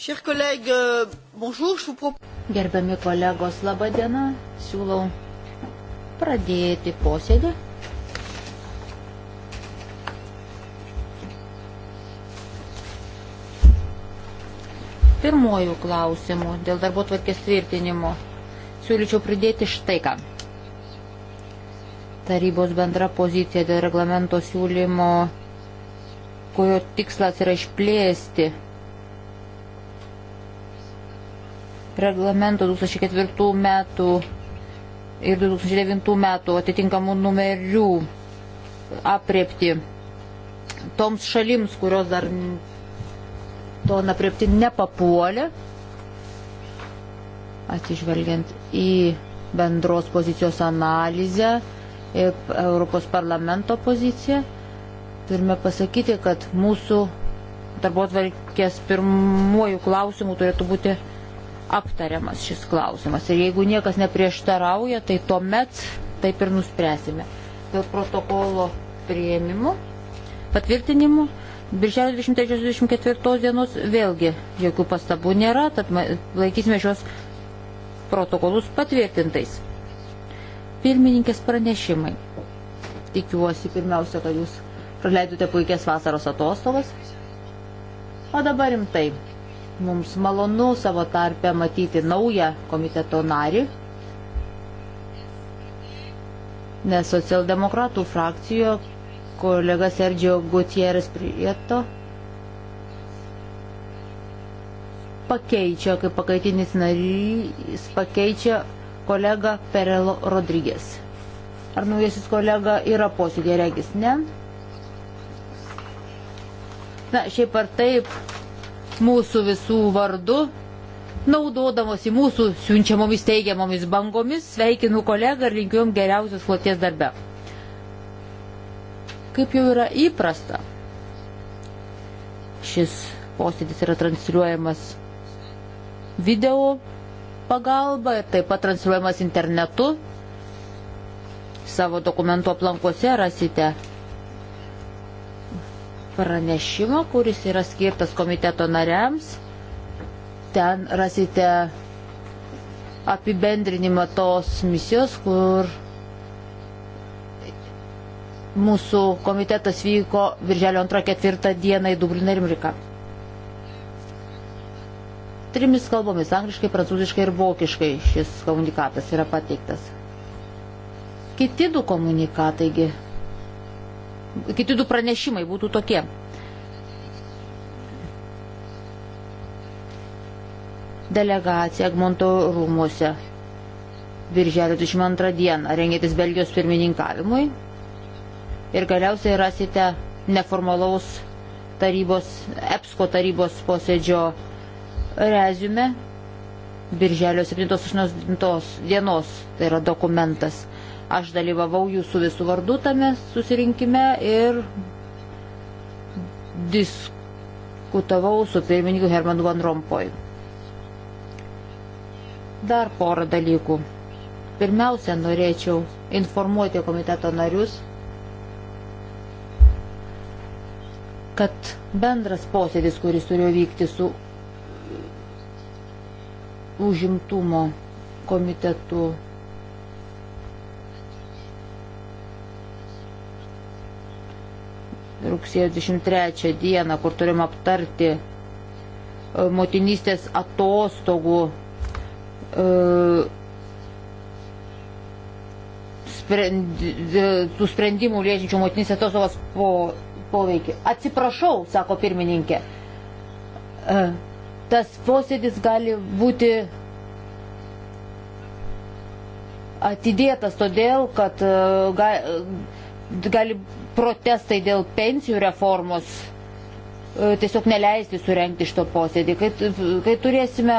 Euh, Gerbiami kolegos, laba diena. Siūlau pradėti posėdį. Pirmojų klausimų dėl darbo tvarkės tvirtinimo siūlyčiau pridėti štai ką. Tarybos bendra pozicija dėl reglamento siūlymo, kurio tikslas yra išplėsti reglamento 2004 metų ir 2009 metų atitinkamų numerių apriepti toms šalims, kurios dar to apriepti nepapuolė, atsižvelgiant į bendros pozicijos analizę ir Europos parlamento poziciją, turime pasakyti, kad mūsų darbo tvarkės pirmuoju klausimu turėtų būti aptariamas šis klausimas. Ir jeigu niekas neprieštarauja, tai tuomet taip ir nuspręsime. Dėl protokolo prieimimo, patvirtinimo, birželio 23-24 dienos vėlgi jokių pastabų nėra, tad laikysime šios protokolus patvirtintais. Pirmininkės pranešimai. Tikiuosi pirmiausia, kad jūs praleidote puikias vasaros atostogas. O dabar rimtai. Mums malonu savo tarpę matyti naują komiteto narį, nes socialdemokratų frakcijoje kolega Sergio Gutierrez Prieto pakeičia, kaip pakaitinis narys, pakeičia kolega Perelo Rodrygės. Ar naujasis kolega yra posėdė regis? Ne. Na, šiaip ar taip, mūsų visų vardu, naudodamosi mūsų siunčiamomis teigiamomis bangomis, sveikinu kolegą ir linkiu jums geriausios kloties darbe. Kaip jau yra įprasta, šis posėdis yra transliuojamas video pagalba ir taip pat transliuojamas internetu. Savo dokumento aplankose rasite pranešimą, kuris yra skirtas komiteto nariams. Ten rasite apibendrinimą tos misijos, kur mūsų komitetas vyko virželio 2-4 dieną į Dubliną ir Mriką. Trimis kalbomis - angliškai, prancūziškai ir vokiškai šis komunikatas yra pateiktas. Kiti du komunikatai kiti du pranešimai būtų tokie. Delegacija Egmonto rūmose Birželio 22 dieną rengėtis Belgijos pirmininkavimui ir galiausiai rasite neformalaus tarybos, EPSCO tarybos posėdžio reziume Birželio 7-8 dienos, tai yra dokumentas. Aš dalyvavau jūsų visų vardu tame susirinkime ir diskutavau su pirmininku Hermanu Van Rompoj. Dar porą dalykų. Pirmiausia, norėčiau informuoti komiteto narius, kad bendras posėdis, kuris turėjo vykti su užimtumo komitetu rugsėjo 23 dieną, kur turim aptarti e, motinystės atostogų e, sprendi, e, tų sprendimų liečiančių motinys atostogas po, poveikį. Atsiprašau, sako pirmininkė, tas posėdis gali būti atidėtas todėl, kad gali protestai dėl pensijų reformos e, tiesiog neleisti surenkti šito posėdį. Kai, kai turėsime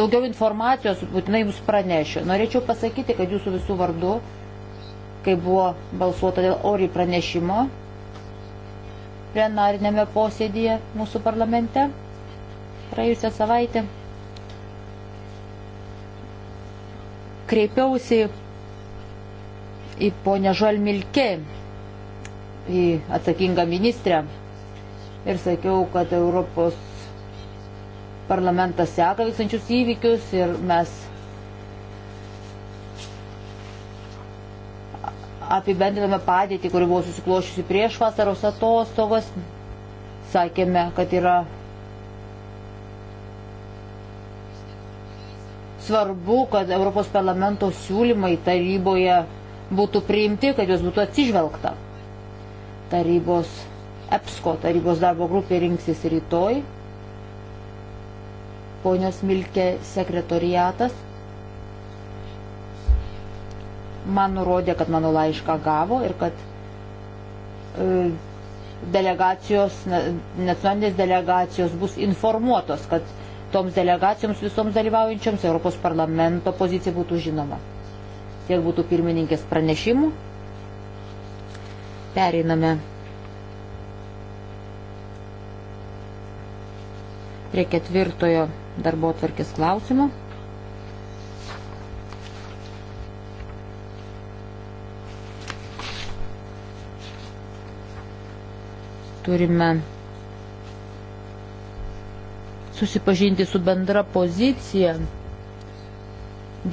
daugiau informacijos, būtinai jums pranešiu. Norėčiau pasakyti, kad jūsų visų vardu, kai buvo balsuota dėl orį pranešimo plenarinėme posėdėje mūsų parlamente praėjusią savaitę, kreipiausi į ponę Žalmilkė, į atsakingą ministrę ir sakiau, kad Europos parlamentas seka vykstančius įvykius ir mes apibendriname padėtį, kuri buvo susiklošusi prieš vasaros atostovas. Sakėme, kad yra svarbu, kad Europos parlamento siūlymai taryboje būtų priimti, kad jos būtų atsižvelgta. Tarybos EPSCO tarybos darbo grupė rinksis rytoj. Ponios Milkė sekretoriatas man nurodė, kad mano laišką gavo ir kad e, delegacijos, nacionalinės delegacijos bus informuotos, kad toms delegacijoms visoms dalyvaujančioms Europos parlamento pozicija būtų žinoma. Tiek būtų pirmininkės pranešimų. Pereiname prie ketvirtojo darbo atvarkės klausimo. Turime susipažinti su bendra pozicija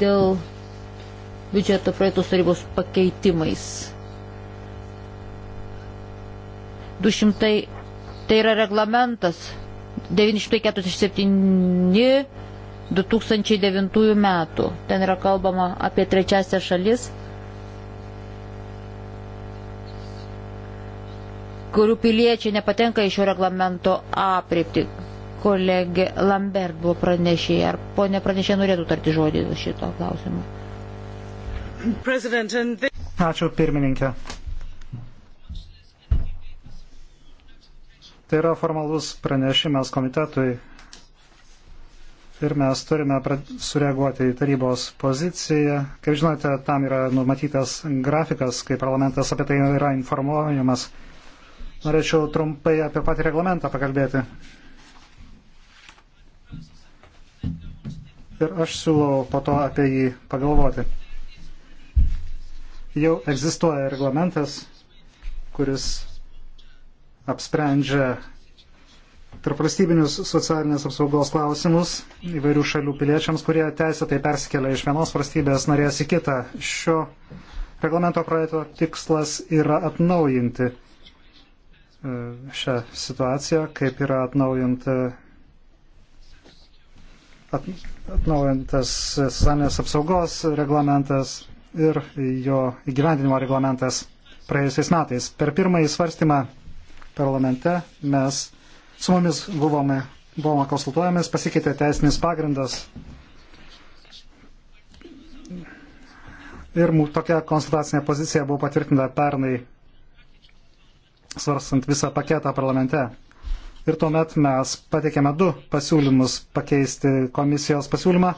dėl biudžeto projektus tarybos pakeitimais. 200, tai yra reglamentas 947 2009 metų. Ten yra kalbama apie trečiasią šalis, kurių piliečiai nepatenka iš šio reglamento apriepti. Kolegė Lambert buvo pranešėja. Ar ponė pranešėja norėtų tarti žodį šito klausimo? Ačiū pirmininkė. Tai yra formalus pranešimas komitetui ir mes turime sureaguoti į tarybos poziciją. Kaip žinote, tam yra numatytas grafikas, kai parlamentas apie tai yra informuojamas. Norėčiau trumpai apie patį reglamentą pakalbėti. Ir aš siūlau po to apie jį pagalvoti. Jau egzistuoja reglamentas, kuris apsprendžia tarpvalstybinius socialinės apsaugos klausimus įvairių šalių piliečiams, kurie teisėtai persikelia iš vienos valstybės narės į kitą. Šio reglamento projekto tikslas yra atnaujinti e, šią situaciją, kaip yra atnaujinta, at, atnaujintas socialinės apsaugos reglamentas, ir jo įgyvendinimo reglamentas praėjusiais metais. Per pirmąjį svarstymą parlamente mes su mumis buvome, buvome konsultuojamis, pasikeitė teisinis pagrindas ir tokia konsultacinė pozicija buvo patvirtinta pernai svarstant visą paketą parlamente. Ir tuomet mes pateikėme du pasiūlymus pakeisti komisijos pasiūlymą,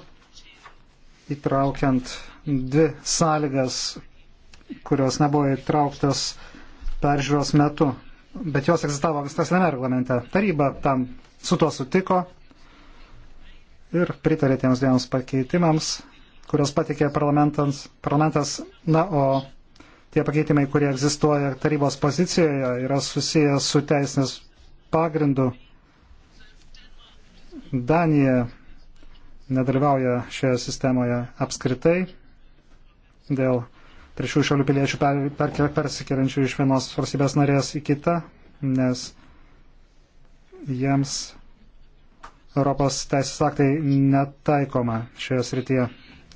įtraukiant dvi sąlygas, kurios nebuvo įtrauktos peržiūros metu, bet jos egzistavo ankstesnėme reglamente. Taryba tam su tuo sutiko ir pritarė tiems dviems pakeitimams, kurios patikė parlamentas. Na, o tie pakeitimai, kurie egzistuoja tarybos pozicijoje, yra susiję su teisinės pagrindu. Danija nedalyvauja šioje sistemoje apskritai dėl trečių šalių piliečių per, per, persikeliančių iš vienos valstybės narės į kitą, nes jiems Europos teisės aktai netaikoma šioje srityje.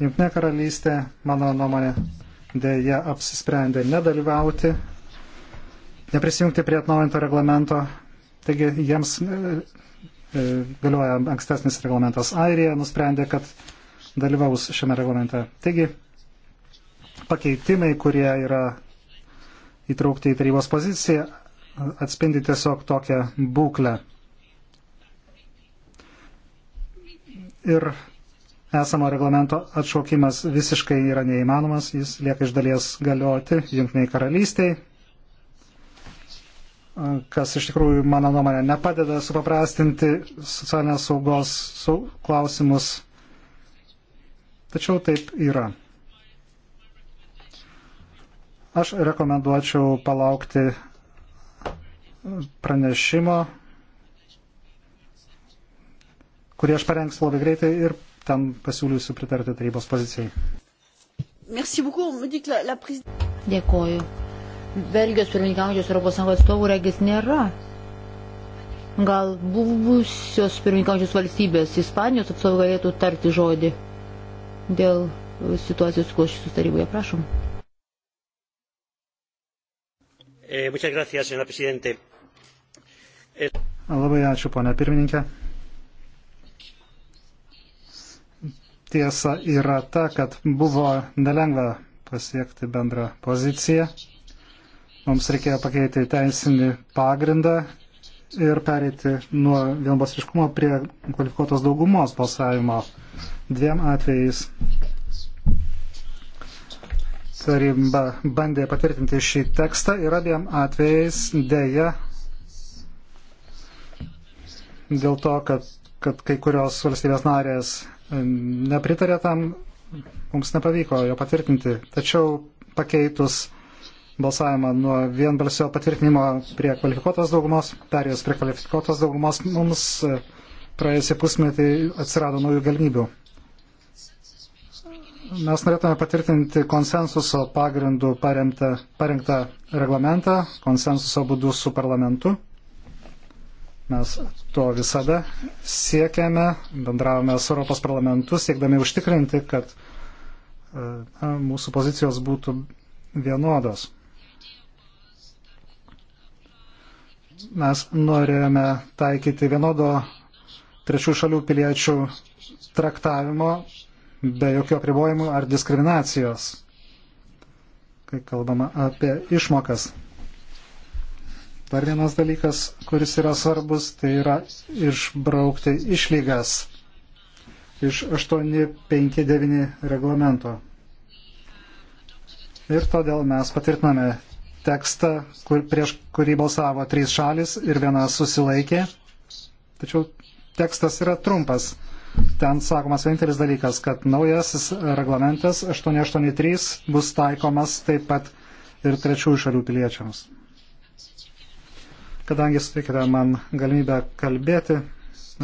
Junktinė karalystė, mano nuomonė, dėja apsisprendė nedalyvauti, neprisijungti prie atnaujinto reglamento, taigi jiems e, e, galioja ankstesnis reglamentas. Airija nusprendė, kad dalyvaus šiame reglamente. Taigi, pakeitimai, kurie yra įtraukti į tarybos poziciją, atspindi tiesiog tokią būklę. Ir esamo reglamento atšaukimas visiškai yra neįmanomas, jis lieka iš dalies galioti Junktiniai karalystiai, kas iš tikrųjų, mano nuomonė, nepadeda supaprastinti socialinės saugos klausimus. Tačiau taip yra. Aš rekomenduočiau palaukti pranešimo, kurį aš parengsiu labai greitai ir tam pasiūlysiu pritarti tarybos pozicijai. Dėkoju. Belgijos pirmininkaujančios Europos Sąjungos atstovų regis nėra. Gal buvusios pirmininkaujančios valstybės Ispanijos atstovai galėtų tarti žodį dėl situacijos, kuo šis sutaryboje prašom. Eh, señora presidente. Eh, Labai ačiū, ponia pirmininkė. Tiesa yra ta, kad buvo nelengva pasiekti bendrą poziciją. Mums reikėjo pakeisti teisinį pagrindą ir pereiti nuo vienbalsiškumo prie kvalifikuotos daugumos balsavimo. Dviem atvejais taryba bandė patvirtinti šį tekstą ir abiem atvejais dėja dėl to, kad, kad kai kurios valstybės narės e, nepritarė tam, mums nepavyko jo patvirtinti. Tačiau pakeitus balsavimą nuo vienbalsio patvirtinimo prie kvalifikuotos daugumos, perėjus prie kvalifikuotos daugumos, mums e, praėjusį pusmetį atsirado naujų galimybių mes norėtume patvirtinti konsensuso pagrindų paremtą, parengtą reglamentą, konsensuso būdų su parlamentu. Mes to visada siekiame, bendravome su Europos parlamentu, siekdami užtikrinti, kad e, na, mūsų pozicijos būtų vienodos. Mes norėjome taikyti vienodo trečių šalių piliečių traktavimo be jokio apribojimų ar diskriminacijos, kai kalbama apie išmokas. Dar vienas dalykas, kuris yra svarbus, tai yra išbraukti išlygas iš 859 reglamento. Ir todėl mes patvirtiname tekstą, kur, prieš kurį balsavo trys šalis ir viena susilaikė. Tačiau tekstas yra trumpas ten sakomas vienintelis dalykas, kad naujasis reglamentas 883 bus taikomas taip pat ir trečiųjų šalių piliečiams. Kadangi sutikite man galimybę kalbėti,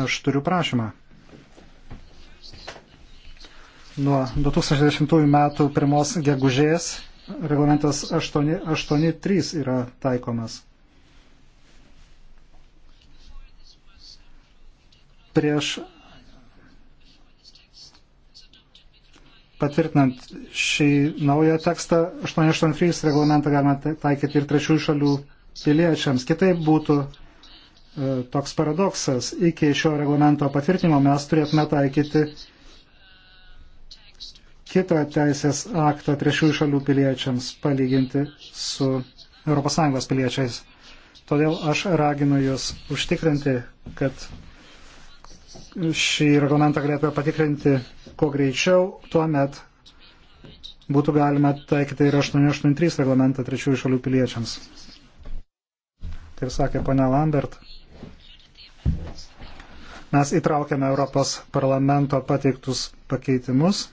aš turiu prašymą. Nuo 2010 metų 1 gegužės reglamentas 883 yra taikomas. Prieš patvirtinant šį naują tekstą 883 reglamentą galima taikyti ir trečiųjų šalių piliečiams. Kitaip būtų e, toks paradoksas. Iki šio reglamento patvirtinimo mes turėtume taikyti kitą teisės aktą trečiųjų šalių piliečiams palyginti su ES piliečiais. Todėl aš raginu Jūs užtikrinti, kad šį reglamentą galėtume patikrinti kuo greičiau, tuo met būtų galima taikyti ir 883 reglamentą trečiųjų šalių piliečiams. Taip sakė ponia Lambert. Mes įtraukėme Europos parlamento pateiktus pakeitimus.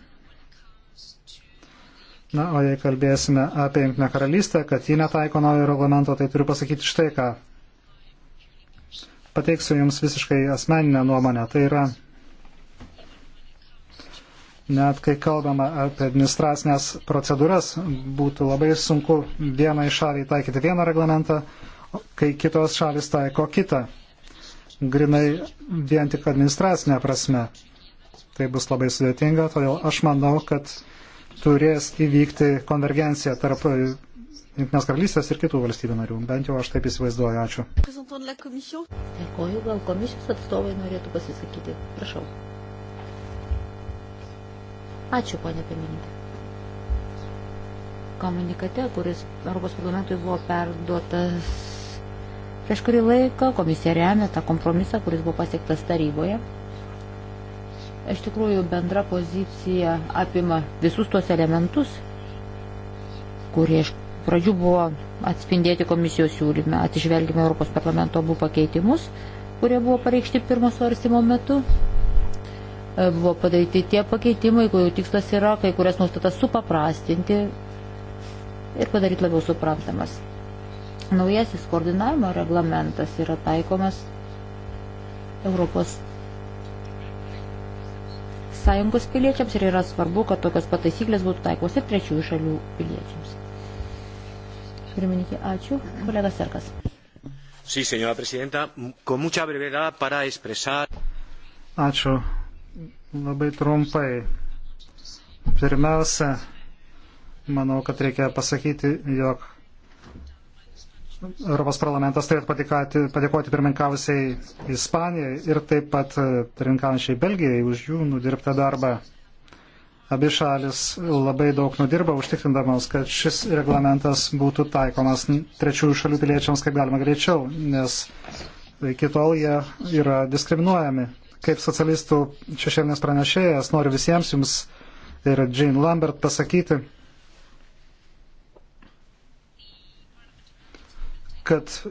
Na, o jei kalbėsime apie Junktinę karalystę, kad ji netaiko naujo reglamento, tai turiu pasakyti štai ką pateiksiu Jums visiškai asmeninę nuomonę. Tai yra, net kai kalbama apie administracinės procedūras, būtų labai sunku vienai šaliai taikyti vieną reglamentą, kai kitos šalis taiko kitą. Grinai vien tik administracinė prasme. Tai bus labai sudėtinga, todėl aš manau, kad turės įvykti konvergencija tarp Junktinės karalystės ir kitų valstybių narių. Bent jau aš taip įsivaizduoju. Ačiū. Dėkoju, gal komisijos atstovai norėtų pasisakyti. Prašau. Ačiū, ponė pirmininkė. Komunikate, kuris Europos parlamentui buvo perduotas prieš kurį laiką, komisija remia tą kompromisą, kuris buvo pasiektas taryboje. Iš tikrųjų, bendra pozicija apima visus tuos elementus, kurie pradžių buvo atspindėti komisijos siūlyme. Atižvelgime Europos parlamento abu pakeitimus, kurie buvo pareikšti pirmo svarstymo metu. E, buvo padaryti tie pakeitimai, kurių tikslas yra kai kurias nustatas supaprastinti ir padaryti labiau suprantamas. Naujasis koordinavimo reglamentas yra taikomas Europos sąjungos piliečiams ir yra svarbu, kad tokios pataisyklės būtų taikos ir trečiųjų šalių piliečiams. Pirmininkė, ačiū. Kolega Serkas. Sí, señora presidenta, con mucha brevedad para expresar. Ačiū. Labai trumpai. Pirmiausia, manau, kad reikia pasakyti, jog Europos parlamentas turėtų padėkoti, padėkoti pirmininkavusiai Ispanijai ir taip pat pirmininkavusiai Belgijai už jų nudirbtą darbą. Abi šalis labai daug nudirba užtikrindamos, kad šis reglamentas būtų taikomas trečiųjų šalių piliečiams kaip galima greičiau, nes iki tol jie yra diskriminuojami. Kaip socialistų šešėlinės pranešėjas noriu visiems jums ir Jean Lambert pasakyti, kad e,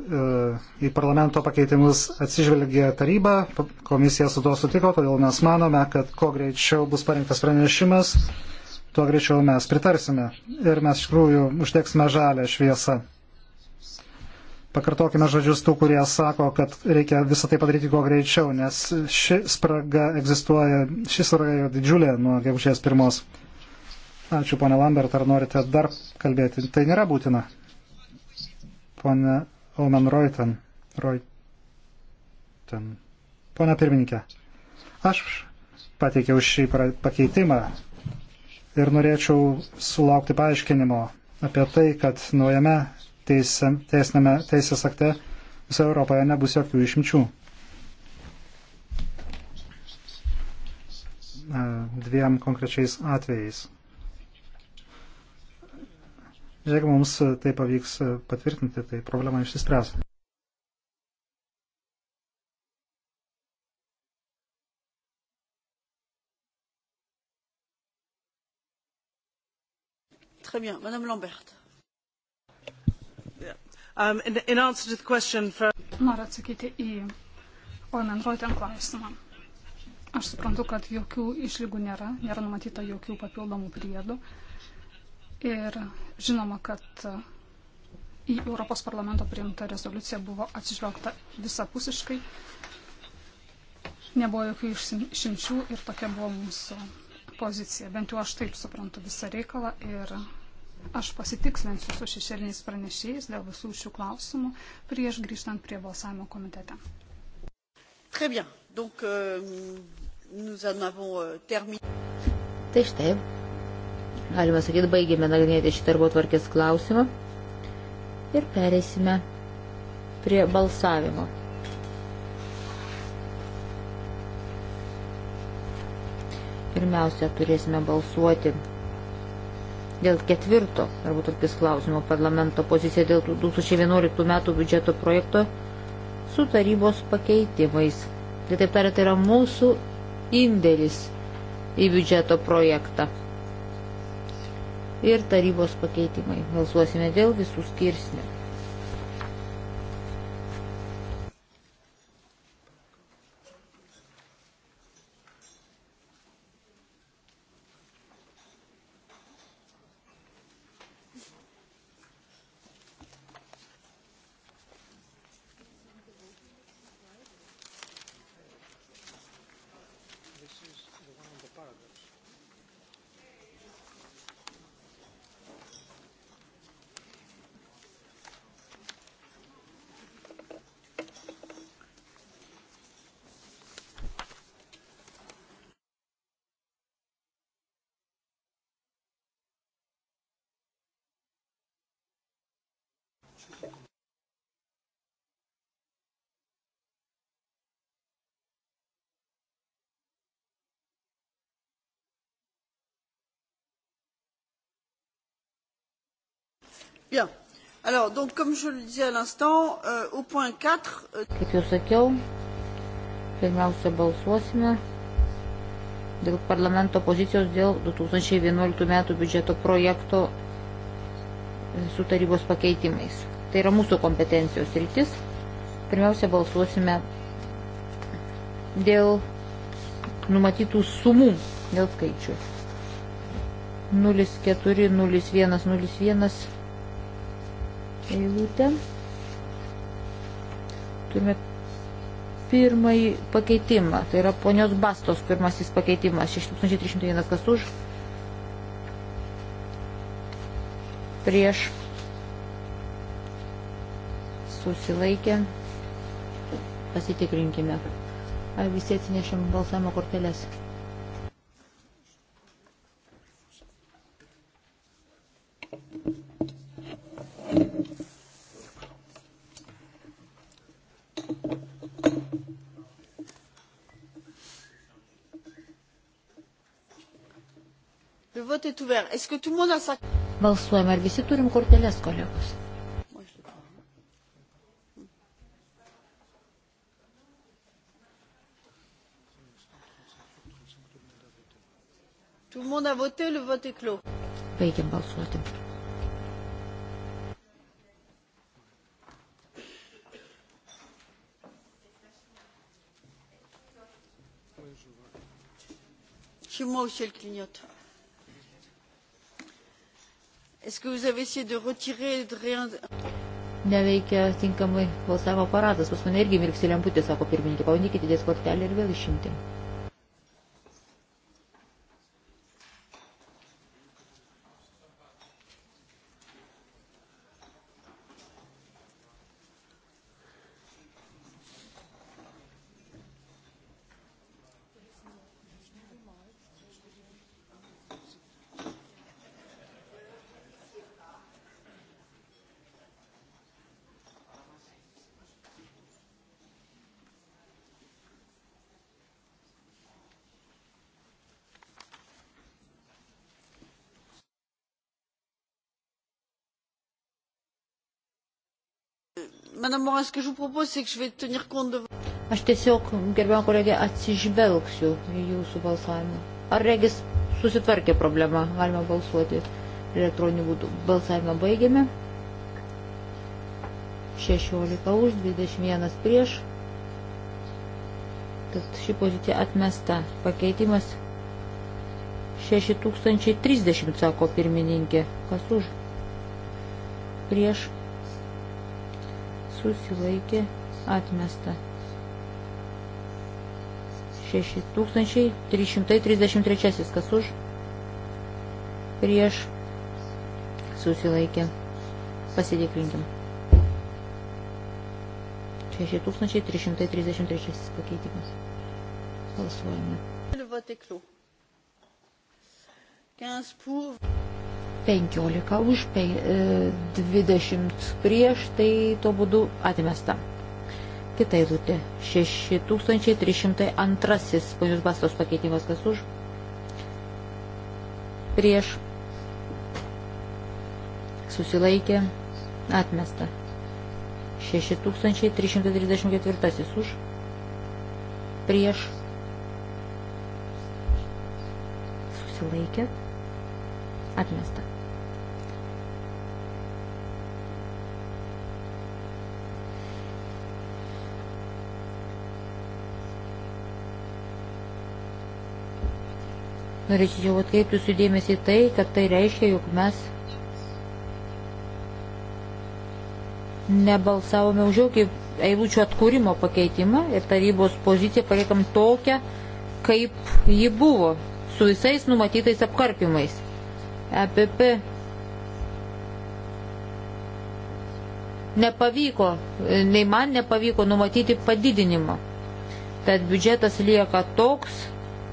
į parlamento pakeitimus atsižvelgia taryba, komisija su tuo sutiko, todėl mes manome, kad kuo greičiau bus parengtas pranešimas, tuo greičiau mes pritarsime ir mes iš tikrųjų uždegsime žalę šviesą. Pakartokime žodžius tų, kurie sako, kad reikia visą tai padaryti kuo greičiau, nes ši spraga egzistuoja, ši spraga yra didžiulė nuo gegužės pirmos. Ačiū, ponė Lambert, ar norite dar kalbėti? Tai nėra būtina ponė Omen Reuten. Reuten. Pone pirmininkė, aš pateikiau šį pakeitimą ir norėčiau sulaukti paaiškinimo apie tai, kad naujame teisinėme teisės akte visoje Europoje nebus jokių išimčių. Dviem konkrečiais atvejais. Jeigu mums tai pavyks patvirtinti, tai problema išsispręs. Très bien, Madame Lambert. Um, in, in answer to the question for... Noriu atsakyti į Oimen Roitem klausimą. Aš suprantu, kad jokių išlygų nėra, nėra numatyta jokių papildomų priedų. Uh, Ir žinoma, kad į Europos parlamento priimtą rezoliuciją buvo atsižvelgta visapusiškai. Nebuvo jokių išimčių ir tokia buvo mūsų pozicija. Bent jau aš taip suprantu visą reikalą ir aš pasitikslinsiu su šešėliniais pranešėjais dėl visų šių klausimų prieš grįžtant prie balsavimo komitete. Très bien. Donc, euh, nous en avons euh, terminé. Tai štai, Galima sakyti, baigėme nagrinėti šį darbo tvarkės klausimą ir pereisime prie balsavimo. Pirmiausia, turėsime balsuoti dėl ketvirto, arba tokis klausimo, parlamento pozicija dėl 2011 metų biudžeto projekto su tarybos pakeitimais. Kitaip tariant, tai yra mūsų indėlis į biudžeto projektą ir tarybos pakeitimai. Balsuosime dėl visų skirsnių. Bien. Alors, donc, comme je le disais à l'instant, euh, au point 4. Euh... Kaip jau sakiau, pirmiausia balsuosime dėl parlamento pozicijos dėl 2011 metų biudžeto projekto e, su tarybos pakeitimais. Tai yra mūsų kompetencijos rytis. Pirmiausia, balsuosime dėl numatytų sumų, dėl skaičių. 04, 01, 01 eilutę. Turime pirmąjį pakeitimą. Tai yra ponios Bastos pirmasis pakeitimas. 6301 kas už. Prieš. Susilaikė. Pasitikrinkime. Ar visi atsinešėm balsavimo korteles? Balsuojame, ar visi turim korteles, kolegos? Tout le monde a voté, le vote est clos. Baigiam balsuoti. Chez moi aussi, elle clignote. Neveikia tinkamai balsavimo aparatas, pas mane irgi mirksi lemputė, sako pirmininkė, pabandykite dės kortelę ir vėl išimti. Aš tiesiog, gerbiamą kolegę, atsižvelgsiu į jūsų balsavimą. Ar regis susitvarkė problemą, galima balsuoti elektroniniu būdu. Balsavimą baigėme. 16 už, 21 prieš. Tad ši pozicija atmesta. Pakeitimas 6030, sako pirmininkė. Kas už? Prieš susilaikė atmesta. 6333 kas už prieš susilaikė. Pasidėkrinkim. 6333 pakeitimas. Balsuojame. 15 pour. 15 už, 20 e, prieš, tai tuo būdu atmesta. Kita eilutė. 6302 ponius bastos pakeitimas, kas už, prieš, susilaikė, atmesta. 6334 už, prieš, susilaikė, atmesta. Norėčiau atkreipti sudėmėsi tai, kad tai reiškia, jog mes nebalsavome už jokį eilučių atkūrimo pakeitimą ir tarybos poziciją paliekam tokią, kaip ji buvo, su visais numatytais apkarpimais. EPP nepavyko, nei man nepavyko numatyti padidinimo. Tad biudžetas lieka toks,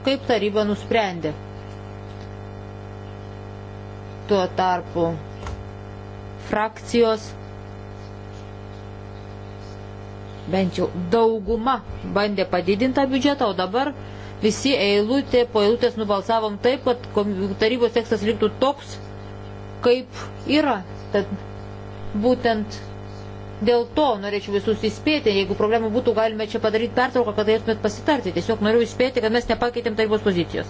kaip taryba nusprendė. Tuo tarpu frakcijos bent jau dauguma bandė padidintą biudžetą, o dabar visi eilutė po eilutės nubalsavom taip, kad tarybos tekstas liktų toks, kaip yra. Tad būtent Dėl to norėčiau visus įspėti, jeigu problemų būtų, galime čia padaryti pertrauką, kad galėtumėt pasitarti. Tiesiog noriu įspėti, kad mes nepakeitėm tarybos pozicijos.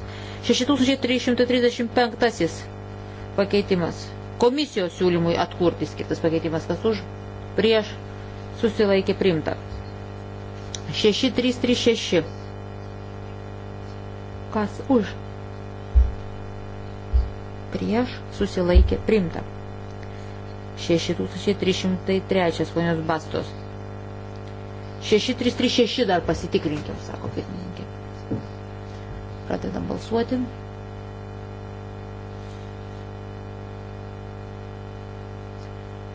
6335 pakeitimas. Komisijos siūlymui atkurti skirtas pakeitimas, kas už, prieš, susilaikė primta. 6336. Kas už? Prieš susilaikė primta. 6303 ponios bastos. 6336 dar pasitikrinkim, sako pirmininkė. Pradedam balsuoti.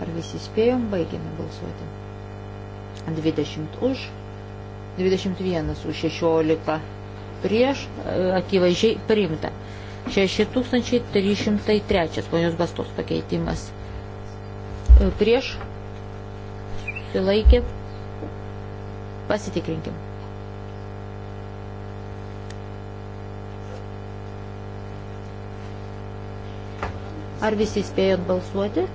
Ar visi spėjom, baigėme balsuoti. 20 už, 21 už 16 prieš, akivaizdžiai priimta. 6303 ponios bastos pakeitimas. E, prieš, sulaikė, pasitikrinkim. Ar visi spėjot balsuoti?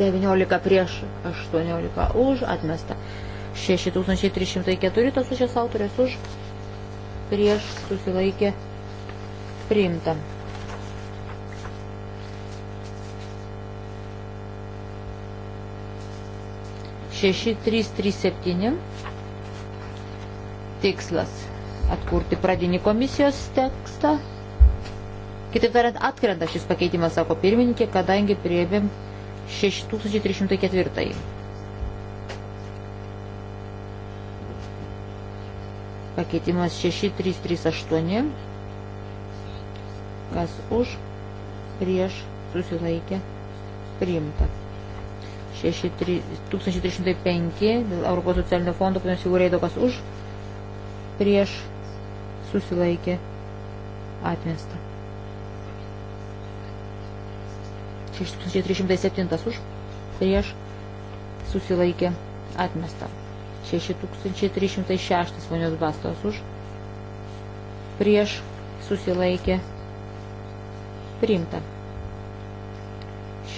Devyniolika prieš, aštuoniolika už, atmesta. 6304 tos pačios autorės už, prieš susilaikė priimta. Šeši, trys, trys, septyni. Tikslas atkurti pradinį komisijos tekstą. Kitaip tariant, atkrenta šis pakeitimas, sako pirmininkė, kadangi prieimėm 6304. Pakeitimas 6338 kas už, prieš, susilaikė, priimta. 1305 dėl Europos socialinio fondo, panas įgūrėjo, kas už, prieš, susilaikė, atmesta. 6307 už, prieš, susilaikė, atmesta. 6306 ponios bastos už, prieš, susilaikė, atmesta priimta.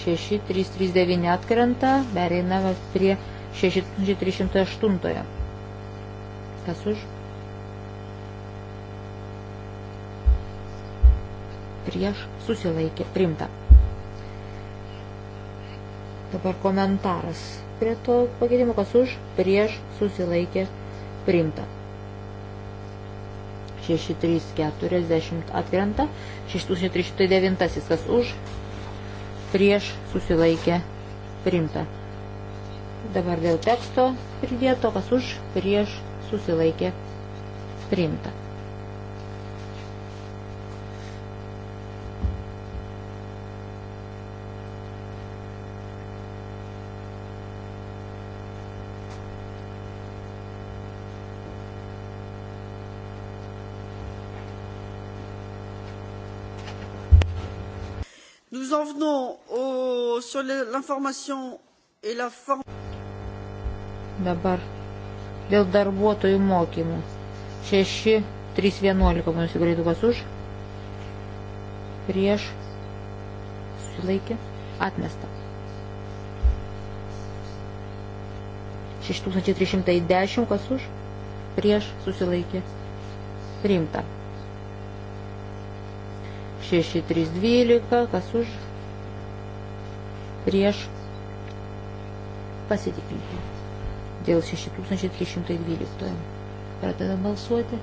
6339 atkrenta, pereiname prie 6308. Kas už? Prieš susilaikė, primta. Dabar komentaras prie to pakeitimo, kas už, prieš susilaikė, primta. 6340 atkrenta, 6309 kas už, prieš susilaikė priimta. Dabar dėl teksto pridėto, kas už, prieš susilaikė priimta. en venons au, sur l'information et la forme. Dabar dėl darbuotojų mokymų. 6, 3, 11, mums įgreitų kas už. Prieš. Sulaikė. Atmesta. 6310, kas už. Prieš. Susilaikė. Priimta. 6312, kas už prieš pasitikrinti. Dėl 6312 pradedam balsuoti.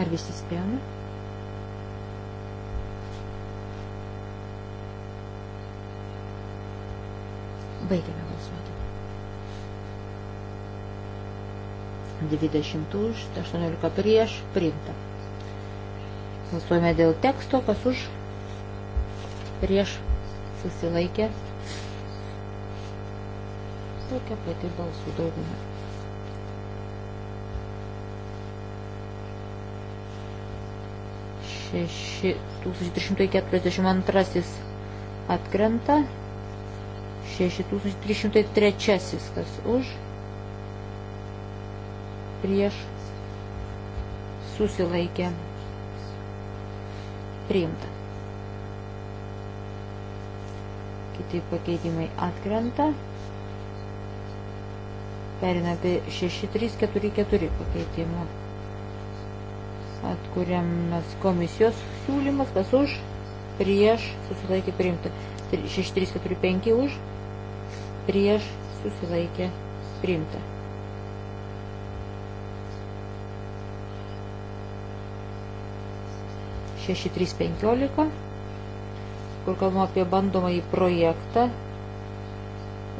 Ar visi spėjome? Baigiame balsuoti. 20 už, 18 prieš, priimta. Balsuojame dėl teksto, kas už prieš susilaikė. Tokia pati balsų dauguma. Šeši 1342 atkrenta. 6303 kas už prieš susilaikė priimta. Kiti pakeitimai atkrenta. Perina apie 6344 pakeitimą. Atkuriamas komisijos siūlymas, kas už, prieš, susilaikė priimta. 6345 už, prieš, susilaikė priimta. 6315, kur kalbama apie bandomąjį projektą.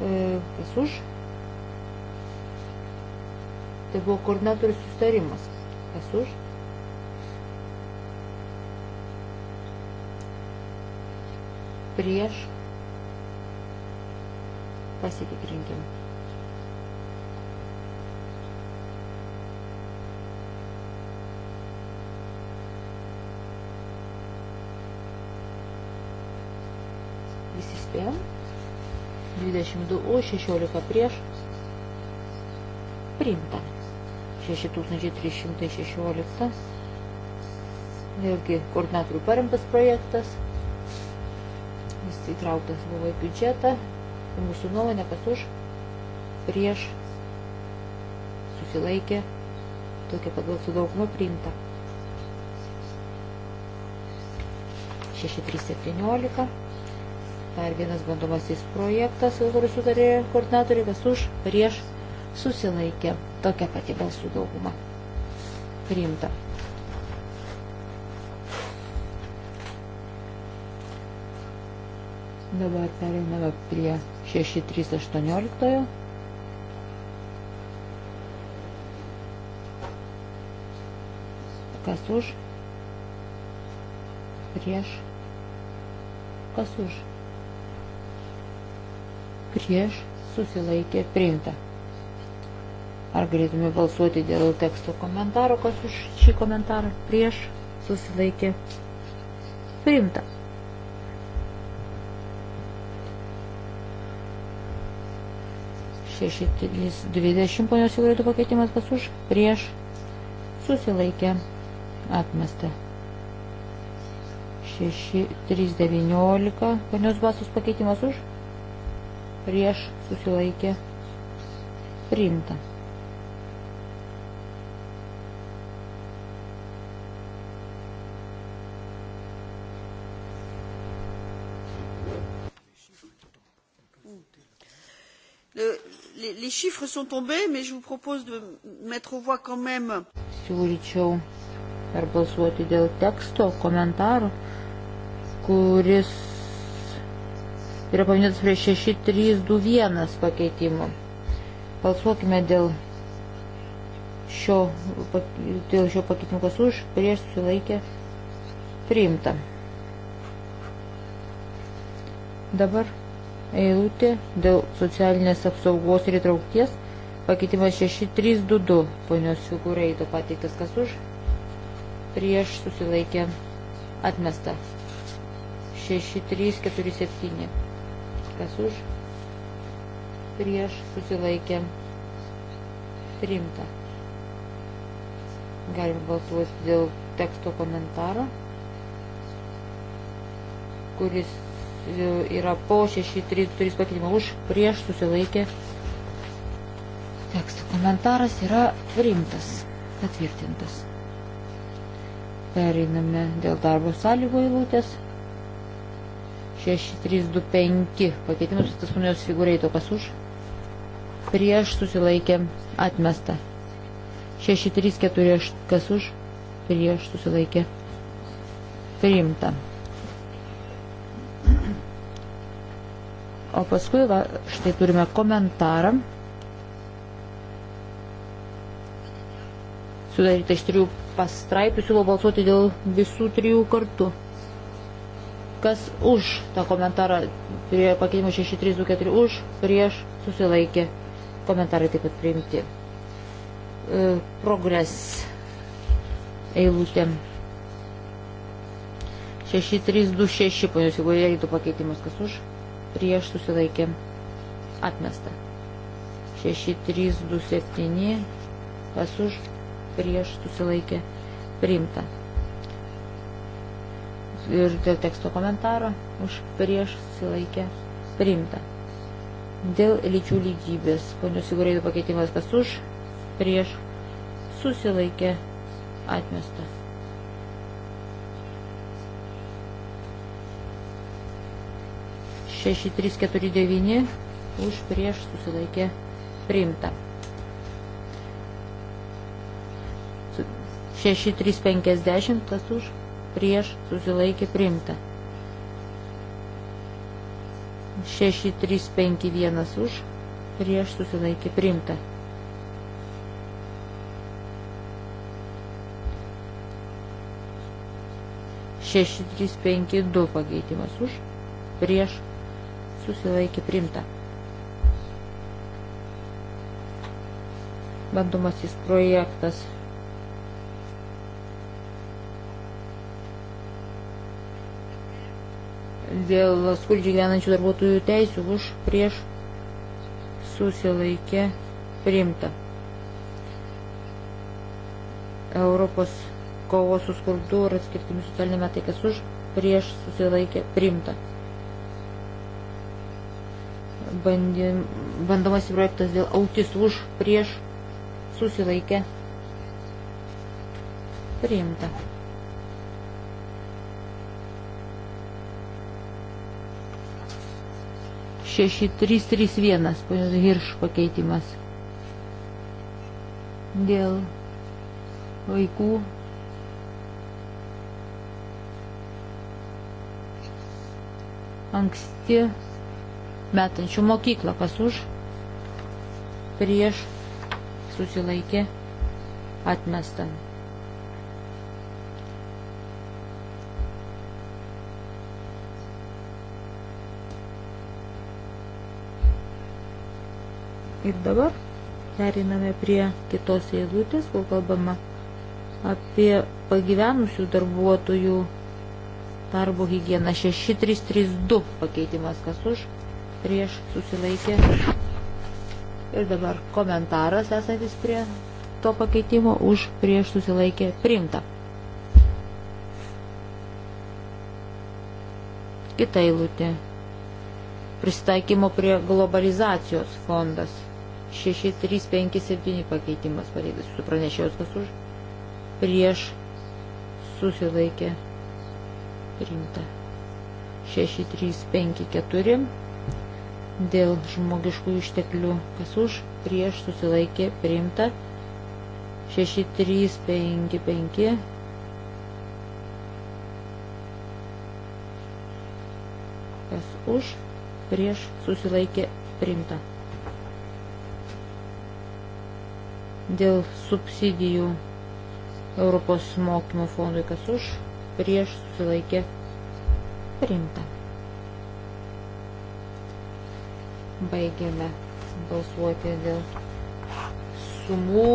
E, kas už? Tai buvo koordinatorių sustarimas. Kas už? Prieš. Pasitikrinkim. 22 už, 16 prieš. Priimta. 6316. Vėlgi koordinatorių paremtas projektas. Jis įtrauktas buvo į biudžetą. Mūsų nuomonė kas už, prieš, susilaikė, tokia pat balsų dauguma priimta. 6317. Dar vienas bandomasis projektas, kuris sutarė koordinatoriai, kas už, prieš, susilaikė. Tokia pati balsų dauguma. Priimta. Dabar pereiname prie 6318. Kas už? Prieš. Kas už? prieš susilaikė priimta. Ar galėtume balsuoti dėl teksto komentaro, kas už šį komentarą prieš susilaikė priimta. Šešitinis 20 ponios įvairių pakeitimas, kas už prieš susilaikė atmesta. 6.3.19 ponios basos pakeitimas už prieš susilaikė priimta. Les chiffres sont tombés, mais je vous propose de mettre aux voix quand même. Siūlyčiau perbalsuoti dėl teksto, komentarų, kuris yra paminėtas prie 6321 pakeitimo. Balsuokime dėl šio, dėl šio pakeitimo, kas už, prieš susilaikė priimta. Dabar eilutė dėl socialinės apsaugos ir įtraukties. Pakeitimas 6322, ponios figūrai, to pateiktas kas už, prieš susilaikė atmesta. 6347 kas už, prieš susilaikė priimta. Galime balsuoti dėl teksto komentaro, kuris e, yra po 6.3.3 pakeitimą už, prieš susilaikė. Teksto komentaras yra priimtas, patvirtintas. Pereiname dėl darbo sąlygo įlūtės. 6325 pakeitimas tas ponios figūrai to kas už prieš susilaikė atmesta 6348 kas už prieš susilaikė priimta o paskui va, štai turime komentarą sudaryta iš trijų pastraipų siūlau balsuoti dėl visų trijų kartų Kas už tą komentarą prie pakeitimų 6324 už, prieš susilaikė. Komentarai taip pat priimti. E, progres eilutė. 6326 ponios, jeigu jie įtų pakeitimus, kas už, prieš susilaikė. Atmesta. 6327 kas už, prieš susilaikė. Priimta ir dėl teksto komentaro už prieš silaikę priimta. Dėl lyčių lygybės, ponios įgūrėjų pakeitimas, kas už, prieš, susilaikė, atmesta. Šeši, trys, keturi, devyni, už, prieš, susilaikė, priimta. 6350, tas už prieš susilaikė priimta. 6351 už prieš susilaikė priimta. Šeši, trys, penki, du pakeitimas už, prieš, susilaikė primta. Bandomasis projektas dėl skurdžiai gyvenančių darbuotojų teisų už prieš susilaikė priimta. Europos kovos su skurdu ir atskirtimi socialinėme tai kas už prieš susilaikė priimta. Bandomas projektas dėl autis už prieš susilaikė priimta. 6331, ponios Hirš pakeitimas. Dėl vaikų. Anksti metančių mokyklą, kas už, prieš, susilaikė, atmestant. Ir dabar periname prie kitos eilutės, kur kalbama apie pagyvenusių darbuotojų darbo hygieną 6332 pakeitimas, kas už prieš susilaikė. Ir dabar komentaras esantis prie to pakeitimo už prieš susilaikė priimta. Kita eilutė. Pristaikymo prie globalizacijos fondas 6, 3, 5, 7 pakeitimas pareigas. Su pranešėjus kas už, prieš, susilaikė, rimta. 6, 3, 5, 4. Dėl žmogiškų išteklių kas už, prieš, susilaikė, priimta. 6, 3, 5, 5. Kas už, prieš, susilaikė, priimta. dėl subsidijų Europos mokymo fondui, kas už, prieš susilaikė priimta. Baigėme balsuoti dėl sumų,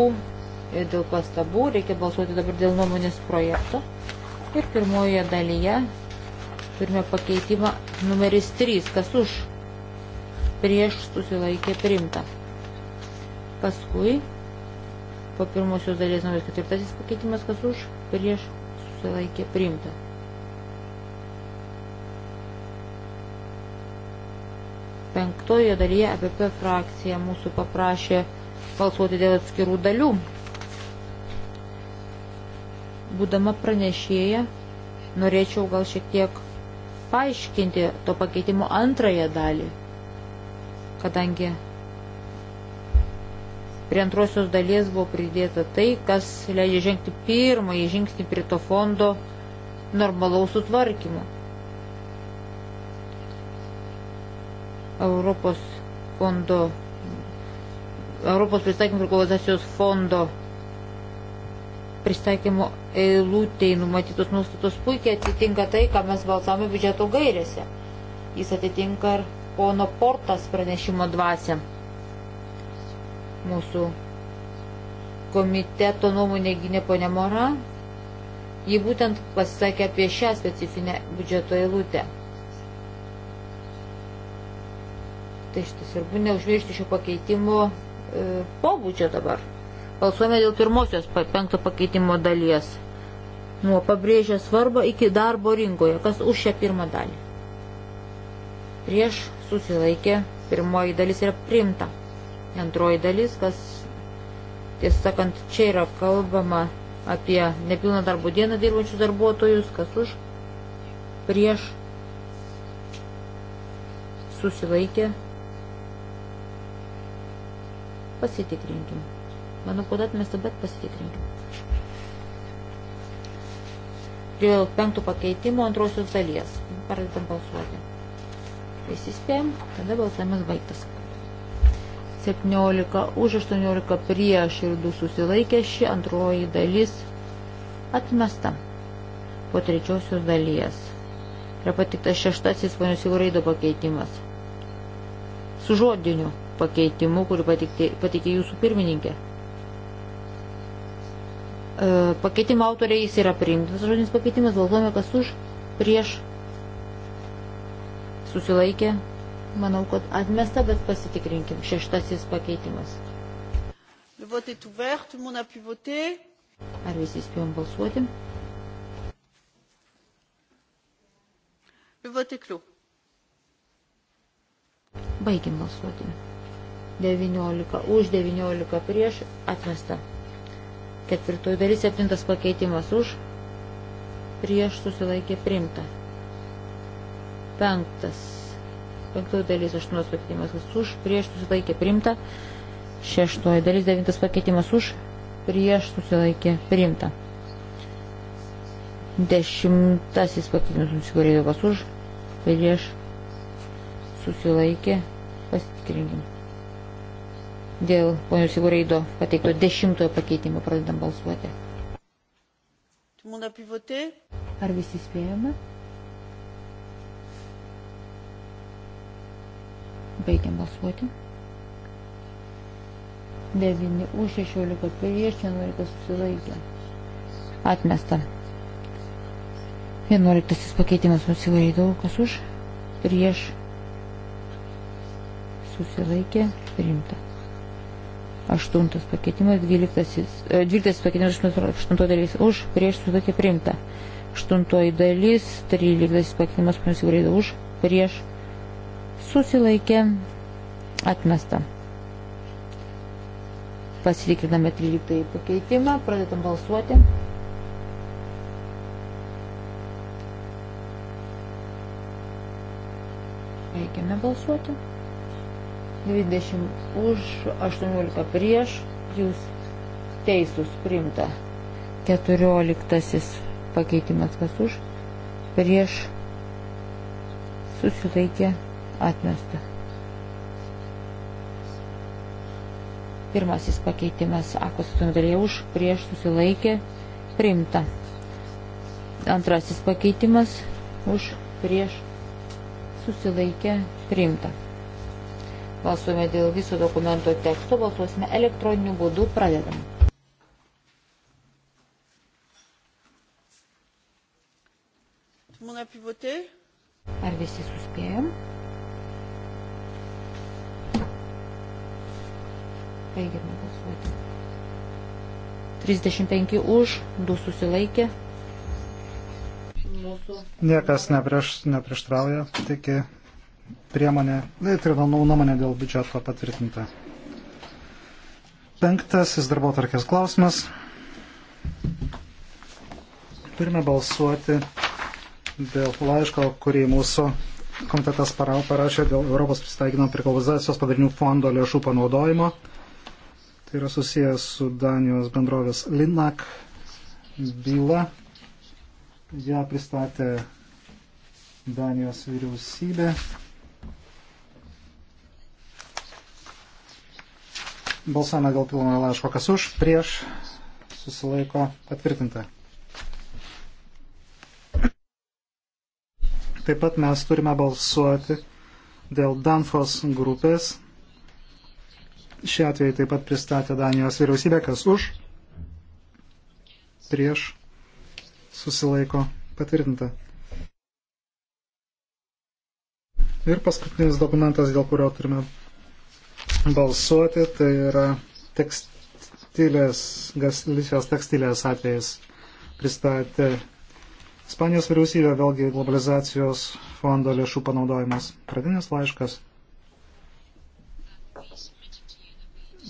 dėl pastabų, reikia balsuoti dabar dėl nuomonės projekto. Ir pirmoje dalyje turime pakeitimą numeris 3, kas už, prieš susilaikė priimta. Paskui Po pirmosios dalies numeris ketvirtasis pakeitimas, kas už, prieš, susilaikė, priimta. Penktojo dalyje APP frakcija mūsų paprašė balsuoti dėl atskirų dalių. Būdama pranešėja, norėčiau gal šiek tiek paaiškinti to pakeitimo antrąją dalį, kadangi Prie antrosios dalies buvo pridėta tai, kas leidžia žengti pirmąjį žingsnį prie to fondo normalaus sutvarkymo. Europos fondo, Europos pristatymo ir globalizacijos fondo pristatymo eilutėj numatytos nuostatos puikiai atitinka tai, ką mes balsavome biudžeto gairėse. Jis atitinka ir pono portas pranešimo dvasiam. Mūsų komiteto nuomonė gynė ponė Mora. Ji būtent pasisakė apie šią specifinę biudžeto eilutę. Tai štai svarbu neužmiršti šio pakeitimo e, pobūdžio dabar. Balsuojame dėl pirmosios penkto pakeitimo dalies. Nuo pabrėžę svarbą iki darbo rinkoje. Kas už šią pirmą dalį? Prieš susilaikė pirmoji dalis yra primta. Antroji dalis, kas, tiesą sakant, čia yra kalbama apie nepilną darbo dieną dirbančius darbuotojus, kas už, prieš, susilaikė. Pasitikrinkim. Manau, kodėl mes tabet pasitikrinkim. Prie penktų pakeitimo antrosios dalies. Pradedam balsuoti. Visi spėjom, tada balsavimas baigtas. 17 už 18 prieš ir 2 susilaikė ši antroji dalis atmesta po trečiosios dalies. Yra patiktas šeštasis ponios įvraido pakeitimas. Su žodiniu pakeitimu, kurį patikė, patikė jūsų pirmininkė. E, pakeitimo autoriai jis yra priimtas žodinis pakeitimas, valgome kas už, prieš, susilaikė, Manau, kad atmesta, bet pasitikrinkim. Šeštasis pakeitimas. Le vote est ouvert, tout le monde a pu voter. Ar visi spėjom balsuoti? Le vote est clos. Baigim balsuoti. 19 už, 19 prieš, atmesta. Ketvirtoji dalis, septintas pakeitimas už, prieš susilaikė primta. Penktas penktoji dalis, aštuntos pakeitimas, kas už, prieš susilaikė primta, šeštoji dalis, devintas pakeitimas už, prieš susilaikė primta. Dešimtasis pakeitimas susikorėjo kas už, prieš susilaikė, pasitikrinkim. Dėl ponios Įvoreido pateikto dešimtojo pakeitimo pradedam balsuoti. Ar visi spėjome? Baigiam balsuoti. 9 už 16 prieš 11 susilaikė. Atmesta. 11 pakeitimas nusilaidau, kas už prieš susilaikė rimta. 8 pakeitimas, 12, 12 e, pakeitimas, 8 dalis už, prieš susilaikė priimta. 8 dalis, 13 pakeitimas nusilaidau už, prieš susilaikė susilaikė atmesta. Pasitikriname 13 pakeitimą, pradedam balsuoti. Baigiame balsuoti. 20 už, 18 prieš, jūs teisus primta. 14 pakeitimas kas už, prieš susilaikė atmesta atmesta. Pirmasis pakeitimas A konstitucinė už prieš susilaikė priimta. Antrasis pakeitimas už prieš susilaikė priimta. Balsuojame dėl viso dokumento teksto, balsuosime elektroniniu būdu, pradedam. Ar visi suspėjom? Baigiame balsuoti. 35 už, 2 susilaikė. Mūsų. Niekas neprieš, neprieštrauja, taigi priemonė, tai yra nuomonė dėl biudžeto patvirtinta. Penktasis darbo tarkės klausimas. Turime balsuoti dėl laiško, kurį mūsų komitetas parašė dėl Europos pristaikymo prie globalizacijos padarinių fondo lėšų panaudojimo. Tai yra susijęs su Danijos bendrovės Linak byla. Ja pristatė Danijos vyriausybė. Balsavome dėl pilno laiško, kas už, prieš, susilaiko, patvirtinta. Taip pat mes turime balsuoti dėl Danfos grupės Šie atvejai taip pat pristatė Danijos vyriausybė, kas už, prieš, susilaiko patvirtinta. Ir paskutinis dokumentas, dėl kurio turime balsuoti, tai yra tekstilės, Galicijos tekstilės atvejais pristatė Ispanijos vyriausybė, vėlgi globalizacijos fondo lėšų panaudojimas. Pradinis laiškas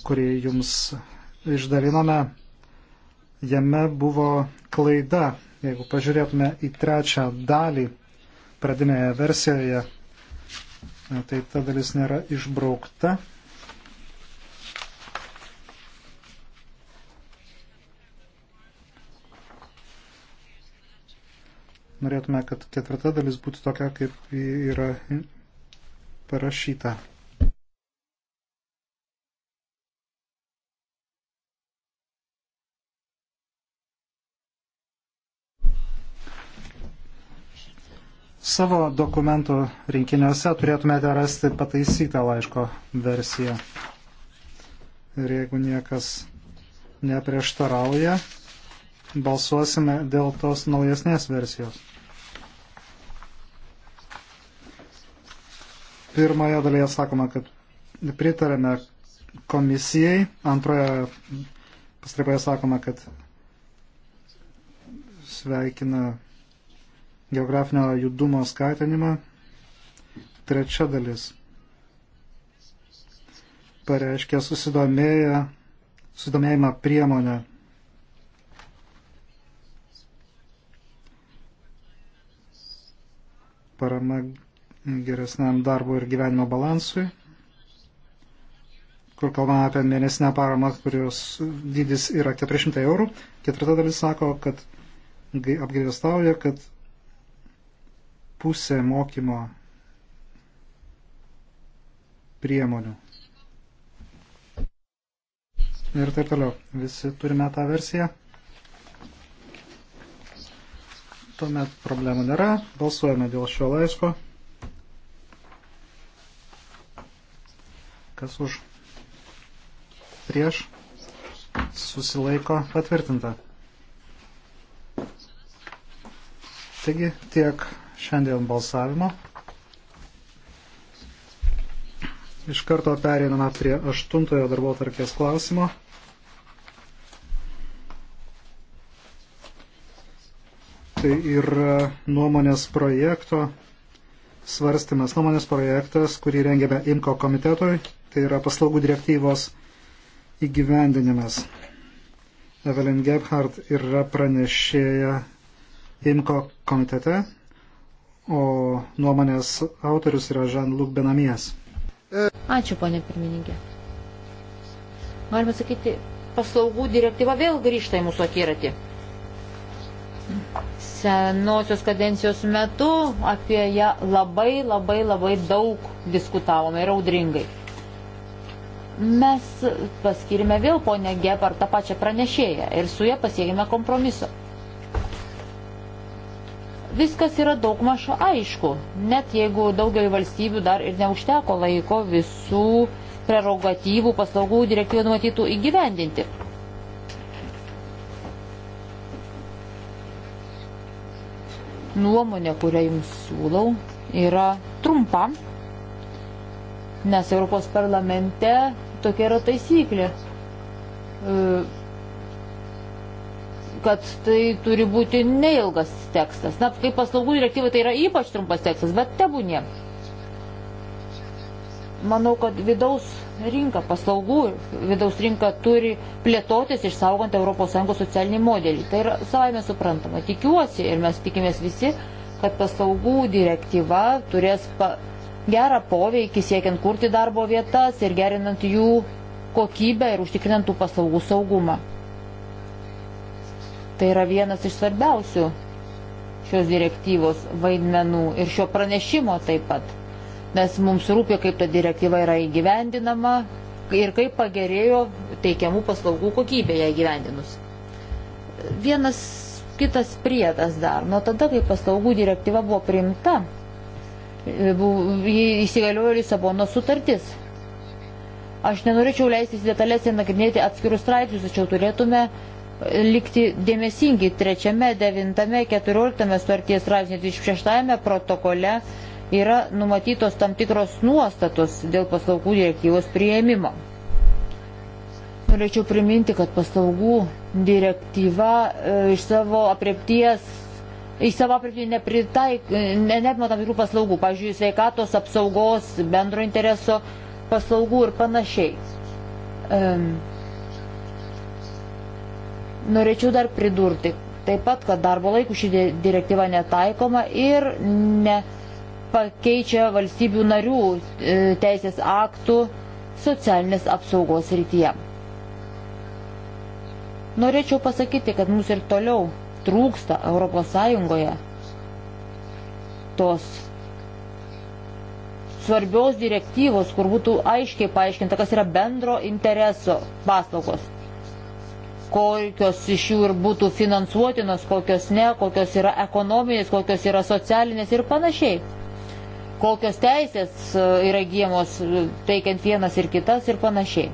kurį jums išdalinome, jame buvo klaida. Jeigu pažiūrėtume į trečią dalį pradinėje versijoje, tai ta dalis nėra išbraukta. Norėtume, kad ketvirta dalis būtų tokia, kaip yra parašyta. Savo dokumentų rinkiniuose turėtumėte rasti pataisytą laiško versiją. Ir jeigu niekas neprieštarauja, balsuosime dėl tos naujesnės versijos. Pirmoje dalyje sakoma, kad pritarėme komisijai, antroje pastraipoje sakoma, kad sveikina geografinio judumo skatinimą. Trečia dalis pareiškė susidomėję, susidomėjimą priemonę. Parama geresniam darbo ir gyvenimo balansui, kur kalbame apie mėnesinę paramą, kurios dydis yra 400 eurų. Ketvirta dalis sako, kad apgailestauja, kad pusę mokymo priemonių. Ir taip toliau. Visi turime tą versiją. Tuomet problemų nėra. Balsuojame dėl šio laiško. Kas už? Prieš? Susilaiko patvirtinta. Taigi tiek šiandien balsavimo. Iš karto pereiname prie aštuntojo darbo tarkės klausimo. Tai yra nuomonės projekto svarstymas, nuomonės projektas, kurį rengėme IMKO komitetui. Tai yra paslaugų direktyvos įgyvendinimas. Evelyn Gebhardt yra pranešėja IMKO komitete o nuomonės autorius yra Žan-Luk Benamies. Ačiū, ponė pirmininkė. Galima sakyti, paslaugų direktyva vėl grįžta į mūsų akiratį. Senosios kadencijos metu apie ją labai, labai, labai daug diskutavome ir audringai. Mes paskirime vėl ponę Gepard tą pačią pranešėją ir su ją pasiekime kompromiso viskas yra daug maž aišku, net jeigu daugelį valstybių dar ir neužteko laiko visų prerogatyvų paslaugų direktyvų numatytų įgyvendinti. Nuomonė, kurią jums siūlau, yra trumpa, nes Europos parlamente tokia yra taisyklė. E, kad tai turi būti neilgas tekstas. Na, kaip paslaugų direktyvai tai yra ypač trumpas tekstas, bet tebūnie. Manau, kad vidaus rinka paslaugų, vidaus rinka turi plėtotis išsaugant ES socialinį modelį. Tai yra savai mes suprantama. Tikiuosi ir mes tikimės visi, kad paslaugų direktyva turės pa gerą poveikį siekiant kurti darbo vietas ir gerinant jų kokybę ir užtikrinant tų paslaugų saugumą. Tai yra vienas iš svarbiausių šios direktyvos vaidmenų ir šio pranešimo taip pat, nes mums rūpi, kaip ta direktyva yra įgyvendinama ir kaip pagerėjo teikiamų paslaugų kokybė ją įgyvendinus. Vienas kitas priedas dar. Nuo tada, kai paslaugų direktyva buvo priimta, e, įsigaliojo Lisabono sutartis. Aš nenorėčiau leistis detalės ir nagrinėti atskirus straipsnius, tačiau turėtume likti dėmesingi trečiame, devintame, keturioliktame sutarties straipsnė 26 protokole yra numatytos tam tikros nuostatos dėl paslaugų direktyvos prieimimo. Norėčiau priminti, kad paslaugų direktyva e, iš savo apriepties į savo apriepti nepritaik, neapima tam tikrų paslaugų, pavyzdžiui, sveikatos apsaugos, bendro intereso paslaugų ir panašiai. Um, Norėčiau dar pridurti taip pat, kad darbo laikų ši direktyva netaikoma ir nepakeičia valstybių narių e, teisės aktų socialinės apsaugos rytyje. Norėčiau pasakyti, kad mums ir toliau trūksta ES tos svarbios direktyvos, kur būtų aiškiai paaiškinta, kas yra bendro intereso paslaugos kokios iš jų ir būtų finansuotinos, kokios ne, kokios yra ekonominės, kokios yra socialinės ir panašiai. Kokios teisės e, yra gyjamos e, teikiant vienas ir kitas ir panašiai.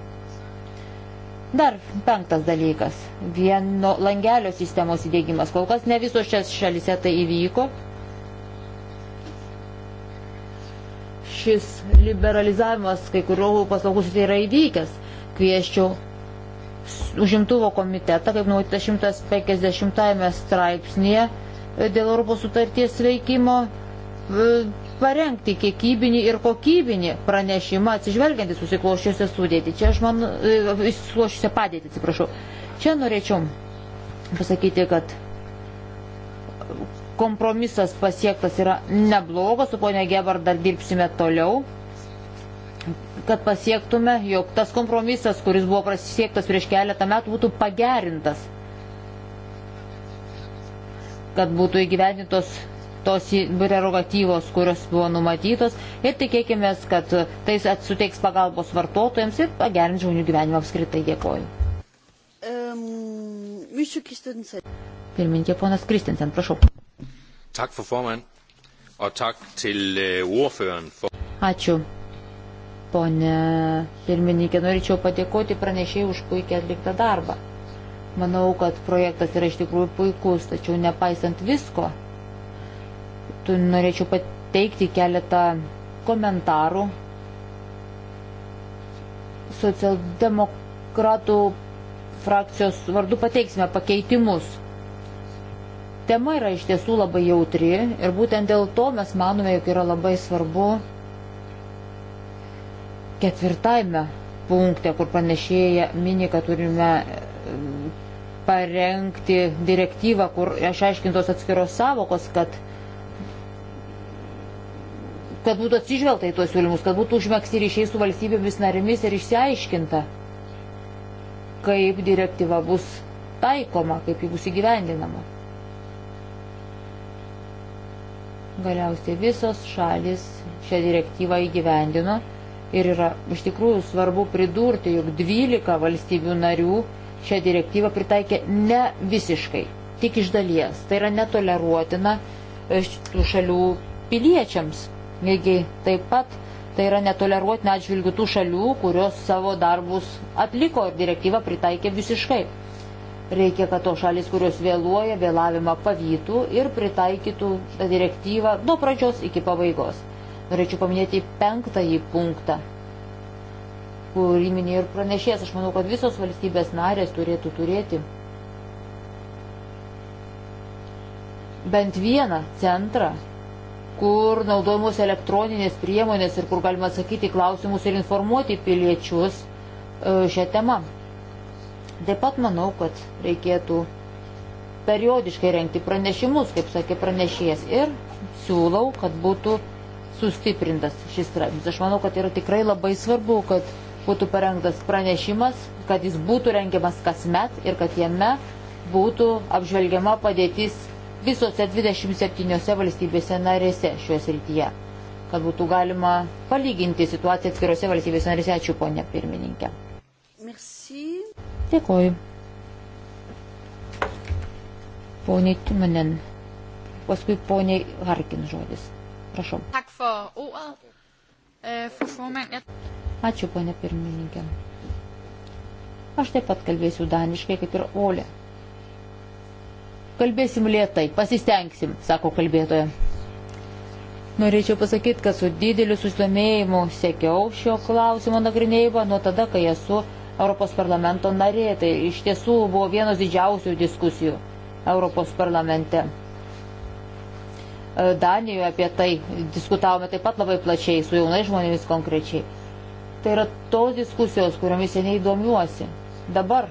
Dar penktas dalykas - vieno langelio sistemos įdėgymas. Kol kas ne visos šias šalise tai įvyko. Šis liberalizavimas kai kurių paslaugų tai yra įvykęs. Kvieščiau užimtuvo komitetą, kaip numatyta 150 straipsnėje dėl Europos sutarties veikimo, e, parengti kiekybinį ir kokybinį pranešimą atsižvelgiantį susiklošiusią sudėtį. Čia aš man, e, susiklošiusią padėtį, atsiprašau. Čia norėčiau pasakyti, kad kompromisas pasiektas yra neblogas, su ponia Gebar dar dirbsime toliau kad pasiektume, jog tas kompromisas, kuris buvo pasiektas prieš keletą metų, būtų pagerintas, kad būtų įgyvendintos tos prerogatyvos, kurios buvo numatytos ir tikėkime, kad tai suteiks pagalbos vartotojams ir pagerins žmonių gyvenimą apskritai. Dėkoju. Um, Pirmininkė, ponas Kristinsen, prašau. Tak for formand, og tak til uh, ordføreren for... Ačiū Pone pirmininkė, norėčiau padėkoti pranešėjai už puikiai atliktą darbą. Manau, kad projektas yra iš tikrųjų puikus, tačiau nepaisant visko, tu norėčiau pateikti keletą komentarų. Socialdemokratų frakcijos vardu pateiksime pakeitimus. Tema yra iš tiesų labai jautri ir būtent dėl to mes manome, jog yra labai svarbu ketvirtame punkte, kur panešėja mini, kad turime e, parengti direktyvą, kur išaiškintos atskiros savokos, kad, kad būtų atsižvelgta į tuos siūlymus, kad būtų užmėgsti ryšiai su valstybėmis narimis ir išsiaiškinta, kaip direktyva bus taikoma, kaip ji bus įgyvendinama. Galiausiai visos šalis šią direktyvą įgyvendino Ir yra iš tikrųjų svarbu pridurti, jog 12 valstybių narių šią direktyvą pritaikė ne visiškai, tik iš dalies. Tai yra netoleruotina e, tų šalių piliečiams. Taigi taip pat tai yra netoleruotina atžvilgių tų šalių, kurios savo darbus atliko ir direktyvą pritaikė visiškai. Reikia, kad to šalis, kurios vėluoja, vėlavimą pavytų ir pritaikytų tą direktyvą nuo pradžios iki pabaigos. Norėčiau paminėti penktąjį punktą, kurį minėjo ir pranešės. Aš manau, kad visos valstybės narės turėtų turėti bent vieną centrą, kur naudojamos elektroninės priemonės ir kur galima atsakyti klausimus ir informuoti piliečius e, šią temą. Taip pat manau, kad reikėtų periodiškai renkti pranešimus, kaip sakė pranešėjas, ir siūlau, kad būtų sustiprintas šis straipsnis. Aš manau, kad yra tikrai labai svarbu, kad būtų parengtas pranešimas, kad jis būtų rengiamas kasmet ir kad jame būtų apžvelgiama padėtis visose 27 valstybėse narėse šioje srityje, kad būtų galima palyginti situaciją atskirose valstybėse narėse. Ačiū, ponė pirmininkė. Merci. Dėkoju. Poniai Tumanen. Paskui poniai Harkin žodis. Prašau. Øh, Ačiū, ponė pirmininkė. Aš taip pat kalbėsiu daniškai, kaip ir Olė. Kalbėsim lietai, pasistengsim, sako kalbėtoja. Norėčiau pasakyti, kad su dideliu susidomėjimu sekiau šio klausimo nagrinėjimą nuo tada, kai esu Europos parlamento narė. Tai iš tiesų buvo vienos didžiausių diskusijų Europos parlamente. E, Danijoje apie tai diskutavome taip pat labai plačiai su jaunais žmonėmis konkrečiai. Tai yra tos diskusijos, kuriomis seniai įdomiuosi. Dabar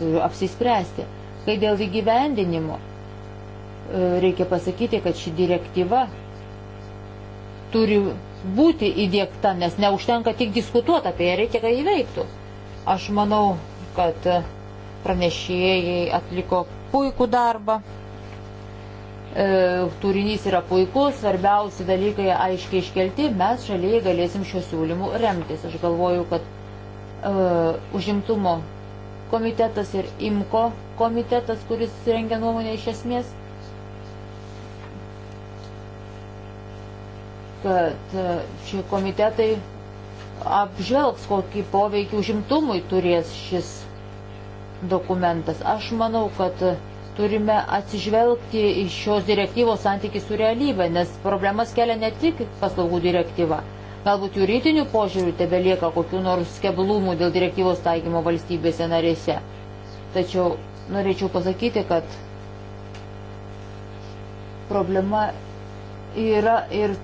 turiu apsispręsti, kai dėl įgyvendinimo e, reikia pasakyti, kad ši direktyva turi būti įdėkta, nes neužtenka tik diskutuoti apie ją, reikia, kad įveiktų. Aš manau, kad pranešėjai atliko puikų darbą. E, turinys yra puikus, svarbiausi dalykai aiškiai iškelti, mes šaliai galėsim šio siūlymų remtis. Aš galvoju, kad uh, užimtumo komitetas ir IMKO komitetas, kuris rengia nuomonę iš esmės, kad uh, šie komitetai apžvelgs, kokį poveikį užimtumui turės šis dokumentas. Aš manau, kad uh, Turime atsižvelgti į šios direktyvos santykį su realybė, nes problemas kelia ne tik paslaugų direktyva. Galbūt juridinių požiūrių tebelieka kokiu nors keblumų dėl direktyvos taikymo valstybėse narėse. Tačiau norėčiau pasakyti, kad problema yra ir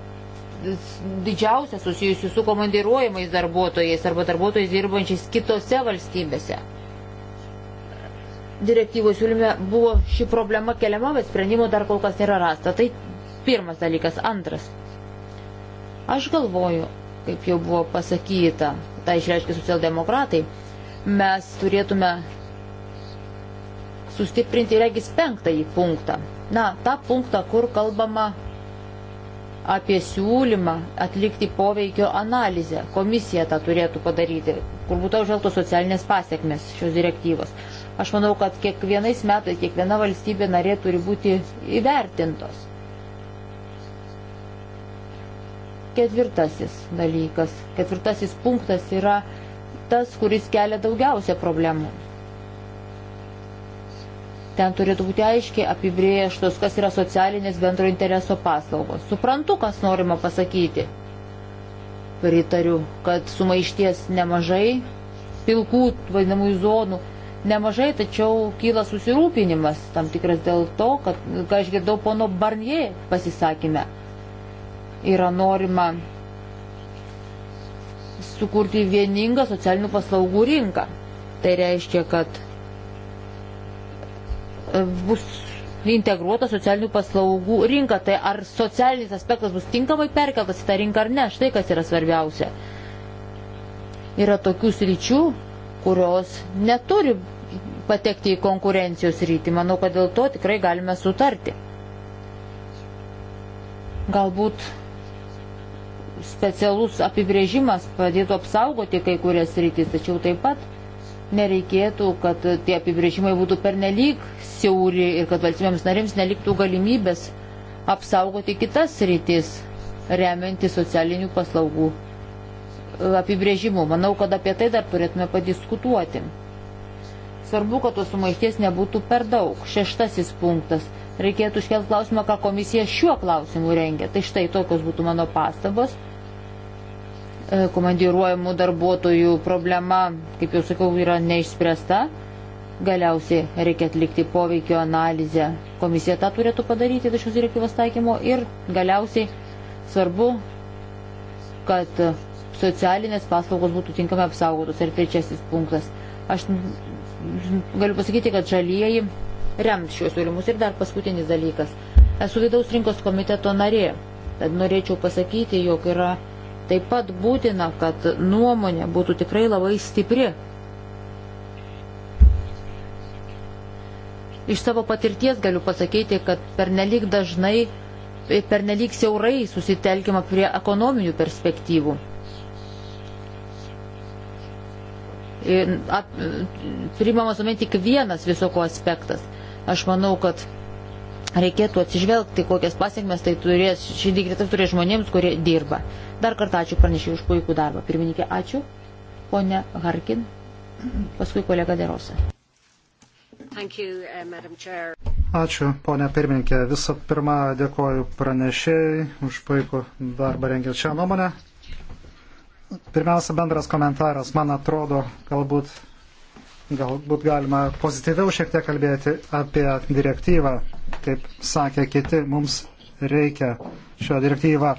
didžiausia susijusi su komandiruojamais darbuotojais arba darbuotojais dirbančiais kitose valstybėse direktyvos siūlyme buvo ši problema keliama, bet sprendimo dar kol kas nėra rasta. Tai pirmas dalykas. Antras. Aš galvoju, kaip jau buvo pasakyta, tai išreiškia socialdemokratai, mes turėtume sustiprinti regis penktąjį punktą. Na, tą punktą, kur kalbama apie siūlymą atlikti poveikio analizę. Komisija tą turėtų padaryti, kur būtų apžvelgtos socialinės pasiekmes šios direktyvos. Aš manau, kad kiekvienais metais kiekviena valstybė narė turi būti įvertintos. Ketvirtasis dalykas, ketvirtasis punktas yra tas, kuris kelia daugiausia problemų. Ten turėtų būti aiškiai apibrieštos, kas yra socialinės bendro intereso paslaugos. Suprantu, kas norima pasakyti. Pritariu, kad sumaišties nemažai, pilkų vadinamųjų zonų nemažai, tačiau kyla susirūpinimas tam tikras dėl to, kad, ką aš girdau pono Barnie pasisakymę, yra norima sukurti vieningą socialinių paslaugų rinką. Tai reiškia, kad e, bus integruota socialinių paslaugų rinka. Tai ar socialinis aspektas bus tinkamai perkeltas į tą rinką ar ne, štai kas yra svarbiausia. Yra tokių sričių, kurios neturi patekti į konkurencijos rytį. Manau, kad dėl to tikrai galime sutarti. Galbūt specialus apibrėžimas padėtų apsaugoti kai kurias rytis, tačiau taip pat nereikėtų, kad tie apibrėžimai būtų pernelyg siauri ir kad valstybėms narėms neliktų galimybės apsaugoti kitas rytis, remianti socialinių paslaugų apibrėžimų. Manau, kad apie tai dar turėtume padiskutuoti. Svarbu, kad tos sumaišties nebūtų per daug. Šeštasis punktas. Reikėtų iškelti klausimą, ką komisija šiuo klausimu rengia. Tai štai tokios būtų mano pastabos. E, komandiruojamų darbuotojų problema, kaip jau sakiau, yra neišspręsta. Galiausiai reikia atlikti poveikio analizę. Komisija tą turėtų padaryti iš šios direktyvos taikymo. Ir galiausiai svarbu, kad socialinės paslaugos būtų tinkamai apsaugotos. Ir trečiasis punktas. Aš galiu pasakyti, kad žalieji rems šios siūlymus. Ir dar paskutinis dalykas. Esu vidaus rinkos komiteto narė. Tad norėčiau pasakyti, jog yra taip pat būtina, kad nuomonė būtų tikrai labai stipri. Iš savo patirties galiu pasakyti, kad pernelyg dažnai, pernelyg siaurai susitelkima prie ekonominių perspektyvų. primamas omen tik vienas visoko aspektas. Aš manau, kad reikėtų atsižvelgti, kokias pasiekmes tai turės, šį dekretą turės žmonėms, kurie dirba. Dar kartą ačiū pranešiai už puikų darbą. Pirmininkė, ačiū. Pone Harkin, paskui kolega Derosa. You, uh, Ačiū, ponia pirmininkė. Visą pirmą dėkoju pranešėjai už puikų darbą rengiant šią nuomonę. Pirmiausia, bendras komentaras. Man atrodo, galbūt, galbūt galima pozityviau šiek tiek kalbėti apie direktyvą. Kaip sakė kiti, mums reikia šią direktyvą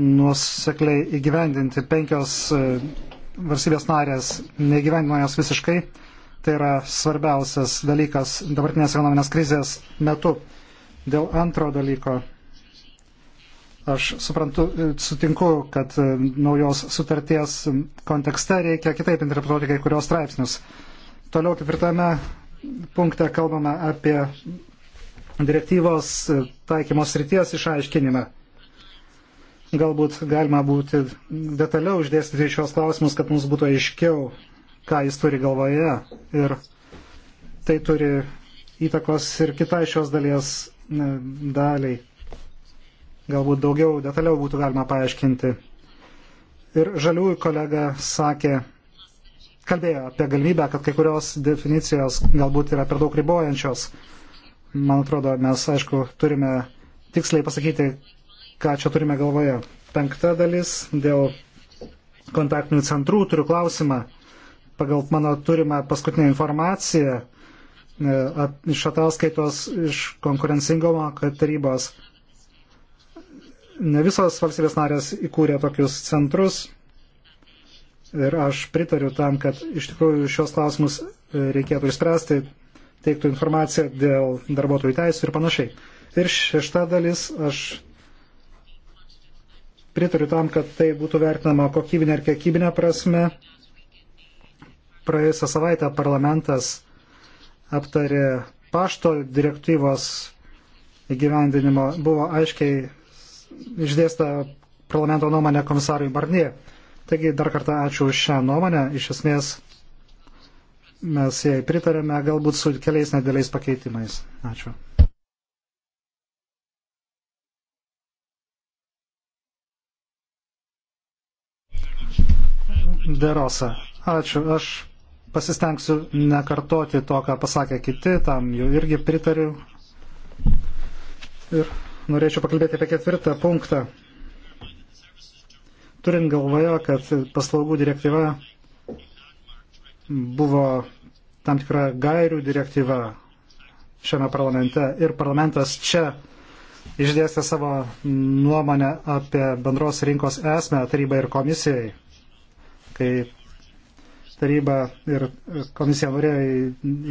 nusekliai įgyvendinti. Penkios e, valstybės narės neįgyvendino jos visiškai. Tai yra svarbiausias dalykas dabartinės ekonominės krizės metu. Dėl antro dalyko Aš suprantu, e, sutinku, kad e, naujos sutarties kontekste reikia kitaip interpretuoti kai kurios straipsnius. Toliau ketvirtame punkte kalbame apie direktyvos e, taikymos ryties išaiškinimą. Galbūt galima būti detaliau išdėstyti šios klausimus, kad mums būtų aiškiau, ką jis turi galvoje. Ir tai turi įtakos ir kitai šios dalies daliai galbūt daugiau detaliau būtų galima paaiškinti. Ir žaliųjų kolega sakė, kalbėjo apie galimybę, kad kai kurios definicijos galbūt yra per daug ribojančios. Man atrodo, mes aišku turime tiksliai pasakyti, ką čia turime galvoje. Penkta dalis dėl kontaktinių centrų turiu klausimą. Pagal mano turimą paskutinę informaciją e, iš ataskaitos iš konkurencingumo tarybos Ne visos valstybės narės įkūrė tokius centrus ir aš pritariu tam, kad iš tikrųjų šios klausimus e, reikėtų išspręsti, teiktų informaciją dėl darbuotojų teisų ir panašiai. Ir šešta dalis, aš pritariu tam, kad tai būtų vertinama kokybinė ir kiekybinė prasme. Praėjusią savaitę parlamentas aptarė pašto direktyvos įgyvendinimo, buvo aiškiai išdėstą parlamento nuomonę komisarui Barnie. Taigi dar kartą ačiū už šią nuomonę. Iš esmės mes jai pritarėme, galbūt su keliais nedėliais pakeitimais. Ačiū. Derosa. Ačiū. Aš pasistengsiu nekartoti to, ką pasakė kiti, tam jų irgi pritariu. Ir norėčiau pakalbėti apie ketvirtą punktą. Turint galvoje, kad paslaugų direktyva buvo tam tikra gairių direktyva šiame parlamente ir parlamentas čia išdėstė savo nuomonę apie bendros rinkos esmę tarybai ir komisijai, kai taryba ir komisija norėjo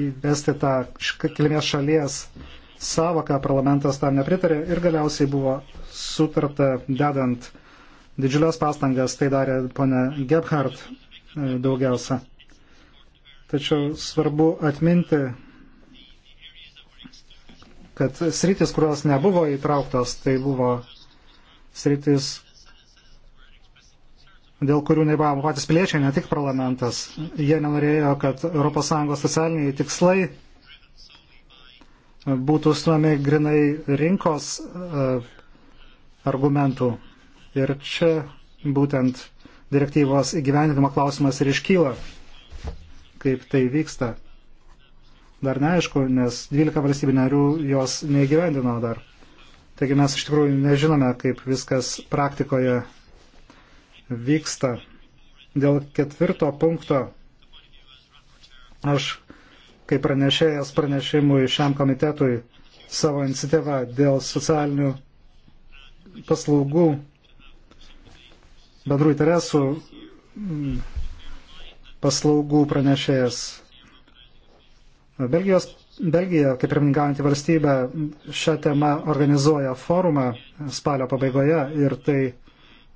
įvesti tą kilmės šalies savoką, parlamentas tam nepritarė ir galiausiai buvo sutarta dedant didžiulės pastangas, tai darė ponė Gebhardt e, daugiausia. Tačiau svarbu atminti, kad sritis, kurios nebuvo įtrauktos, tai buvo sritis, dėl kurių nebuvo patys piliečiai, ne tik parlamentas. Jie nenorėjo, kad ES socialiniai tikslai būtų stumiami grinai rinkos e, argumentų. Ir čia būtent direktyvos įgyvendinimo klausimas ir iškyla, kaip tai vyksta. Dar neaišku, nes 12 valstybių narių jos neįgyvendino dar. Taigi mes iš tikrųjų nežinome, kaip viskas praktikoje vyksta. Dėl ketvirto punkto aš kaip pranešėjas pranešimui šiam komitetui savo iniciatyvą dėl socialinių paslaugų bendrų interesų mm, paslaugų pranešėjas. Belgijos, Belgija, kaip pirmininkaujantį valstybę, šią temą organizuoja forumą spalio pabaigoje ir tai,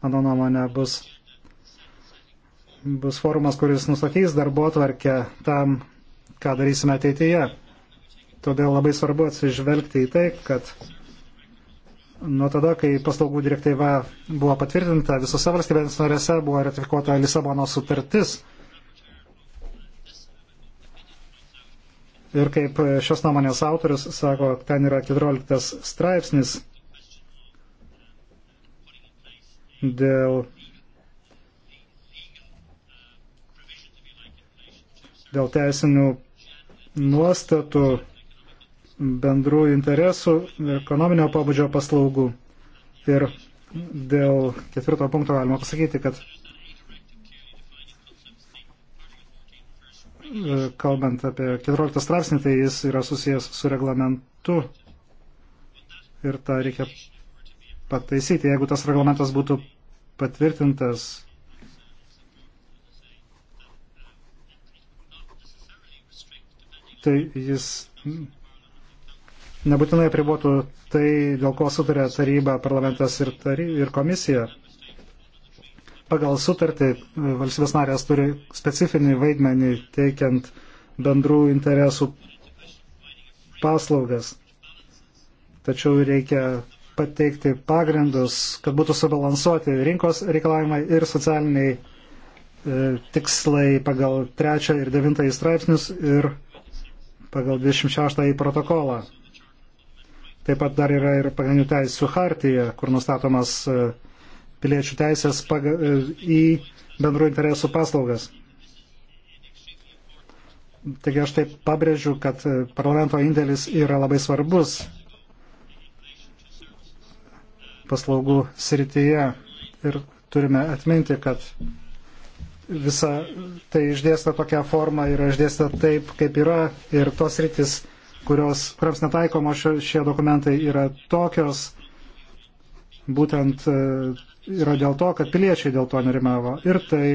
mano nuomonė, bus, bus forumas, kuris nustatys darbo tvarkę tam, ką darysime ateityje. Todėl labai svarbu atsižvelgti į tai, kad nuo tada, kai paslaugų direktyva buvo patvirtinta, visose valstybės narėse buvo ratifikuota Lisabono sutartis. Ir kaip šios nuomonės autorius sako, ten yra 14 straipsnis dėl, dėl teisinių nuostatų bendrų interesų ekonominio pabudžio paslaugų. Ir dėl ketvirto punkto galima pasakyti, kad e, kalbant apie 14 straipsnį, tai jis yra susijęs su reglamentu ir tą reikia pataisyti. Jeigu tas reglamentas būtų patvirtintas tai jis nebūtinai pribuotų tai, dėl ko sutarė taryba, parlamentas ir, tary, ir komisija. Pagal sutartį e, valstybės narės turi specifinį vaidmenį teikiant bendrų interesų paslaugas. Tačiau reikia pateikti pagrindus, kad būtų subalansuoti rinkos reikalavimai ir socialiniai e, tikslai pagal trečią ir devintąjį straipsnius ir pagal 26 protokolą. Taip pat dar yra ir pagrindinių teisų hartija, kur nustatomas e, piliečių teisės e, į bendrų interesų paslaugas. Taigi aš taip pabrėžiu, kad e, parlamento indėlis yra labai svarbus paslaugų srityje ir turime atminti, kad visa tai išdėsta tokia forma yra išdėsta taip, kaip yra ir tos rytis, kurios, kuriams netaikomo šie, šie dokumentai yra tokios, būtent e, yra dėl to, kad piliečiai dėl to nerimavo. Ir tai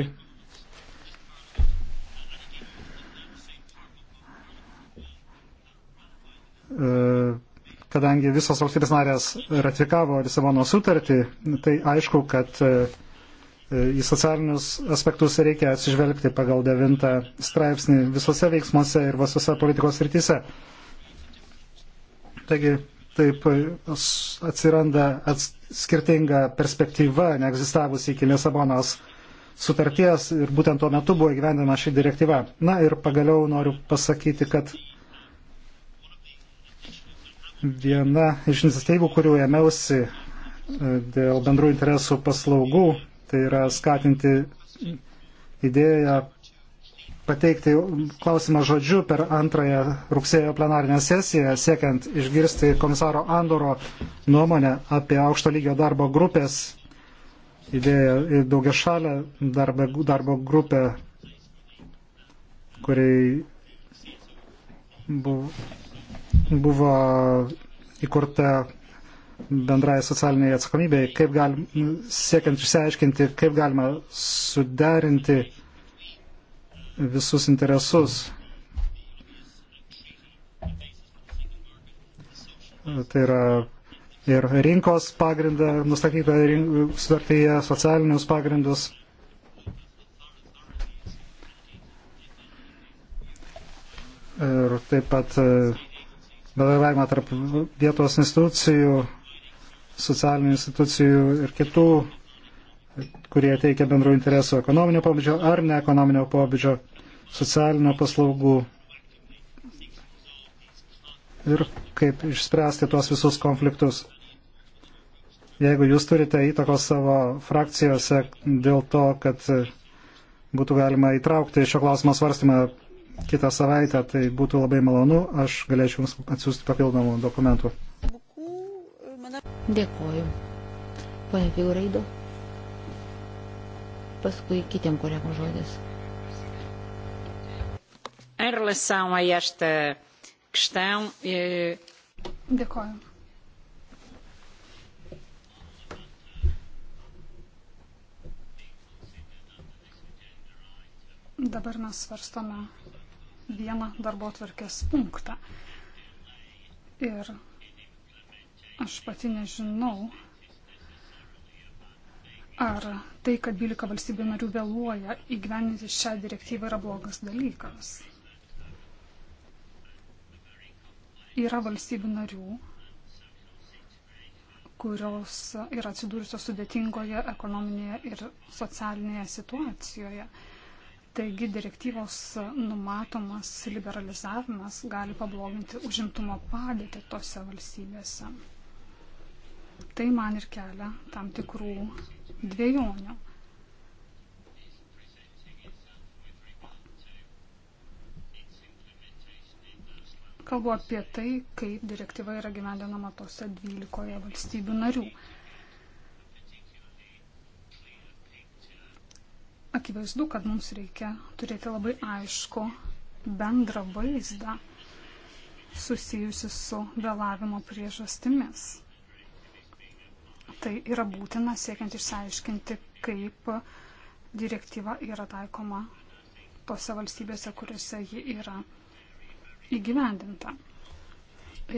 e, kadangi visos valstybės narės ratifikavo Lisabono sutartį, tai aišku, kad e, E, į socialinius aspektus reikia atsižvelgti pagal devintą straipsnį visose veiksmuose ir visose politikos rytise. Taigi taip atsiranda ats skirtinga perspektyva, neegzistavusi iki Lisabonos sutarties ir būtent tuo metu buvo įgyvendama ši direktyva. Na ir pagaliau noriu pasakyti, kad viena iš iniciatyvų, kurių ėmiausi e, dėl bendrų interesų paslaugų tai yra skatinti idėją pateikti klausimą žodžiu per antrąją rugsėjo plenarinę sesiją, siekiant išgirsti komisaro Andoro nuomonę apie aukšto lygio darbo grupės idėją, daugia šalę darbo, darbo grupę, kuriai buvo, buvo įkurta bendrai socialiniai atsakomybei, kaip galim, siekiant išsiaiškinti, kaip galima suderinti visus interesus. Tai yra ir rinkos pagrindą nustatytą sutartyje, socialinius pagrindus. Ir taip pat e, bendradarbiavimą tarp vietos institucijų socialinių institucijų ir kitų, kurie teikia bendrų interesų ekonominio pobūdžio ar ne ekonominio pobūdžio socialinio paslaugų. Ir kaip išspręsti tuos visus konfliktus. Jeigu jūs turite įtakos savo frakcijose dėl to, kad būtų galima įtraukti šio klausimo svarstymą kitą savaitę, tai būtų labai malonu, aš galėčiau jums atsiųsti papildomų dokumentų. Dėkoju. Pane Figuraido. Paskui kitiem kolegom žodis. Em relação a esta questão. Eh... Dėkoju. Dabar mes svarstome vieną darbo tvarkės punktą. Ir Aš pati nežinau, ar tai, kad 12 valstybių narių vėluoja įgyveninti šią direktyvą, yra blogas dalykas. Yra valstybių narių, kurios yra atsidūrusios sudėtingoje ekonominėje ir socialinėje situacijoje. Taigi direktyvos numatomas liberalizavimas gali pabloginti užimtumo padėtį tose valstybėse. Tai man ir kelia tam tikrų dviejonių. Kalbu apie tai, kaip direktyva yra gyvendinama tose 12 valstybių narių. Akivaizdu, kad mums reikia turėti labai aišku bendrą vaizdą susijusi su vėlavimo priežastimis. Tai yra būtina siekiant išsiaiškinti, kaip direktyva yra taikoma tose valstybėse, kuriuose ji yra įgyvendinta.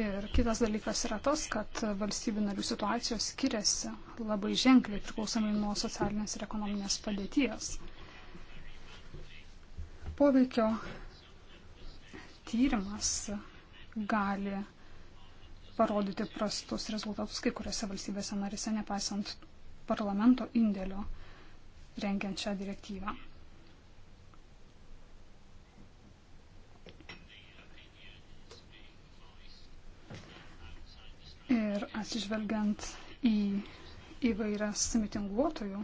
Ir kitas dalykas yra tas, kad valstybių narių situacijos skiriasi labai ženkliai priklausomai nuo socialinės ir ekonominės padėties. Poveikio tyrimas gali parodyti prastus rezultatus kai kuriuose valstybėse narise, nepaisant parlamento indėlio rengiant šią direktyvą. Ir atsižvelgiant į įvairias mitinguotojų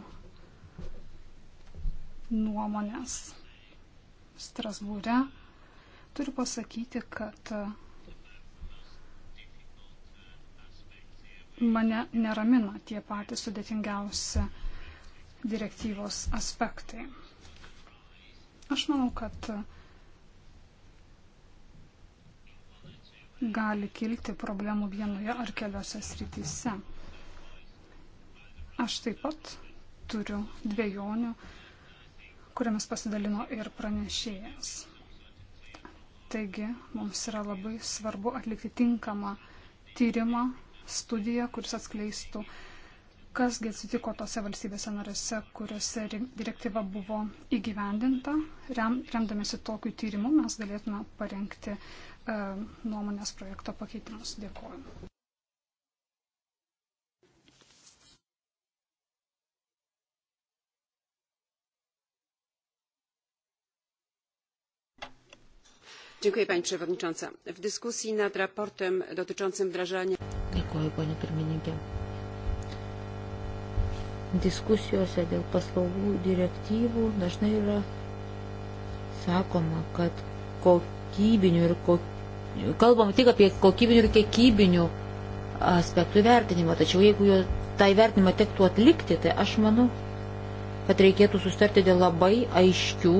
nuomonės Strasbūre, turiu pasakyti, kad mane neramina tie patys sudėtingiausi direktyvos aspektai. Aš manau, kad gali kilti problemų vienoje ar keliose srityse. Aš taip pat turiu dviejonių, kuriamis pasidalino ir pranešėjas. Taigi mums yra labai svarbu atlikti tinkamą tyrimą studiją, kuris atskleistų, kasgi atsitiko tose valstybėse narėse, kuriuose direktyva buvo įgyvendinta. Rem, remdamėsi tokiu tyrimu mes galėtume parengti e, nuomonės projekto pakeitimus. Dėkuoju. Dziękuję Pani Przewodnicząca. W dyskusji nad raportem dotyczącym wdrażania. Dziękuję Pani Pirmininkė. Diskusijose dėl paslaugų direktyvų dažnai yra sakoma, kad kokybinių ir ko... kalbama tik apie kokybinių ir kiekybinių aspektų vertinimą, tačiau jeigu jo tą tai įvertinimą tektų atlikti, tai aš manau, kad reikėtų sustarti dėl labai aiškių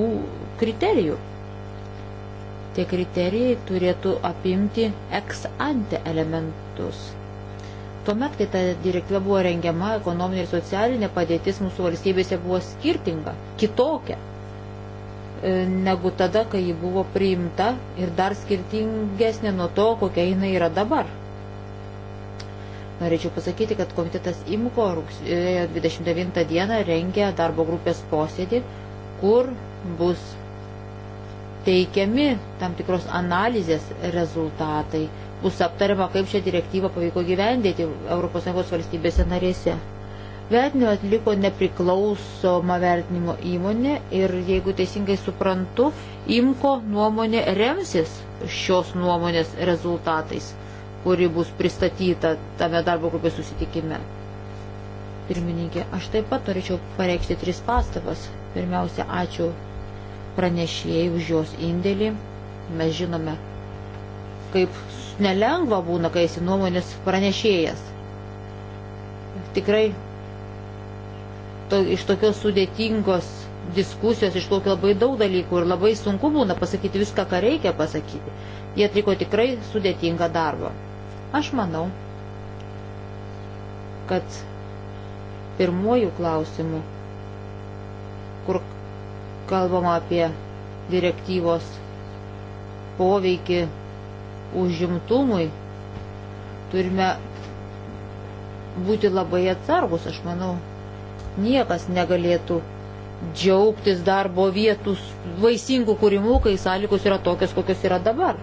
kriterijų Tie kriterijai turėtų apimti ex ante elementus. Tuomet, kai ta direktyva buvo rengiama, ekonominė ir socialinė padėtis mūsų valstybėse buvo skirtinga, kitokia e, negu tada, kai ji buvo priimta ir dar skirtingesnė nuo to, kokia jinai yra dabar. Norėčiau pasakyti, kad komitetas IMKO rugsėjo 29 dieną rengia darbo grupės posėdį, kur bus teikiami tam tikros analizės rezultatai. Bus aptariama, kaip šią direktyvą pavyko gyvendėti ES valstybėse narėse. Vertinimą atliko nepriklausoma vertinimo įmonė ir, jeigu teisingai suprantu, imko nuomonė remsis šios nuomonės rezultatais, kuri bus pristatyta tame darbo grupės susitikime. Pirmininkė, aš taip pat norėčiau pareikšti tris pastabas. Pirmiausia, ačiū pranešėjai už jos indėlį. Mes žinome, kaip nelengva būna, kai esi nuomonės pranešėjas. Tikrai to, iš tokios sudėtingos diskusijos išplaukia labai daug dalykų ir labai sunku būna pasakyti viską, ką reikia pasakyti. Jie atliko tikrai sudėtingą darbą. Aš manau, kad pirmojų klausimų, kur kalbama apie direktyvos poveikį užimtumui, turime būti labai atsargus, aš manau. Niekas negalėtų džiaugtis darbo vietų vaisingų kūrimų, kai sąlygos yra tokios, kokios yra dabar.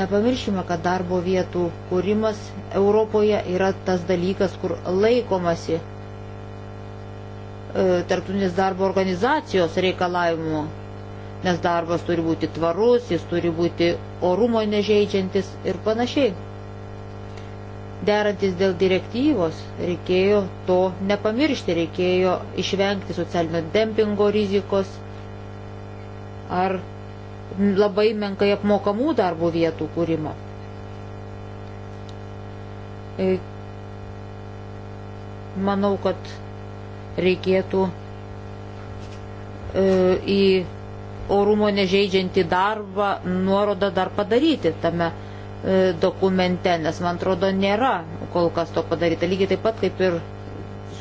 Nepamirškime, kad darbo vietų kūrimas Europoje yra tas dalykas, kur laikomasi E, tarptautinės darbo organizacijos reikalavimų, nes darbas turi būti tvarus, jis turi būti orumo nežeidžiantis ir panašiai. Derantis dėl direktyvos reikėjo to nepamiršti, reikėjo išvengti socialinio dempingo rizikos ar labai menkai apmokamų darbo vietų kūrimo. E, manau, kad reikėtų e, į orumo nežeidžiantį darbą nuorodą dar padaryti tame e, dokumente, nes man atrodo nėra kol kas to padaryta. Lygiai taip pat kaip ir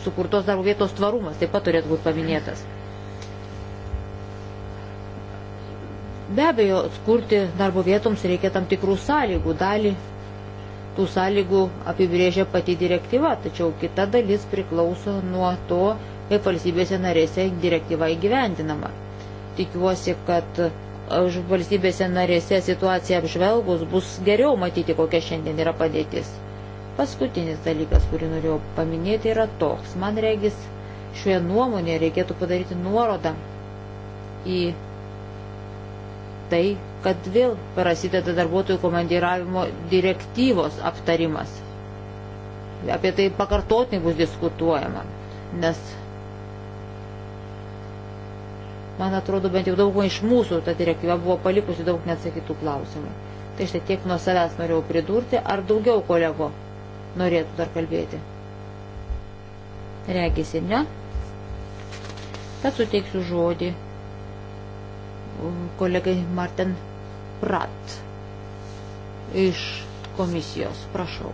sukurtos darbo vietos tvarumas taip pat turėtų būti paminėtas. Be abejo, skurti darbo vietoms reikia tam tikrų sąlygų. Dalį tų sąlygų apibrėžia pati direktyva, tačiau kita dalis priklauso nuo to, kaip valstybėse narėse direktyva įgyvendinama. Tikiuosi, kad e, valstybėse narėse situacija apžvelgus bus geriau matyti, kokia šiandien yra padėtis. Paskutinis dalykas, kurį norėjau paminėti, yra toks. Man regis, šioje nuomonėje reikėtų padaryti nuorodą į tai, kad vėl prasideda darbuotojų komandiravimo direktyvos aptarimas. Apie tai pakartotinai bus diskutuojama, nes man atrodo, bent jau daugumą iš mūsų ta direktyva buvo palikusi daug neatsakytų klausimų. Tai štai tiek nuo savęs norėjau pridurti, ar daugiau kolego norėtų dar kalbėti. Regisi ne. Tad suteiksiu žodį um, kolegai Martin Prat iš komisijos. Prašau.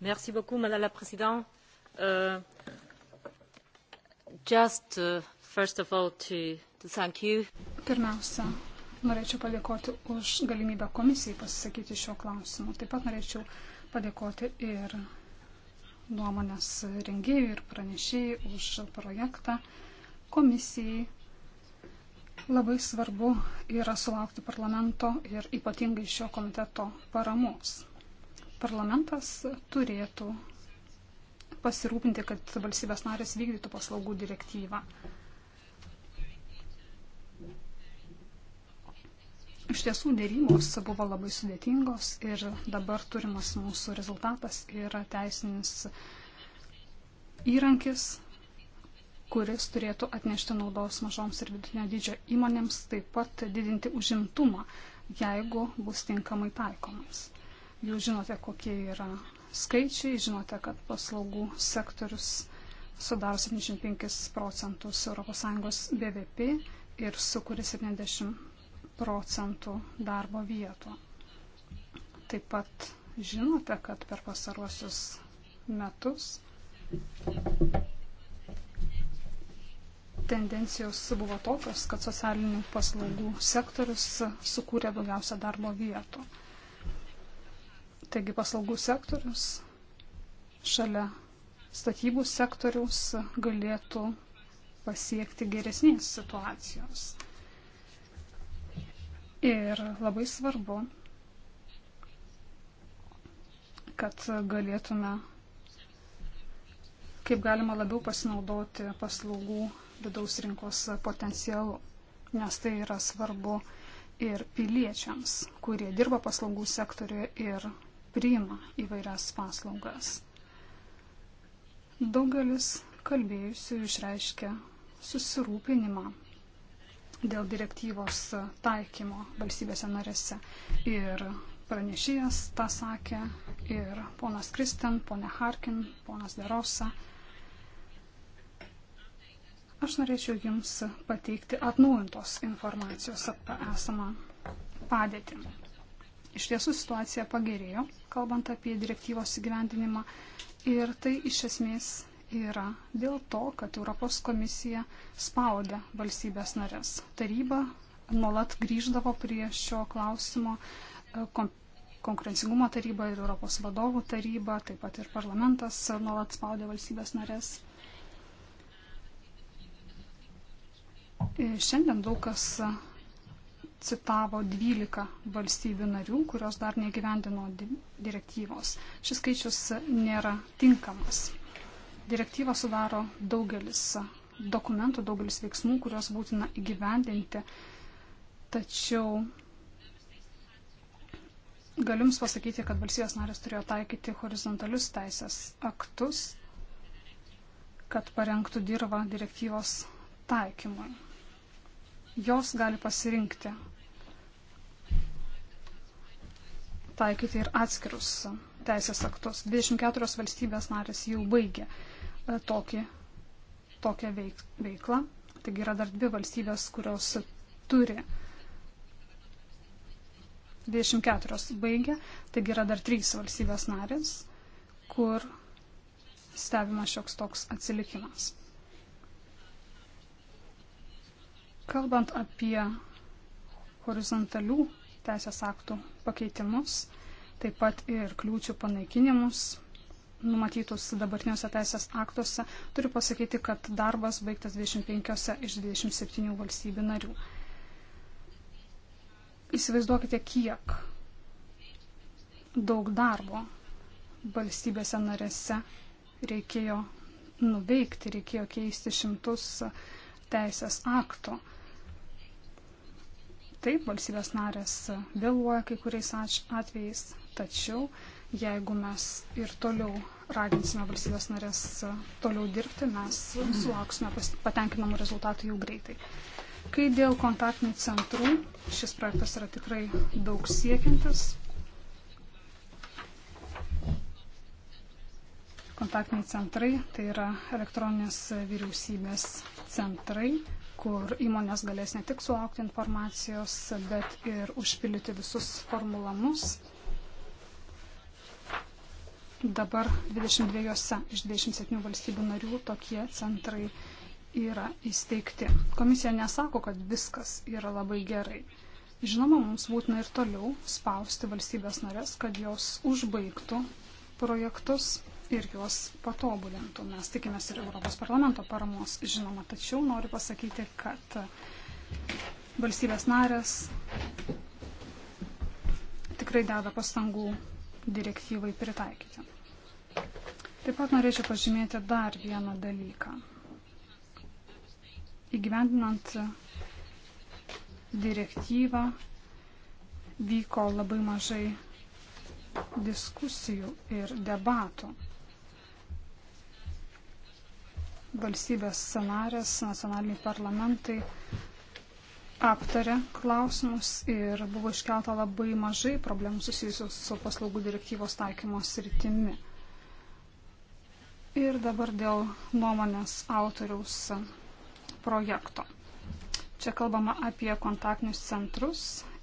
Merci beaucoup, Madame la Présidente. Uh, just uh, first of all to, to thank you. Pirmiausia, norėčiau padėkoti už galimybę komisijai pasisakyti šio klausimu. Taip pat norėčiau padėkoti ir nuomonės rengėjų ir pranešėjų už projektą komisijai Labai svarbu yra sulaukti parlamento ir ypatingai šio komiteto paramos. Parlamentas turėtų pasirūpinti, kad valstybės narės vykdytų paslaugų direktyvą. Iš tiesų dėrybos buvo labai sudėtingos ir dabar turimas mūsų rezultatas yra teisinis įrankis, kuris turėtų atnešti naudos mažoms ir vidutinio dydžio įmonėms, taip pat didinti užimtumą, jeigu bus tinkamai taikomas. Jūs žinote, kokie yra skaičiai, žinote, kad paslaugų sektorius sudaro 75 procentus ES BVP ir sukuria 70 procentų darbo vietų. Taip pat žinote, kad per pasaruosius metus tendencijos buvo tokios, kad socialinių paslaugų sektorius sukūrė daugiausia darbo vietų. Taigi paslaugų sektorius šalia statybų sektoriaus galėtų pasiekti geresnės situacijos. Ir labai svarbu, kad galėtume kaip galima labiau pasinaudoti paslaugų vidaus rinkos potencialu, nes tai yra svarbu ir piliečiams, kurie dirba paslaugų sektoriuje ir priima įvairias paslaugas. Daugelis kalbėjusių išreiškia susirūpinimą dėl direktyvos taikymo valstybėse narėse. Ir pranešėjas tą sakė, ir ponas Kristen, ponė Harkin, ponas Derosa. Aš norėčiau Jums pateikti atnaujintos informacijos apie esamą padėtį. Iš tiesų situacija pagerėjo, kalbant apie direktyvos įgyvendinimą ir tai iš esmės yra dėl to, kad Europos komisija spaudė valstybės narės. Taryba nuolat grįždavo prie šio klausimo e, konkurencingumo taryba ir Europos vadovų taryba, taip pat ir parlamentas nuolat spaudė valstybės narės E, šiandien daug kas citavo 12 valstybių narių, kurios dar negyvendino direktyvos. Šis skaičius nėra tinkamas. Direktyvą sudaro daugelis dokumentų, daugelis veiksmų, kuriuos būtina įgyvendinti. Tačiau galiu Jums pasakyti, kad valstybės narės turėjo taikyti horizontalius teisės aktus, kad parengtų dirbą direktyvos taikymui jos gali pasirinkti taikyti ir atskirus teisės aktus. 24 valstybės narės jau baigė e, tokį, tokią veik, veiklą. Taigi yra dar dvi valstybės, kurios turi 24 baigė, taigi yra dar trys valstybės narės, kur stebima šioks toks atsilikimas. Kalbant apie horizontalių teisės aktų pakeitimus, taip pat ir kliūčių panaikinimus numatytus dabartiniuose teisės aktuose, turiu pasakyti, kad darbas baigtas 25 iš 27 valstybių narių. Įsivaizduokite, kiek daug darbo valstybėse narėse reikėjo nuveikti, reikėjo keisti šimtus teisės akto. Taip, valstybės narės vėluoja kai kuriais atvejais, tačiau jeigu mes ir toliau raginsime valstybės narės toliau dirbti, mes sulauksime patenkinamų rezultatų jau greitai. Kai dėl kontaktinių centrų šis projektas yra tikrai daug siekiantis, kontaktiniai centrai, tai yra elektroninės vyriausybės centrai, kur įmonės galės ne tik sulaukti informacijos, bet ir užpildyti visus formulamus. Dabar 22 iš 27 valstybių narių tokie centrai yra įsteigti. Komisija nesako, kad viskas yra labai gerai. Žinoma, mums būtina ir toliau spausti valstybės narės, kad jos užbaigtų projektus ir juos patobulintų. Mes tikimės ir Europos parlamento paramos, žinoma, tačiau noriu pasakyti, kad valstybės narės tikrai deda pastangų direktyvai pritaikyti. Taip pat norėčiau pažymėti dar vieną dalyką. Įgyvendinant direktyvą vyko labai mažai diskusijų ir debatų valstybės scenarės, nacionaliniai parlamentai aptarė klausimus ir buvo iškelta labai mažai problemų susijusių su paslaugų direktyvos taikymos rytimi. Ir dabar dėl nuomonės autoriaus projekto. Čia kalbama apie kontaktinius centrus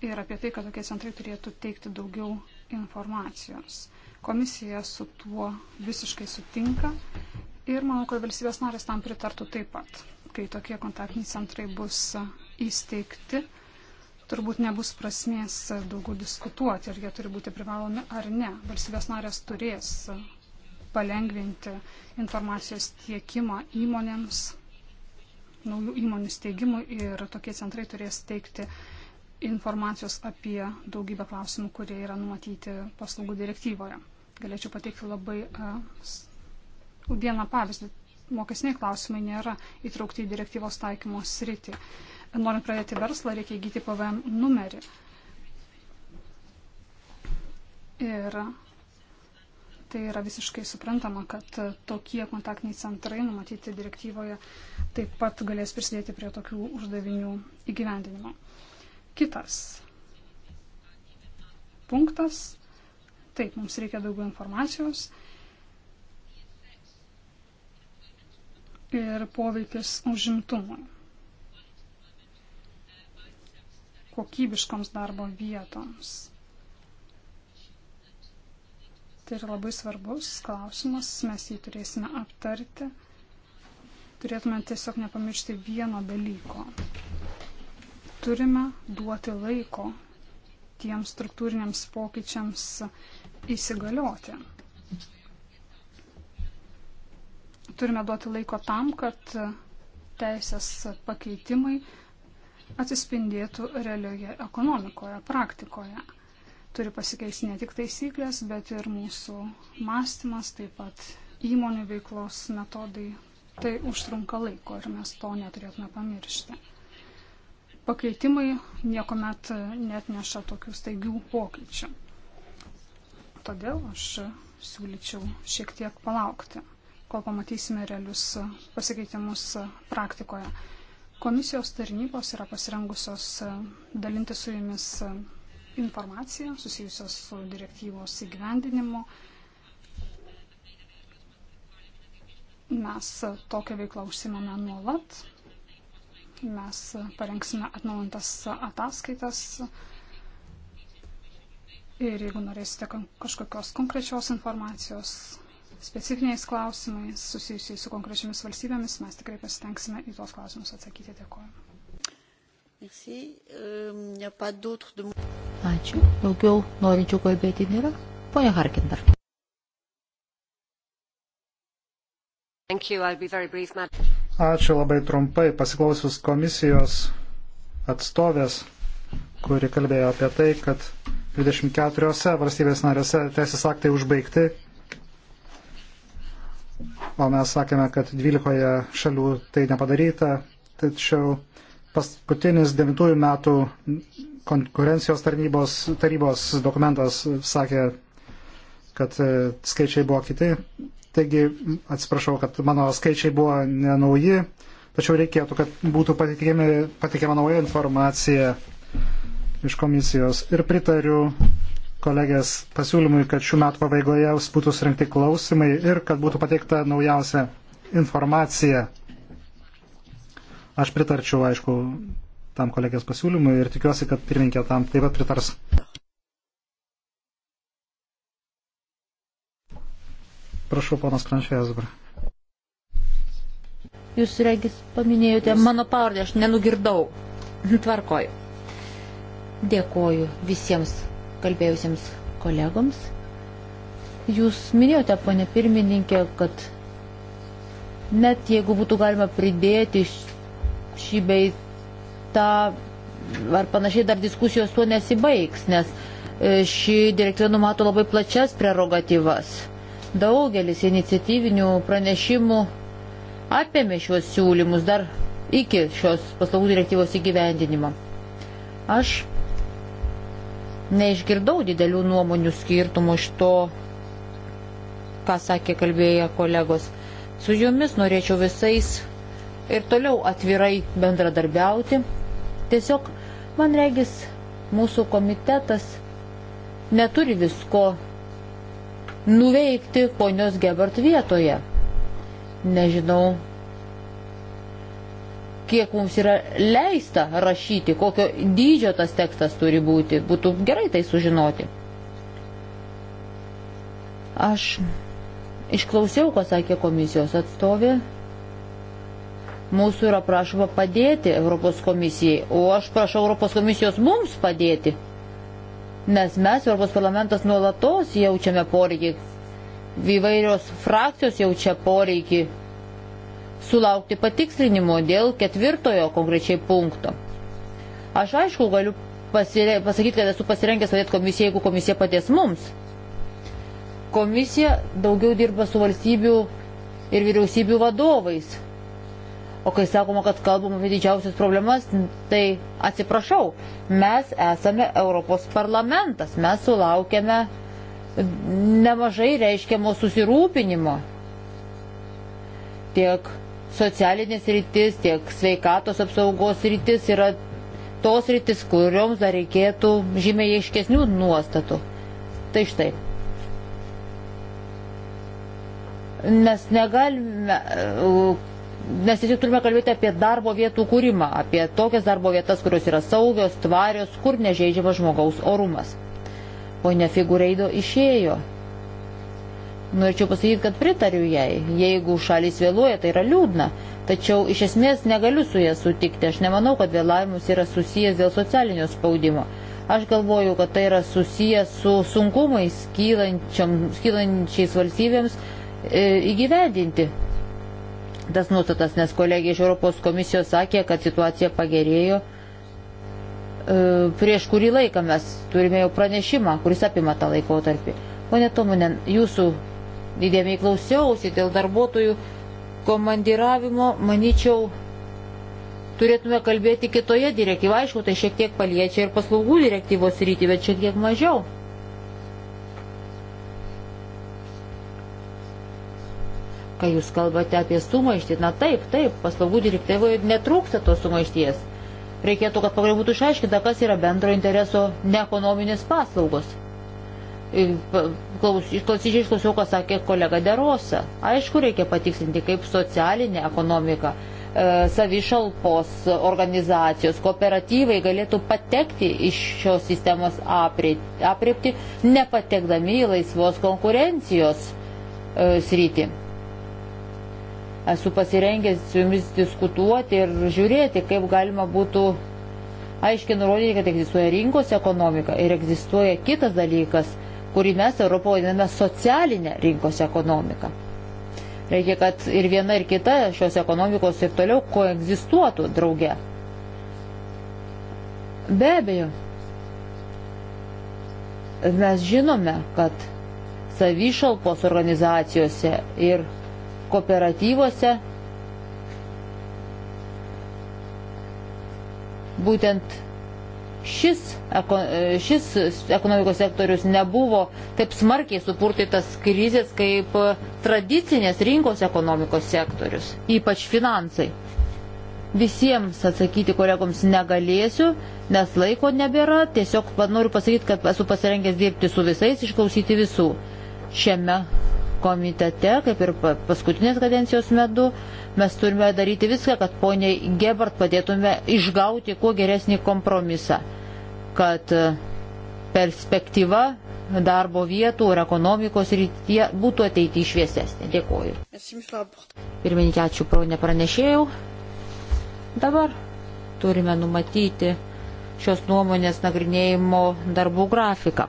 ir apie tai, kad tokie centrai turėtų teikti daugiau informacijos. Komisija su tuo visiškai sutinka Ir manau, kad valstybės narės tam pritartų taip pat. Kai tokie kontaktiniai centrai bus įsteigti, turbūt nebus prasmės daugiau diskutuoti, ar jie turi būti privalomi ar ne. Valstybės narės turės palengvinti informacijos tiekimą įmonėms, naujų įmonių steigimui ir tokie centrai turės teikti informacijos apie daugybę klausimų, kurie yra numatyti paslaugų direktyvoje. Galėčiau pateikti labai vieną pavyzdį. Mokesniai klausimai nėra įtraukti į direktyvos taikymo sritį. Norint pradėti verslą, reikia įgyti PVM numerį. Ir tai yra visiškai suprantama, kad tokie kontaktiniai centrai numatyti direktyvoje taip pat galės prisidėti prie tokių uždavinių įgyvendinimo. Kitas punktas. Taip, mums reikia daugiau informacijos ir poveikis užimtumui, kokybiškoms darbo vietoms. Tai yra labai svarbus klausimas, mes jį turėsime aptarti. Turėtume tiesiog nepamiršti vieno dalyko. Turime duoti laiko tiems struktūriniams pokyčiams įsigalioti. turime duoti laiko tam, kad teisės pakeitimai atsispindėtų realioje ekonomikoje, praktikoje. Turi pasikeisti ne tik taisyklės, bet ir mūsų mąstymas, taip pat įmonių veiklos metodai. Tai užtrunka laiko ir mes to neturėtume pamiršti. Pakeitimai niekuomet net neša tokių staigių pokyčių. Todėl aš siūlyčiau šiek tiek palaukti kol pamatysime realius pasikeitimus praktikoje. Komisijos tarnybos yra pasirengusios dalinti su jumis informaciją susijusios su direktyvos įgyvendinimu. Mes tokią veiklą užsimame nuolat. Mes parengsime atnaujintas ataskaitas. Ir jeigu norėsite kažkokios konkrečios informacijos, specifiniais klausimais susijusiais su konkrečiamis valstybėmis, mes tikrai pasitengsime į tuos klausimus atsakyti. Dėkuoju. Euh, Ačiū. Daugiau norinčių kalbėti nėra. Pone Harkin dar. Ačiū labai trumpai pasiklausius komisijos atstovės, kuri kalbėjo apie tai, kad 24 valstybės narėse teisės aktai užbaigti o mes sakėme, kad 12 šalių tai nepadaryta, tačiau paskutinis 9 metų konkurencijos tarnybos, tarybos dokumentas sakė, kad e, skaičiai buvo kiti. Taigi, atsiprašau, kad mano skaičiai buvo nenauji, tačiau reikėtų, kad būtų patikima nauja informacija iš komisijos. Ir pritariu kolegės pasiūlymui, kad šių metų pabaigoje būtų surinkti klausimai ir kad būtų pateikta naujausia informacija. Aš pritarčiau, aišku, tam kolegės pasiūlymui ir tikiuosi, kad pirmininkė tam taip pat pritars. Prašau, ponas Kranšėjas dabar. Jūs, Regis, paminėjote mano pavardę, aš nenugirdau. Tvarkoju. Dėkoju visiems kalbėjusiems kolegoms. Jūs minėjote, ponė pirmininkė, kad net jeigu būtų galima pridėti šį bei tą ar panašiai dar diskusijos tuo nesibaigs, nes e, ši direktyva numato labai plačias prerogatyvas. Daugelis iniciatyvinių pranešimų apėmė šiuos siūlymus dar iki šios paslaugų direktyvos įgyvendinimo. Aš neišgirdau didelių nuomonių skirtumų iš to, ką sakė kalbėję kolegos. Su jumis norėčiau visais ir toliau atvirai bendradarbiauti. Tiesiog, man regis, mūsų komitetas neturi visko nuveikti ponios Gebert vietoje. Nežinau, kiek mums yra leista rašyti, kokio dydžio tas tekstas turi būti. Būtų gerai tai sužinoti. Aš išklausiau, ką sakė komisijos atstovė. Mūsų yra prašoma padėti Europos komisijai, o aš prašau Europos komisijos mums padėti. Nes mes, Europos parlamentas, nuolatos jaučiame poreikį. Įvairios frakcijos jaučia poreikį sulaukti patikslinimo dėl ketvirtojo konkrečiai punkto. Aš aišku galiu pasire... pasakyti, kad esu pasirengęs padėti komisijai, jeigu komisija padės mums. Komisija daugiau dirba su valstybių ir vyriausybių vadovais. O kai sakoma, kad kalbam apie didžiausias problemas, tai atsiprašau, mes esame Europos parlamentas, mes sulaukėme nemažai reiškiamo susirūpinimo tiek socialinės rytis, tiek sveikatos apsaugos rytis yra tos rytis, kurioms dar reikėtų žymiai aiškesnių nuostatų. Tai štai. Nes negalime, nes tiesiog turime kalbėti apie darbo vietų kūrimą, apie tokias darbo vietas, kurios yra saugios, tvarios, kur nežaidžiama žmogaus orumas. Pone Figureido išėjo Norėčiau pasakyti, kad pritariu jai. Jeigu šalis vėluoja, tai yra liūdna. Tačiau iš esmės negaliu su ja sutikti. Aš nemanau, kad vėlavimus yra susijęs dėl socialinio spaudimo. Aš galvoju, kad tai yra susijęs su sunkumais kylančiais valstybėms e, įgyvendinti tas nuostatas, nes kolegė iš Europos komisijos sakė, kad situacija pagerėjo. E, prieš kurį laiką mes turime jau pranešimą, kuris apima tą laikotarpį. Pone Tomunen, jūsų įdėmiai klausiausi dėl darbuotojų komandiravimo, manyčiau, turėtume kalbėti kitoje direktyvoje. Aišku, tai šiek tiek paliečia ir paslaugų direktyvos rytį, bet šiek tiek mažiau. Kai jūs kalbate apie sumaištį, na taip, taip, paslaugų direktyvoje netrūksta tos sumaišties. Reikėtų, kad pagaliau būtų išaiškinta, kas yra bendro intereso neekonominės paslaugos Išklausyčiai išklausiau, ką sakė kolega Derosa. Aišku, reikia patikslinti, kaip socialinė ekonomika, e, savišalpos organizacijos, kooperatyvai galėtų patekti iš šios sistemos apriepti, nepatekdami į laisvos konkurencijos e, sritį. Esu pasirengęs su jumis diskutuoti ir žiūrėti, kaip galima būtų aiškiai nurodyti, kad egzistuoja rinkos ekonomika ir egzistuoja kitas dalykas kurį mes Europoje vadiname socialinę rinkos ekonomiką. Reikia, kad ir viena, ir kita šios ekonomikos ir toliau koegzistuotų drauge. Be abejo, mes žinome, kad savišalpos organizacijose ir kooperatyvose būtent šis, šis ekonomikos sektorius nebuvo taip smarkiai supurtytas krizės kaip tradicinės rinkos ekonomikos sektorius, ypač finansai. Visiems atsakyti kolegoms negalėsiu, nes laiko nebėra, tiesiog noriu pasakyti, kad esu pasirengęs dirbti su visais, išklausyti visų. Šiame komitete, kaip ir paskutinės kadencijos metu, mes turime daryti viską, kad poniai Gebart padėtume išgauti kuo geresnį kompromisą, kad e, perspektyva darbo vietų ir ekonomikos rytie būtų ateity šviesesnė. Dėkuoju. Pirmininkė, ačiū, nepranešėjau. Dabar turime numatyti šios nuomonės nagrinėjimo darbų grafiką.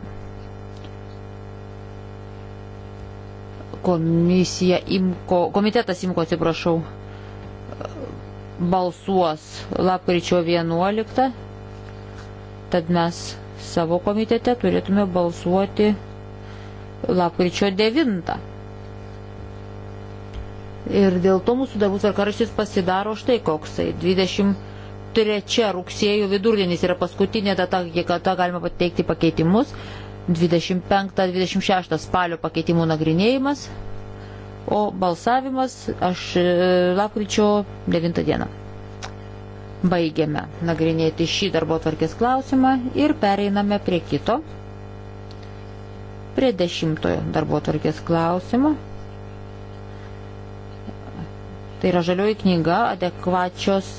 komisija imko, komitetas imko, atsiprašau, balsuos lapkričio 11, tad mes savo komitete turėtume balsuoti lapkričio 9. Ir dėl to mūsų darbų tvarkaraštis pasidaro štai koksai. 23 rugsėjo vidurdienis yra paskutinė data, kada galima pateikti pakeitimus. 25-26 spalio pakeitimų nagrinėjimas, o balsavimas aš e, lapkričio 9 dieną. Baigiame nagrinėti šį darbo tvarkės klausimą ir pereiname prie kito, prie dešimtojo darbo tvarkės klausimo. Tai yra žalioji knyga adekvačios e,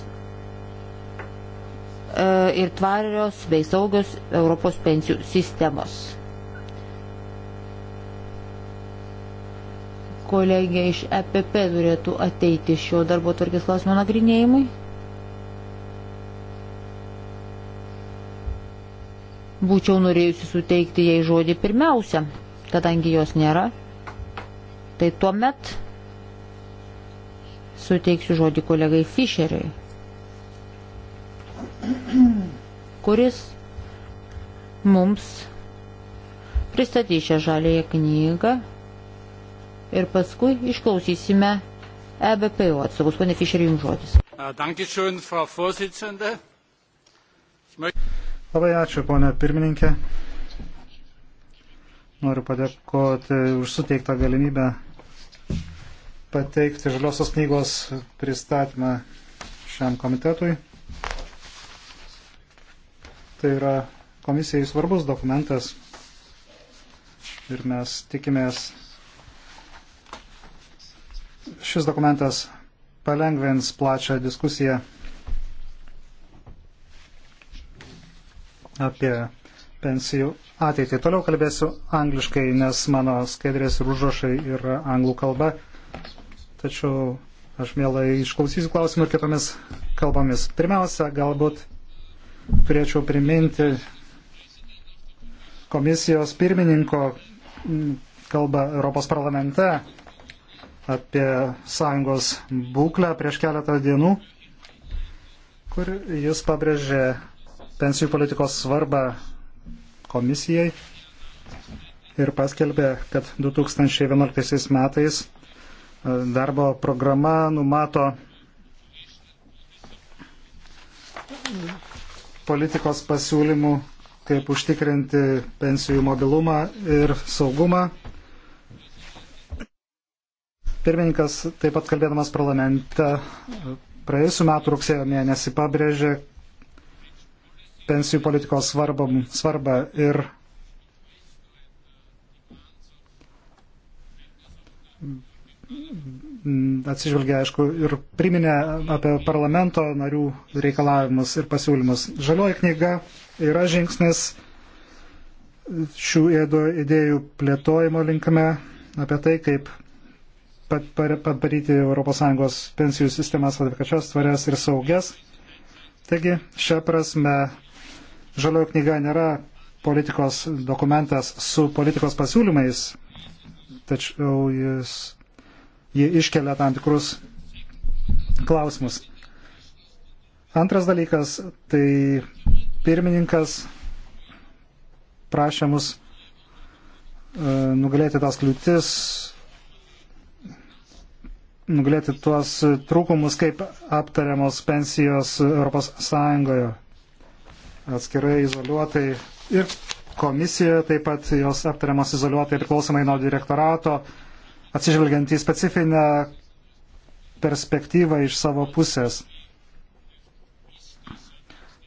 ir tvarios bei saugios Europos pensijų sistemos. kolegė iš EPP turėtų ateiti šio darbo tvarkės klausimo nagrinėjimui? Būčiau norėjusi suteikti jai žodį pirmiausia, kadangi jos nėra. Tai tuomet suteiksiu žodį kolegai Fischeriui, kuris mums pristatys šią žalėją knygą ir paskui išklausysime EBPO atstovus. Pane Fišeri, jums žodis. Labai ačiū, ponė pirmininkė. Noriu padėkoti už suteiktą galimybę pateikti žaliosios knygos pristatymą šiam komitetui. Tai yra komisijai svarbus dokumentas ir mes tikimės šis dokumentas palengvins plačią diskusiją apie pensijų ateitį. Toliau kalbėsiu angliškai, nes mano skaidrės ir užrašai yra anglų kalba. Tačiau aš mielai išklausysiu klausimų ir kitomis kalbomis. Pirmiausia, galbūt turėčiau priminti komisijos pirmininko kalbą Europos parlamente apie sąjungos būklę prieš keletą dienų, kur jis pabrėžė pensijų politikos svarbą komisijai ir paskelbė, kad 2011 metais e, darbo programa numato politikos pasiūlymų, kaip užtikrinti pensijų mobilumą ir saugumą Pirmininkas taip pat kalbėdamas parlamente praėjusiu metu rugsėjo mėnesį pabrėžė pensijų politikos svarbą, svarbą ir atsižvelgia, aišku, ir priminė apie parlamento narių reikalavimus ir pasiūlymus. Žalioji knyga yra žingsnis šių idėjų plėtojimo linkme apie tai, kaip padaryti ES pensijų sistemas adekvačias, tvarias ir saugias. Taigi, šią prasme, žaliojo knyga nėra politikos dokumentas su politikos pasiūlymais, tačiau jis, jie iškelia tam tikrus klausimus. Antras dalykas, tai pirmininkas prašė mus e, nugalėti tas kliūtis, nugalėti tuos trūkumus, kaip aptariamos pensijos ES atskirai izoliuotai ir komisijoje taip pat jos aptariamos izoliuotai priklausomai nuo direktorato, atsižvelgiant į specifinę perspektyvą iš savo pusės.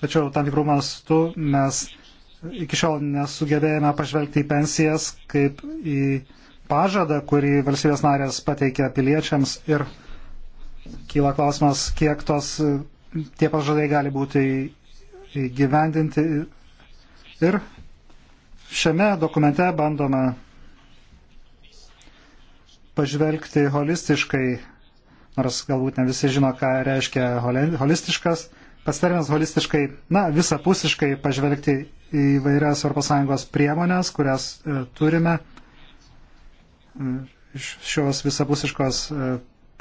Tačiau tam tikrų mastų mes iki šiol nesugebėjome pažvelgti į pensijas kaip į pažadą, kurį valstybės narės pateikia piliečiams ir kyla klausimas, kiek tos, tie pažadai gali būti įgyvendinti. Ir šiame dokumente bandoma pažvelgti holistiškai, nors galbūt ne visi žino, ką reiškia holistiškas, pats terminas holistiškai, na, visapusiškai pažvelgti į vairias ES priemonės, kurias e, turime Mm. iš šios visapusiškos e,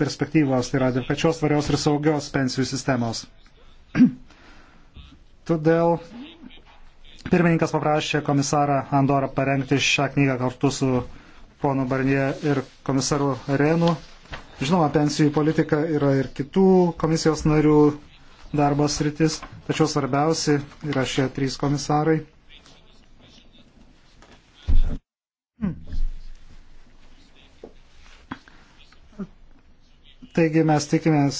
perspektyvos, tai yra dėl pačios tvarios ir saugios pensijų sistemos. Todėl pirmininkas paprašė komisarą Andorą parengti šią knygą kartu su ponu Barnie ir komisaru Renu. Žinoma, pensijų politika yra ir kitų komisijos narių darbos rytis, tačiau svarbiausi yra šie trys komisarai. Taigi mes tikimės,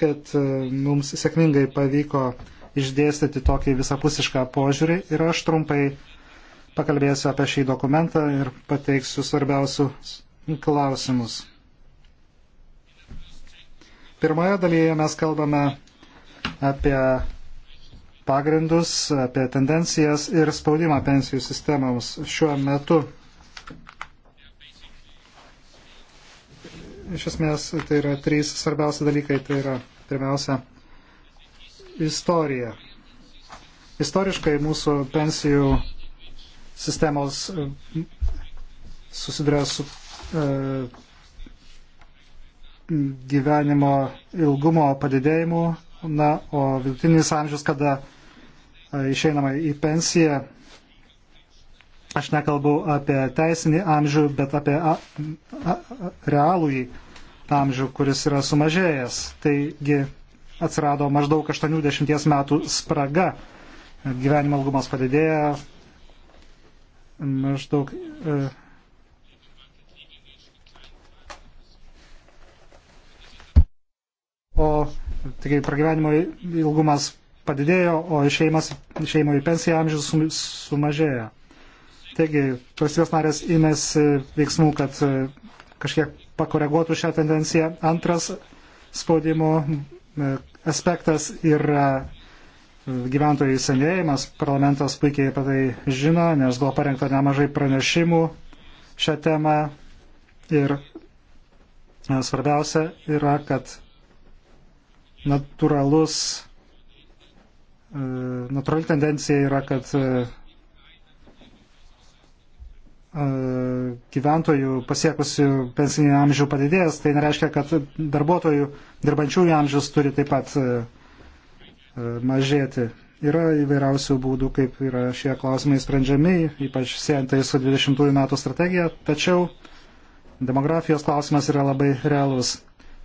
kad e, mums sėkmingai pavyko išdėstyti tokį visapusišką požiūrį ir aš trumpai pakalbėsiu apie šį dokumentą ir pateiksiu svarbiausius klausimus. Pirmoje dalyje mes kalbame apie pagrindus, apie tendencijas ir spaudimą pensijų sistemams šiuo metu Iš esmės, tai yra trys svarbiausi dalykai. Tai yra, pirmiausia, istorija. Istoriškai mūsų pensijų sistemos e, susiduria su e, gyvenimo ilgumo padidėjimu, na, o vidutinis amžius, kada e, išeinama į pensiją, aš nekalbu apie teisinį amžių, bet apie a, a, a, realų jį amžių, kuris yra sumažėjęs. Taigi atsirado maždaug 80 metų spraga. Gyvenimo ilgumas padidėja maždaug. E, o taigi pragyvenimo ilgumas padidėjo, o išeimas, išeimo į pensiją amžius sumažėjo. Taigi, valstybės narės įmės veiksmų, kad e, kažkiek pakoreguotų šią tendenciją. Antras spaudimo e, aspektas yra e, gyventojų senėjimas. Parlamentas puikiai apie tai žino, nes buvo parengta nemažai pranešimų šią temą. Ir e, svarbiausia yra, kad natūralus, natūrali tendencija yra, kad gyventojų pasiekusių pensinį amžių padidėjęs, tai nereiškia, kad darbuotojų dirbančiųjų amžius turi taip pat mažėti. Yra įvairiausių būdų, kaip yra šie klausimai sprendžiami, ypač siejantai su 20 metų strategija, tačiau demografijos klausimas yra labai realus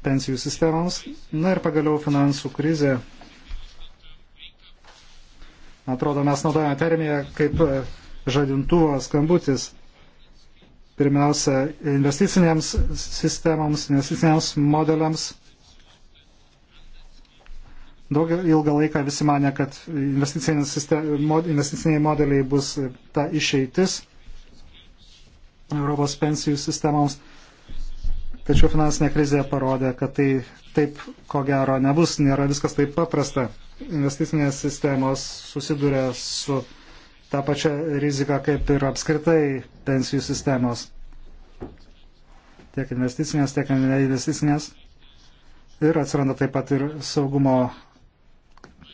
pensijų sistemoms. Na ir pagaliau finansų krizė. Atrodo, mes naudojame termiją kaip žadintuvo skambutis pirmiausia investicinėms sistemoms, investiciniams modeliams. Daug ilgą laiką visi mane, kad investiciniai modeliai bus ta išeitis Europos pensijų sistemoms. Tačiau finansinė krizė parodė, kad tai taip ko gero nebus, nėra viskas taip paprasta. Investicinės sistemos susiduria su tą pačią riziką kaip ir apskritai pensijų sistemos. Tiek investicinės, tiek neinvesticinės. Ir atsiranda taip pat ir saugumo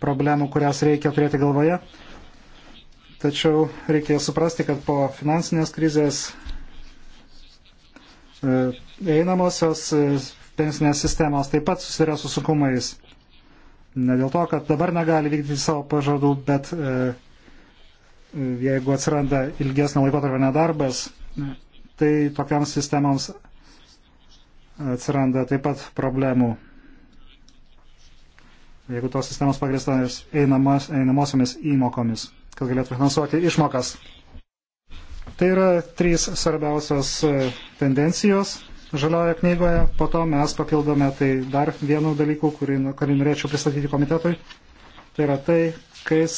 problemų, kurias reikia turėti galvoje. Tačiau reikia suprasti, kad po finansinės krizės e, einamosios e, pensinės sistemos taip pat susiduria su sunkumais. Ne dėl to, kad dabar negali vykdyti savo pažadų, bet e, jeigu atsiranda ilgesnio laikotarpio nedarbas, tai tokiams sistemams atsiranda taip pat problemų. Jeigu tos sistemos pagristas einamos, einamosiomis įmokomis, kad galėtų finansuoti išmokas. Tai yra trys svarbiausios e, tendencijos žalioje knygoje. Po to mes papildome tai dar vienu dalyku, kurį, kurį norėčiau pristatyti komitetui. Tai yra tai, kas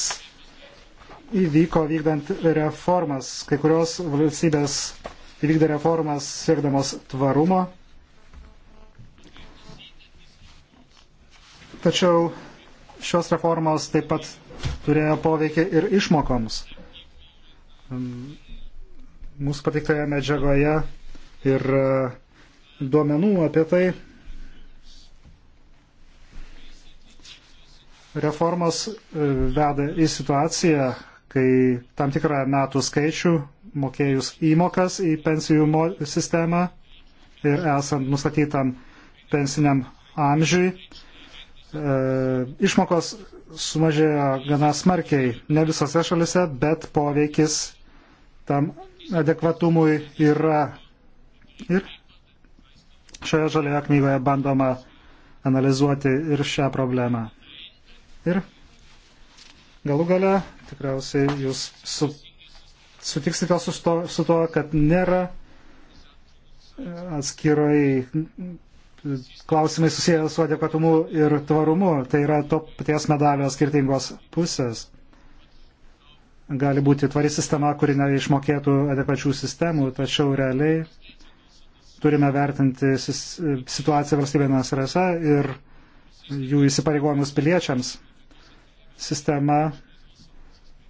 įvyko vykdant reformas. Kai kurios valstybės įvykdė reformas siekdamos tvarumo. Tačiau šios reformos taip pat turėjo poveikį ir išmokoms. Mūsų patiktoje medžiagoje ir e, duomenų apie tai reformos e, veda į situaciją, kai tam tikrą metų skaičių mokėjus įmokas į pensijų sistemą ir esant nustatytam pensiniam amžiui, e, išmokos sumažėjo gana smarkiai, ne visose šalise, bet poveikis tam adekvatumui yra. Ir šioje žalioje knygoje bandoma analizuoti ir šią problemą. Ir galų gale tikriausiai jūs su, sutiksite su to, su to, kad nėra e, atskirai klausimai susijęs su adekvatumu ir tvarumu. Tai yra to paties medalio skirtingos pusės. Gali būti tvari sistema, kuri neišmokėtų adekvačių sistemų, tačiau realiai turime vertinti e, situaciją valstybė nasrose ir jų įsipareigojimus piliečiams. Sistema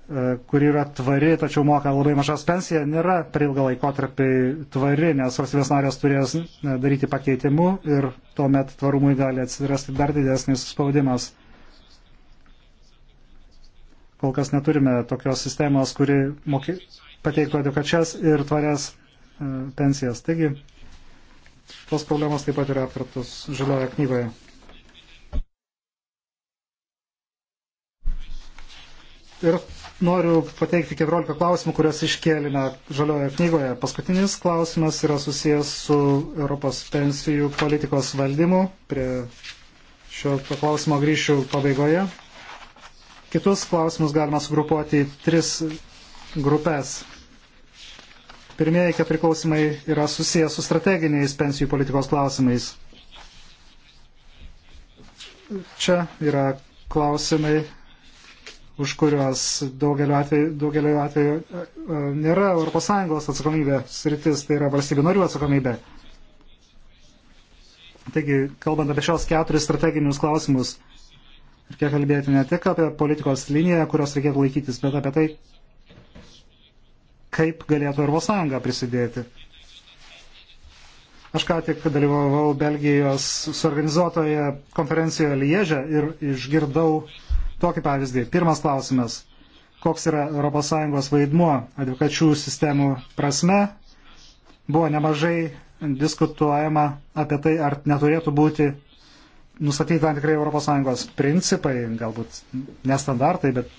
E, kuri yra tvari, tačiau moka labai mažas pensija, nėra per ilgą laikotarpį tvari, nes valstybės narės turės e, daryti pakeitimų ir tuomet tvarumui gali atsirasti dar didesnis spaudimas. Kol kas neturime tokios sistemos, kuri moki, pateiktų adekvačias ir tvarias e, pensijas. Taigi, tos problemos taip pat yra aptartos žalioje knygoje. Ir Noriu pateikti 14 klausimų, kuriuos iškėlėme žaliojoje knygoje. Paskutinis klausimas yra susijęs su Europos pensijų politikos valdymu. Prie šio klausimo grįšiu pabaigoje. Kitus klausimus galima sugrupuoti į tris grupės. Pirmieji keturi klausimai yra susijęs su strateginiais pensijų politikos klausimais. Čia yra klausimai už kurios daugeliu atveju, daugeliu atveju e, nėra ES atsakomybė sritis, tai yra valstybių narių atsakomybė. Taigi, kalbant apie šios keturis strateginius klausimus, reikia kalbėti ne tik apie politikos liniją, kurios reikėtų laikytis, bet apie tai, kaip galėtų ES prisidėti. Aš ką tik dalyvavau Belgijos suorganizuotoje konferencijoje Liežė ir išgirdau tokį pavyzdį. Pirmas klausimas. Koks yra ES vaidmuo advokačių sistemų prasme? Buvo nemažai diskutuojama apie tai, ar neturėtų būti nustatyti tam tikrai ES principai, galbūt nestandartai, bet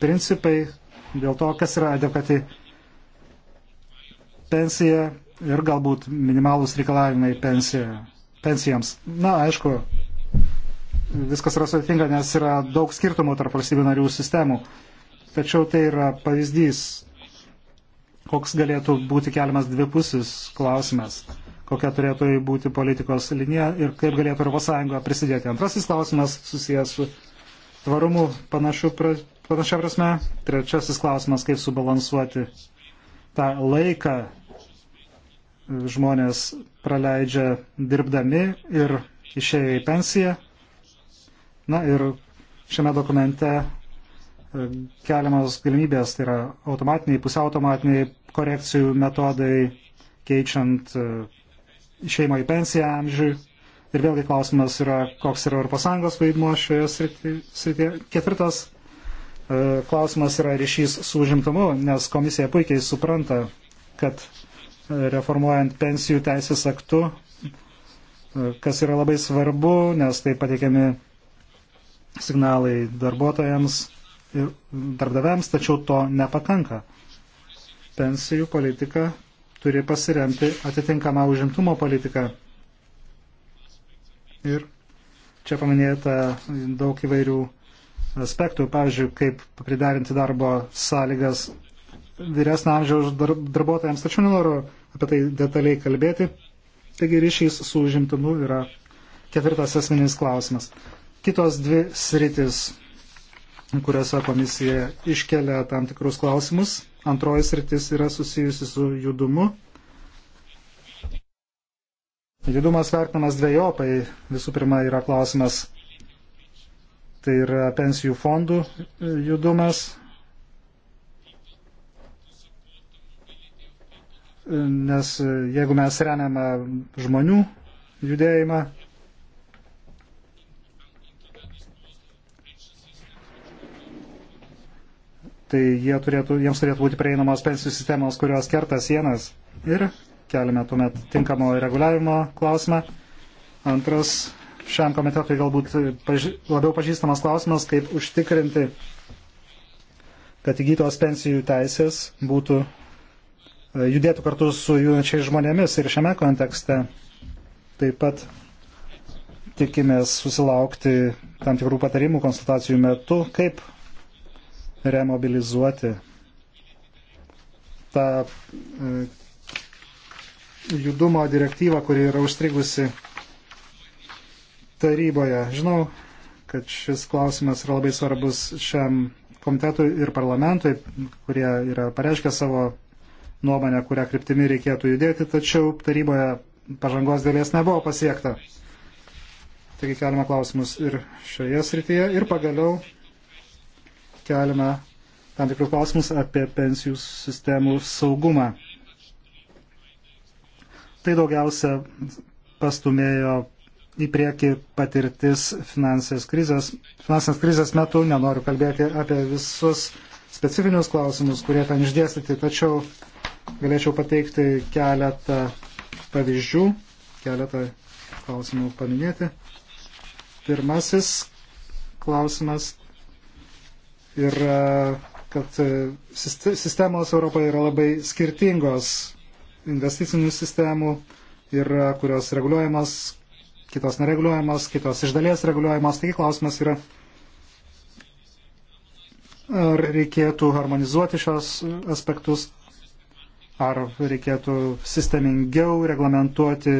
principai dėl to, kas yra adekvati pensija ir galbūt minimalūs reikalavimai pensija, pensijams. Na, aišku, viskas yra sudėtinga, nes yra daug skirtumų tarp valstybių narių sistemų. Tačiau tai yra pavyzdys, koks galėtų būti keliamas dvipusis klausimas, kokia turėtų būti politikos linija ir kaip galėtų Europos Sąjunga prisidėti. Antrasis klausimas susijęs su tvarumu panašiu, panašia prasme. Trečiasis klausimas, kaip subalansuoti tą laiką žmonės praleidžia dirbdami ir išėję į pensiją. Na ir šiame dokumente e, keliamos galimybės, tai yra automatiniai, pusiautomatiniai korekcijų metodai, keičiant e, šeimą į pensiją amžiui. Ir vėlgi klausimas yra, koks yra ES vaidmuo šioje srityje. Ketvirtas e, klausimas yra ryšys su užimtumu, nes komisija puikiai supranta, kad reformuojant pensijų teisės aktu, kas yra labai svarbu, nes tai pateikiami signalai darbuotojams ir darbdaviams, tačiau to nepakanka. Pensijų politika turi pasiremti atitinkamą užimtumo politiką. Ir čia paminėta daug įvairių aspektų, pavyzdžiui, kaip pridarinti darbo sąlygas vyresnio amžiaus dar, darbuotojams, tačiau nenoriu apie tai detaliai kalbėti. Taigi ryšys su užimtumu yra ketvirtas esminis klausimas kitos dvi sritis, kuriuose komisija iškelia tam tikrus klausimus. Antroji sritis yra susijusi su judumu. Judumas vertinamas dviejopai. Visų pirma, yra klausimas, tai yra pensijų fondų judumas, nes jeigu mes remiame žmonių judėjimą, tai jie turėtų, jiems turėtų būti prieinamos pensijų sistemos, kurios kerta sienas. Ir keliame tuomet tinkamo reguliavimo klausimą. Antras šiam komitetui galbūt paži labiau pažįstamas klausimas, kaip užtikrinti, kad įgytos pensijų teisės būtų e, judėtų kartu su judančiais žmonėmis ir šiame kontekste taip pat tikimės susilaukti tam tikrų patarimų konsultacijų metu, kaip remobilizuoti tą e, judumo direktyvą, kuri yra užstrigusi taryboje. Žinau, kad šis klausimas yra labai svarbus šiam komitetui ir parlamentui, kurie yra pareiškę savo nuomonę, kurią kryptimi reikėtų judėti, tačiau taryboje pažangos dėlės nebuvo pasiekta. Taigi keliame klausimus ir šioje srityje. Ir pagaliau keliame tam tikrus klausimus apie pensijų sistemų saugumą. Tai daugiausia pastumėjo į priekį patirtis finansinės krizės. Finansinės krizės metu nenoriu kalbėti apie visus specifinius klausimus, kurie ten išdėstyti, tačiau galėčiau pateikti keletą pavyzdžių, keletą klausimų paminėti. Pirmasis klausimas yra, e, kad e, sistemos Europoje yra labai skirtingos. Investicinių sistemų yra, e, kurios reguliuojamos, kitos nereguliuojamos, kitos iš dalies reguliuojamos. Taigi klausimas yra, ar reikėtų harmonizuoti šios aspektus, ar reikėtų sistemingiau reglamentuoti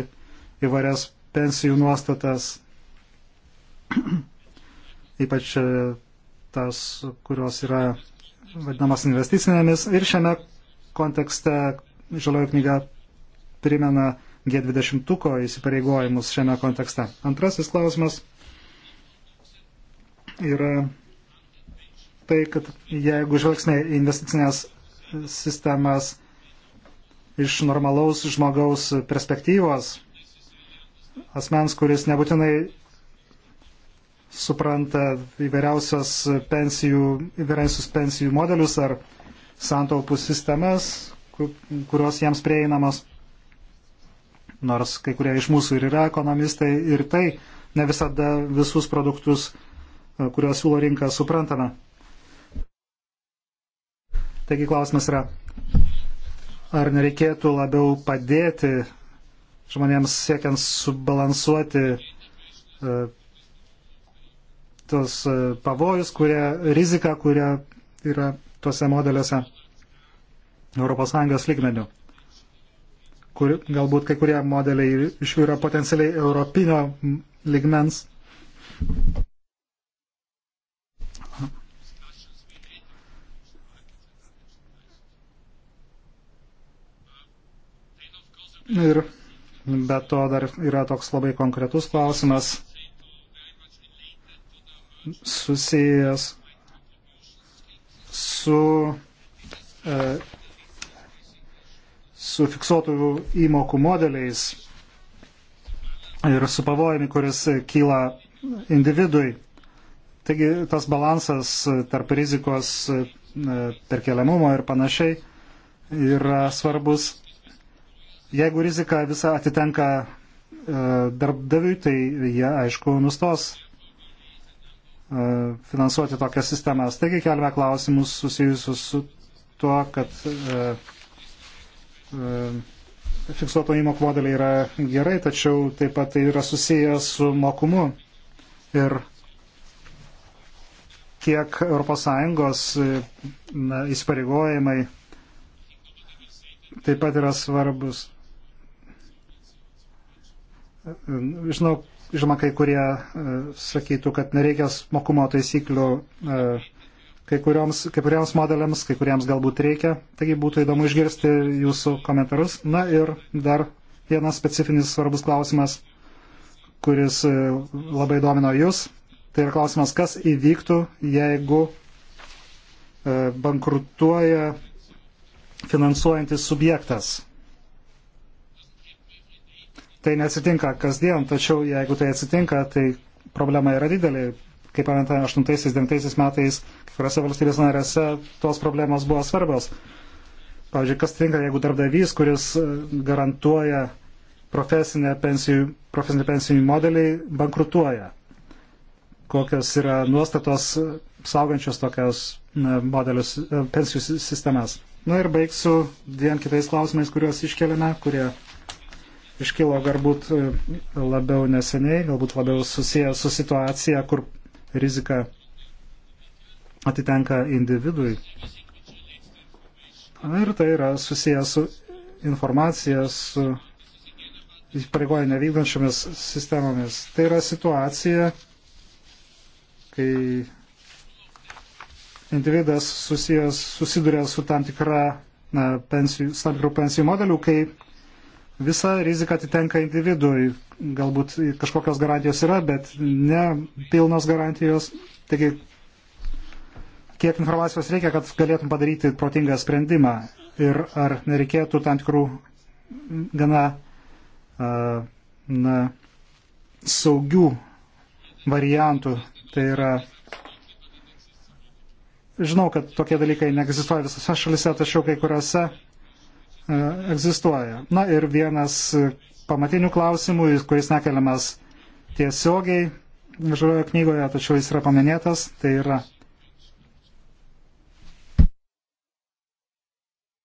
įvairias pensijų nuostatas, ypač tas, kurios yra vadinamas investicinėmis. Ir šiame kontekste žalioji knyga primena G20 įsipareigojimus šiame kontekste. Antrasis klausimas yra tai, kad jeigu žvelgsime investicinės sistemas iš normalaus žmogaus perspektyvos, asmens, kuris nebūtinai supranta įvairiausias pensijų, įvairiausius pensijų modelius ar santaupų sistemas, kurios jiems prieinamos. Nors kai kurie iš mūsų ir yra ekonomistai ir tai ne visada visus produktus, e, kuriuos siūlo rinka, suprantame. Taigi klausimas yra, ar nereikėtų labiau padėti žmonėms siekiant subalansuoti e, tos e, pavojus, kurie, rizika, kurie yra tuose modeliuose ES lygmenių. Kur, galbūt kai kurie modeliai iš jų yra potencialiai europinio lygmens. Ir be to dar yra toks labai konkretus klausimas susijęs su, e, su fiksuotų įmokų modeliais ir su pavojami, kuris kyla individui. Taigi tas balansas tarp rizikos e, perkeliamumo ir panašiai yra svarbus. Jeigu rizika visa atitenka e, darbdaviui, tai jie aišku nustos E, finansuoti tokias sistemas. Taigi keliame klausimus susijusius su tuo, kad e, e, fiksuoto įmokų modeliai yra gerai, tačiau taip pat tai yra susijęs su mokumu ir kiek ES įsipareigojimai taip pat yra svarbus. Žinau, Žinoma, kai kurie e, sakytų, kad nereikia mokumo taisyklių e, kai, kurioms, kai kuriems modeliams, kai kuriems galbūt reikia. Taigi būtų įdomu išgirsti jūsų komentarus. Na ir dar vienas specifinis svarbus klausimas, kuris e, labai domino jūs. Tai yra klausimas, kas įvyktų, jeigu bankrutuoja finansuojantis subjektas Tai nesitinka kasdien, tačiau jeigu tai atsitinka, tai problema yra didelė. Kaip pamintame, 8-9 metais kai kuriuose valstybės narėse tos problemos buvo svarbios. Pavyzdžiui, kas tinka, jeigu darbdavys, kuris e, garantuoja profesinę pensijų, profesinį pensijų modelį, bankrutuoja. Kokios yra nuostatos e, saugančios tokios modelius, e, pensijų sistemas. Na ir baigsiu dviem kitais klausimais, kuriuos iškeliame, kurie iškilo galbūt e, labiau neseniai, galbūt labiau susijęs su situacija, kur rizika atitenka individui. Ir tai yra susijęs su informacija, su įpareigoja nevykdančiomis sistemomis. Tai yra situacija, kai individas susijęs, susiduria su tam tikra na, pensijų, tam tikrų pensijų modelių, kai Visa rizika atitenka individui. Galbūt kažkokios garantijos yra, bet ne pilnos garantijos. Taigi, kiek informacijos reikia, kad galėtum padaryti protingą sprendimą ir ar nereikėtų tam tikrų gana uh, na, saugių variantų. Tai yra žinau, kad tokie dalykai neegzistuoja visose šalise, tačiau kai kuriuose E, egzistuoja. Na ir vienas pamatinių klausimų, kuris nekeliamas tiesiogiai žaliojo knygoje, tačiau jis yra paminėtas, tai yra.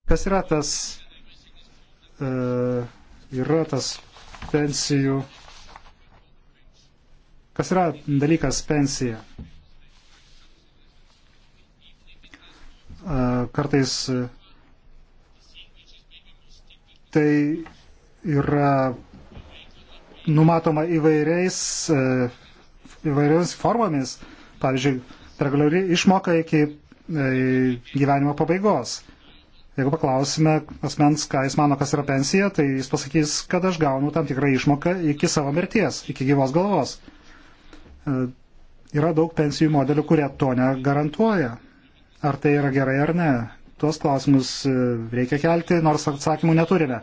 Kas yra tas, e, yra tas pensijų, kas yra dalykas pensija? E, kartais e, tai yra numatoma įvairiais, e, įvairiomis formomis, pavyzdžiui, reguliari išmoka iki e, gyvenimo pabaigos. Jeigu paklausime asmens, ką jis mano, kas yra pensija, tai jis pasakys, kad aš gaunu tam tikrą išmoką iki savo mirties, iki gyvos galvos. E, yra daug pensijų modelių, kurie to negarantuoja. Ar tai yra gerai ar ne? Tuos klausimus e, reikia kelti, nors atsakymų neturime.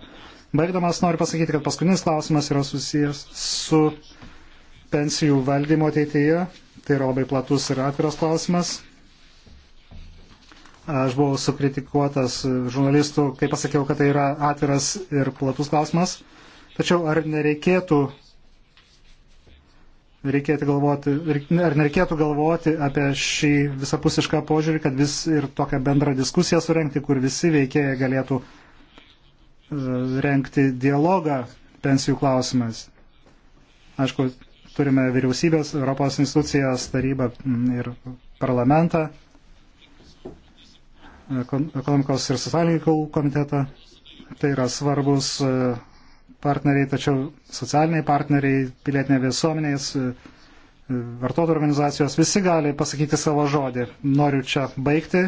Baigdamas noriu pasakyti, kad paskutinis klausimas yra susijęs su pensijų valdymo ateityje. Tai yra labai platus ir atviras klausimas. Aš buvau sukritikuotas žurnalistų, kai pasakiau, kad tai yra atviras ir platus klausimas. Tačiau ar nereikėtų reikėtų galvoti, ar nereikėtų galvoti apie šį visapusišką požiūrį, kad vis ir tokią bendrą diskusiją surenkti, kur visi veikėjai galėtų e, renkti dialogą pensijų klausimais. Aišku, turime vyriausybės, Europos institucijas, tarybą ir parlamentą, e, ekonomikos ir socialinių reikalų komitetą. Tai yra svarbus e, partneriai, tačiau socialiniai partneriai, pilietinė visuomenės, e, vartotojų organizacijos, visi gali pasakyti savo žodį. Noriu čia baigti.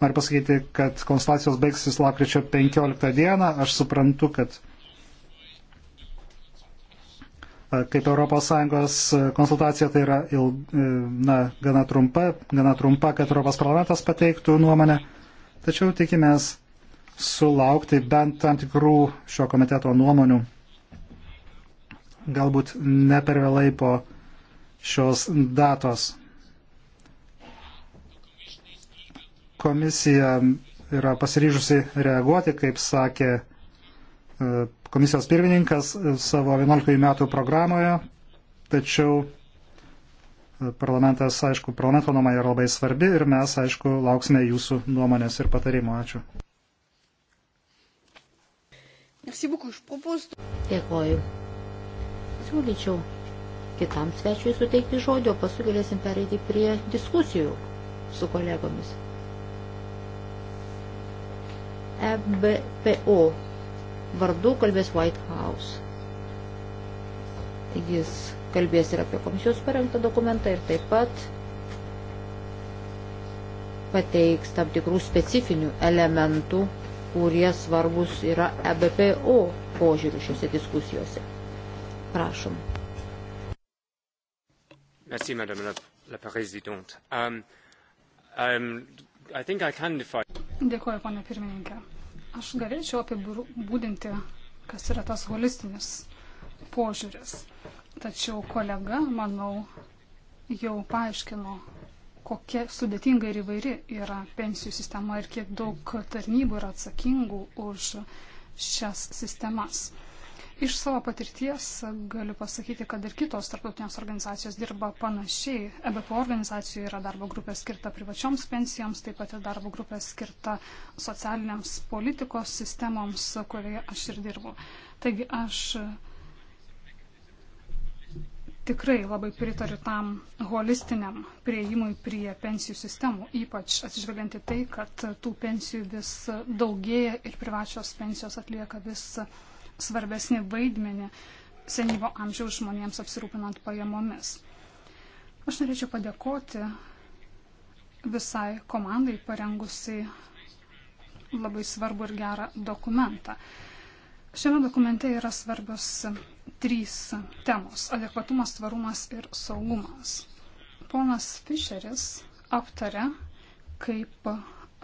Noriu pasakyti, kad konsultacijos baigsis lapkričio 15 dieną. Aš suprantu, kad e, kaip ES e, konsultacija tai yra il, na, gana trumpa, gana trumpa, kad ES parlamentas pateiktų nuomonę. Tačiau tikimės, sulaukti bent tam tikrų šio komiteto nuomonių. Galbūt ne per vėlai po šios datos. Komisija yra pasiryžusi reaguoti, kaip sakė e, komisijos pirmininkas e, savo 11 metų programoje, tačiau e, parlamentas, aišku, parlamento nuomonė yra labai svarbi ir mes, aišku, lauksime jūsų nuomonės ir patarimo. Ačiū. Dėkoju. Siūlyčiau kitam svečiui suteikti žodį, o paskui galėsim pereiti prie diskusijų su kolegomis. EBPO vardu kalbės White House. Jis kalbės ir apie komisijos parengtą dokumentą ir taip pat pateiks tam tikrų specifinių elementų kurie svarbus yra EBPO požiūrių šiuose diskusijose. Prašom. Merci, Madame la, la Présidente. Um, um, I think I can define... Dėkuoju, pana pirmininkė. Aš galėčiau apibūdinti, kas yra tas holistinis požiūris. Tačiau kolega, manau, jau paaiškino, kokia sudėtinga ir įvairi yra pensijų sistema ir kiek daug tarnybų yra atsakingų už šias sistemas. Iš savo patirties galiu pasakyti, kad ir kitos tarptautinės organizacijos dirba panašiai. EBPO organizacijoje yra darbo grupė skirta privačioms pensijoms, taip pat ir darbo grupė skirta socialiniams politikos sistemoms, kurioje aš ir dirbu. Taigi aš Tikrai labai pritariu tam holistiniam prieimui prie pensijų sistemų, ypač atsižvelgianti tai, kad tų pensijų vis daugėja ir privačios pensijos atlieka vis svarbesnį vaidmenį senyvo amžiaus žmonėms apsirūpinant pajamomis. Aš norėčiau padėkoti visai komandai parengusiai labai svarbu ir gerą dokumentą. Šiame dokumente yra svarbios trys temos - adekvatumas, tvarumas ir saugumas. Ponas Fischeris aptarė, kaip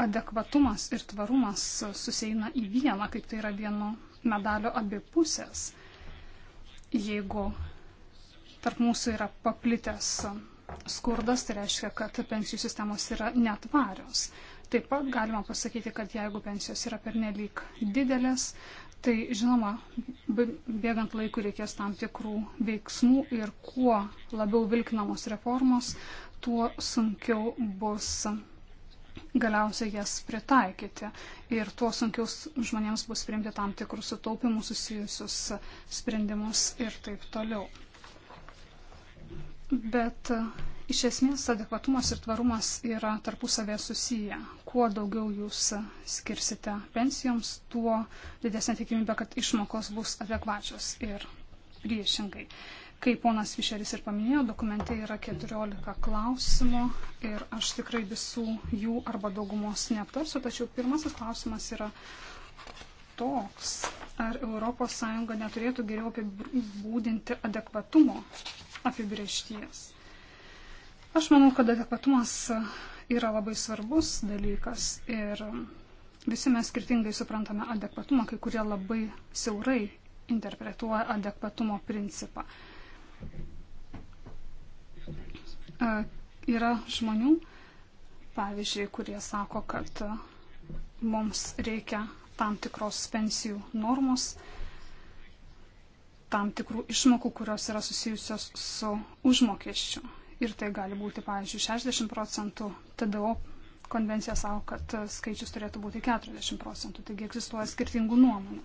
adekvatumas ir tvarumas susieina į vieną, kaip tai yra vieno medalio abipusės. Jeigu tarp mūsų yra paplitęs skurdas, tai reiškia, kad pensijų sistemos yra netvarios. Taip pat galima pasakyti, kad jeigu pensijos yra pernelyg didelės, Tai žinoma, bėgant laiku reikės tam tikrų veiksmų ir kuo labiau vilkinamos reformos, tuo sunkiau bus galiausiai jas pritaikyti ir tuo sunkiau žmonėms bus priimti tam tikrus sutaupimus susijusius sprendimus ir taip toliau. Bet Iš esmės adekvatumas ir tvarumas yra tarpusavė susiję. Kuo daugiau jūs skirsite pensijoms, tuo didesnė tikimybė, kad išmokos bus adekvačios ir priešingai. Kaip ponas Višeris ir paminėjo, dokumente yra 14 klausimų ir aš tikrai visų jų arba daugumos neaptarsiu, tačiau pirmasis klausimas yra toks, ar ES neturėtų geriau apibūdinti adekvatumo apibriešties Aš manau, kad adekvatumas yra labai svarbus dalykas ir visi mes skirtingai suprantame adekvatumą, kai kurie labai siaurai interpretuoja adekvatumo principą. E, yra žmonių, pavyzdžiui, kurie sako, kad mums reikia tam tikros pensijų normos, tam tikrų išmokų, kurios yra susijusios su užmokesčiu ir tai gali būti, pavyzdžiui, 60 procentų. TDO konvencija savo, kad skaičius turėtų būti 40 procentų, taigi egzistuoja skirtingų nuomonių.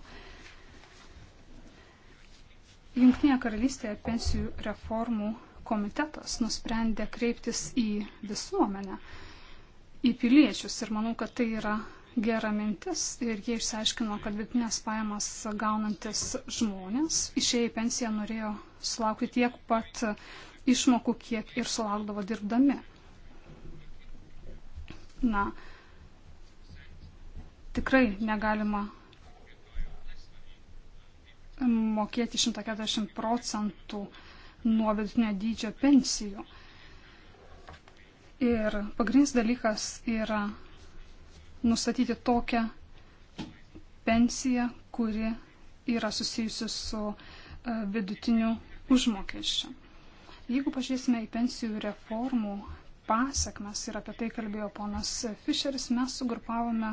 Junktinėje karalystėje pensijų reformų komitetas nusprendė kreiptis į visuomenę, į piliečius ir manau, kad tai yra gera mintis ir jie išsiaiškino, kad vidutinės pajamas gaunantis žmonės išėję į pensiją norėjo sulaukti tiek pat išmokų, kiek ir sulaukdavo dirbdami. Na, tikrai negalima mokėti 140 procentų nuo vidutinio dydžio pensijų. Ir pagrindinis dalykas yra nustatyti tokią pensiją, kuri yra susijusi su e, vidutiniu užmokesčiu. Jeigu pažiūrėsime į pensijų reformų pasakmes ir apie tai kalbėjo ponas Fischeris, mes sugrupavome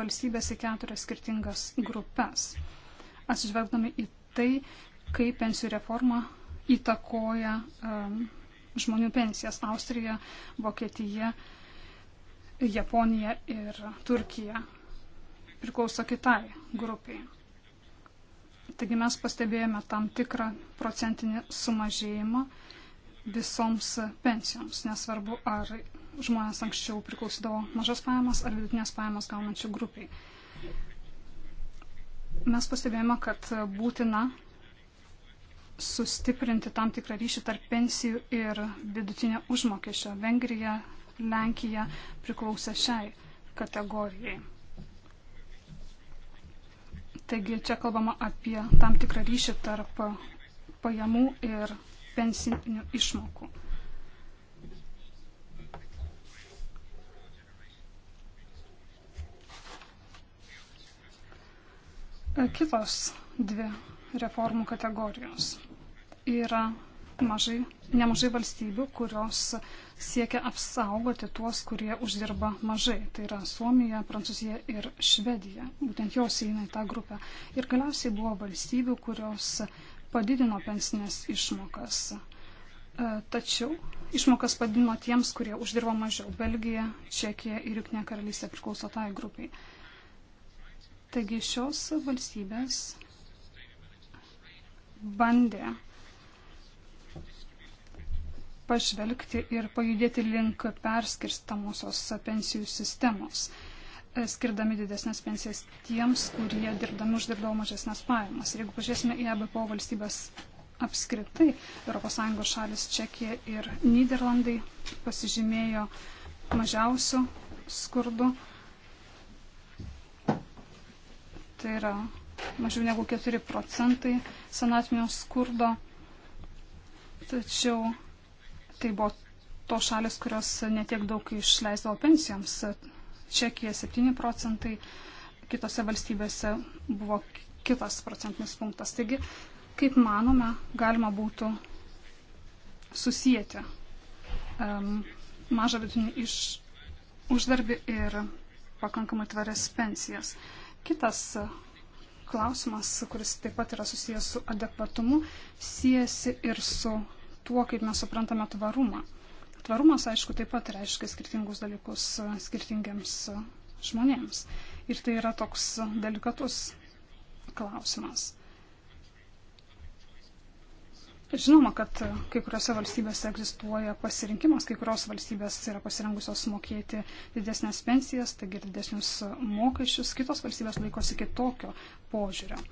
valstybės į keturias skirtingas grupės, atsižvelgdami į tai, kaip pensijų reforma įtakoja um, žmonių pensijas - Austrija, Vokietija, Japonija ir Turkija priklauso kitai grupiai. Taigi mes pastebėjome tam tikrą procentinį sumažėjimą uh, visoms pensijoms, nesvarbu, ar žmonės anksčiau priklausydavo mažas pajamas ar vidutinės pajamas gaunančių grupiai. Mes pastebėjome, kad būtina sustiprinti tam tikrą ryšį tarp pensijų ir vidutinio užmokesčio. Vengrija, Lenkija priklausė šiai kategorijai. Taigi čia kalbama apie tam tikrą ryšį tarp pajamų ir pensinių išmokų. Kitos dvi reformų kategorijos yra mažai, nemažai valstybių, kurios siekia apsaugoti tuos, kurie uždirba mažai. Tai yra Suomija, Prancūzija ir Švedija. Būtent jos įeina į tą grupę. Ir galiausiai buvo valstybių, kurios padidino pensinės išmokas. E, tačiau išmokas padidino tiems, kurie uždirbo mažiau. Belgija, Čekija ir Junktinė karalystė priklauso tai grupiai. Taigi šios valstybės bandė pažvelgti ir pajudėti link perskirstamosios pensijų sistemos skirdami didesnės pensijas tiems, kurie dirbdami uždirbdavo mažesnės pajamas. Ir jeigu pažiūrėsime į ABPO e valstybės apskritai, ES šalis Čekija ir Niderlandai pasižymėjo mažiausių skurdų. Tai yra mažiau negu 4 procentai senatminio skurdo. Tačiau tai buvo to šalis, kurios netiek daug išleisdavo pensijoms. Čekija 7 procentai, kitose valstybėse buvo kitas procentinis punktas. Taigi, kaip manome, galima būtų susijęti um, mažą vidutinį iš uždarbį ir pakankamai tvarias pensijas. Kitas klausimas, kuris taip pat yra susijęs su adekvatumu, siejasi ir su tuo, kaip mes suprantame tvarumą. Tvarumas, aišku, taip pat reiškia skirtingus dalykus e, skirtingiams e, žmonėms. Ir tai yra toks delikatus klausimas. Žinoma, kad e, kai kuriuose valstybėse egzistuoja pasirinkimas, kai kurios valstybės yra pasirengusios mokėti didesnės pensijas, taigi didesnius mokesčius, kitos valstybės laikosi kitokio požiūrio.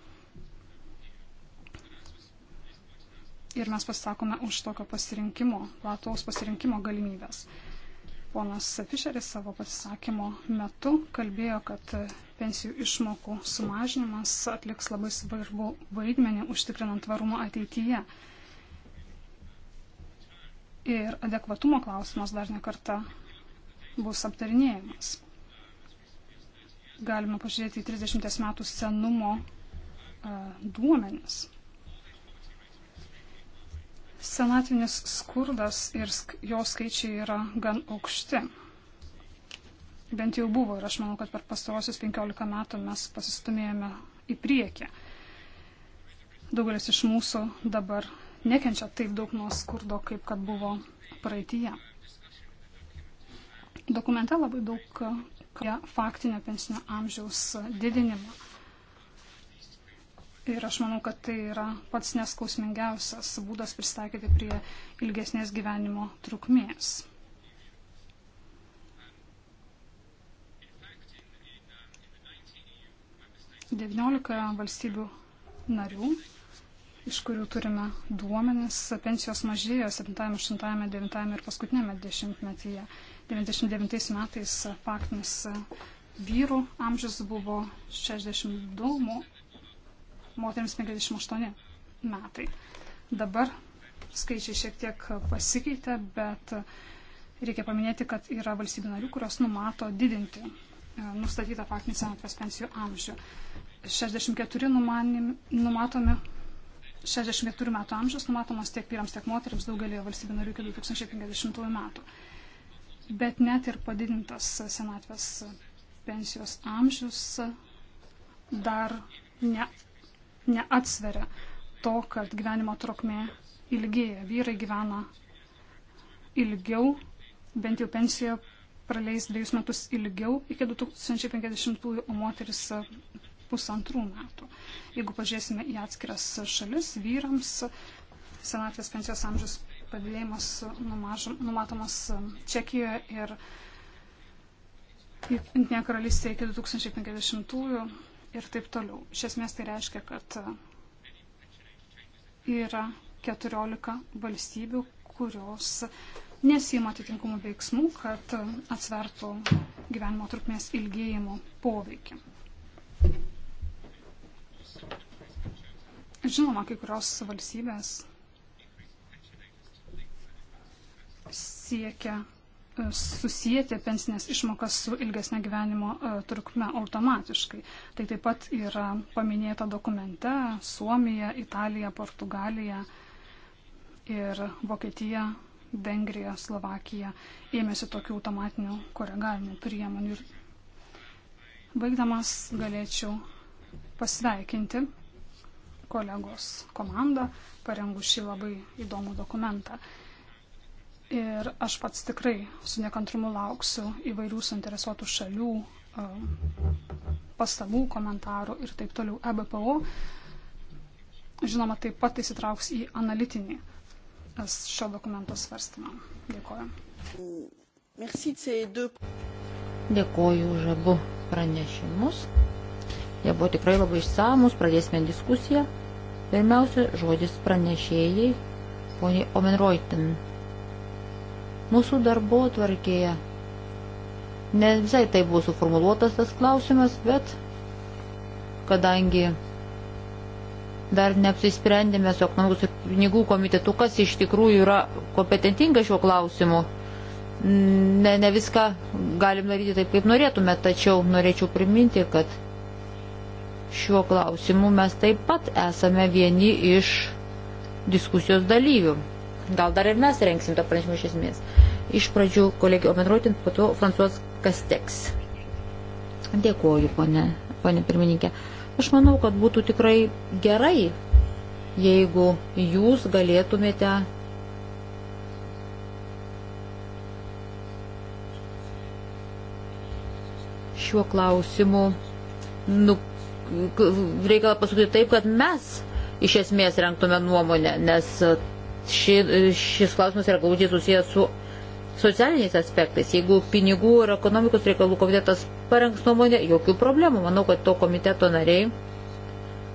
ir mes pasisakome už tokio pasirinkimo, plataus pasirinkimo galimybės. Ponas Fišeris savo pasisakymo metu kalbėjo, kad pensijų išmokų sumažinimas atliks labai svarbu vaidmenį užtikrinant tvarumą ateityje. Ir adekvatumo klausimas dar nekarta bus aptarinėjimas. Galima pažiūrėti į 30 metų senumo e, duomenis. Senatinis skurdas ir jo skaičiai yra gan aukšti. Bent jau buvo ir aš manau, kad per pastarosius 15 metų mes pasistumėjome į priekį. Daugelis iš mūsų dabar nekenčia taip daug nuo skurdo, kaip kad buvo praeitie. Dokumente labai daug faktinio pensinio amžiaus didinimo. Ir aš manau, kad tai yra pats neskausmingiausias būdas pristaikyti prie ilgesnės gyvenimo trukmės. Devyniolikoje valstybių narių, iš kurių turime duomenis, pensijos mažėjo 7, 8, 9 ir paskutinėme dešimtmetyje. 99 metais faktinis vyrų amžius buvo 62, moteriams 58 metai. Dabar skaičiai šiek tiek pasikeitė, bet reikia paminėti, kad yra valstybių narių, kurios numato didinti e, nustatytą faktinį senatvės pensijų amžių. 64 numanim, numatomi 64 metų amžius numatomas tiek vyrams, tiek moteriams daugelį valstybių narių iki 2050 metų. Bet net ir padidintas senatvės pensijos amžius dar ne neatsveria to, kad gyvenimo trukmė ilgėja. Vyrai gyvena ilgiau, bent jau pensija praleis dviejus metus ilgiau iki 2050-ųjų, o moteris pusantrų metų. Jeigu pažiūrėsime į atskiras šalis, vyrams senatvės pensijos amžius padidėjimas numatomas Čekijoje ir Junktinėje karalystėje iki 2050-ųjų, ir taip toliau. Iš esmės tai reiškia, kad e, yra 14 valstybių, kurios nesima atitinkamų veiksmų, kad e, atsvertų gyvenimo trukmės ilgėjimo poveikį. Žinoma, kai kurios valstybės siekia susijęti pensinės išmokas su ilgesnė gyvenimo e, trukme automatiškai. Tai taip pat yra paminėta dokumente Suomija, Italija, Portugalija ir Vokietija, Vengrija, Slovakija ėmėsi tokių automatinių koregavimo priemonių. Ir baigdamas galėčiau pasveikinti kolegos komandą, parengus šį labai įdomų dokumentą. Ir aš pats tikrai su nekantrumu lauksiu įvairių suinteresuotų šalių pastabų, komentarų ir taip toliau. EBPO, žinoma, taip pat įsitrauks į analitinį šio dokumento svarstymą. Dėkoju. Dėkoju už abu pranešimus. Jie buvo tikrai labai išsamus, pradėsime diskusiją. Pirmiausia, žodis pranešėjai, poniai Omenroitin. Mūsų darbo tvarkėje ne visai tai buvo suformuluotas tas klausimas, bet kadangi dar neapsisprendėme su ekonomikos ir pinigų komitetu, kas iš tikrųjų yra kompetentinga šiuo klausimu, ne, ne viską galim daryti taip, kaip norėtume, tačiau norėčiau priminti, kad šiuo klausimu mes taip pat esame vieni iš diskusijos dalyvių. Gal dar ir mes renksim tą pranešimą iš esmės. Iš pradžių kolegė Omenrotin, po to Fransuos Kasteks. Dėkuoju, ponė, ponė pirmininkė. Aš manau, kad būtų tikrai gerai, jeigu jūs galėtumėte šiuo klausimu nu, reikalą pasakyti taip, kad mes iš esmės renktume nuomonę, nes ši, šis klausimas yra glaudžiai susijęs su socialiniais aspektais. Jeigu pinigų ir ekonomikos reikalų komitetas parengs nuomonę, jokių problemų. Manau, kad to komiteto nariai,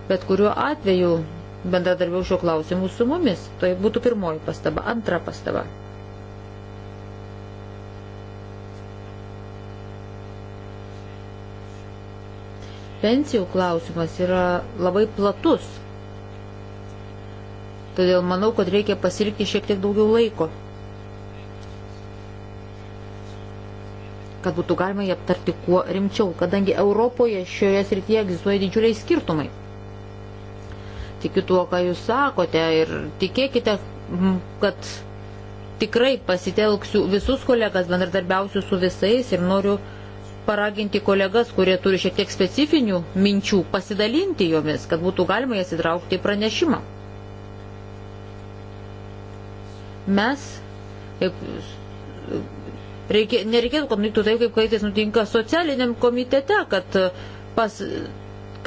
bet kuriuo atveju bendradarbiau šio klausimu su mumis. Tai būtų pirmoji pastaba. Antra pastaba. Pensijų klausimas yra labai platus Todėl manau, kad reikia pasirikti šiek tiek daugiau laiko, kad būtų galima jį aptarti kuo rimčiau, kadangi Europoje šioje srityje egzistuoja didžiuliai skirtumai. Tikiu tuo, ką jūs sakote ir tikėkite, kad tikrai pasitelksiu visus kolegas, bendradarbiausiu su visais ir noriu paraginti kolegas, kurie turi šiek tiek specifinių minčių, pasidalinti jomis, kad būtų galima jas įtraukti į pranešimą. Mes reikia, nereikėtų, kad nutiktų taip, kaip kartais nutinka socialiniam komitete, kad, pas,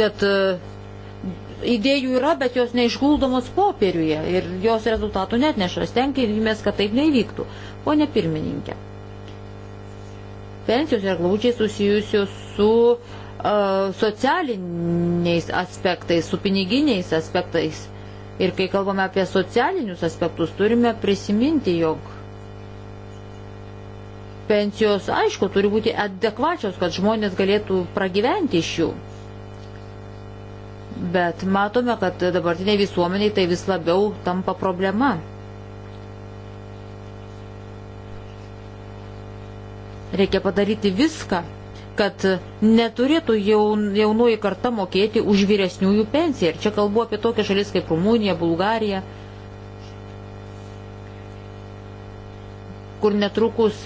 kad idėjų yra, bet jos neišguldomos popieriuje ir jos rezultatų net nešas. Tenkimės, kad taip nevyktų. Pone pirmininkė, pensijos yra glaučiai susijusios su uh, socialiniais aspektais, su piniginiais aspektais Ir kai kalbame apie socialinius aspektus, turime prisiminti, jog pensijos, aišku, turi būti adekvačios, kad žmonės galėtų pragyventi iš jų. Bet matome, kad dabartiniai visuomeniai tai vis labiau tampa problema. Reikia padaryti viską, kad neturėtų jaun, jaunoji karta mokėti už vyresniųjų pensiją. Ir čia kalbu apie tokias šalis kaip Rumunija, Bulgarija, kur netrukus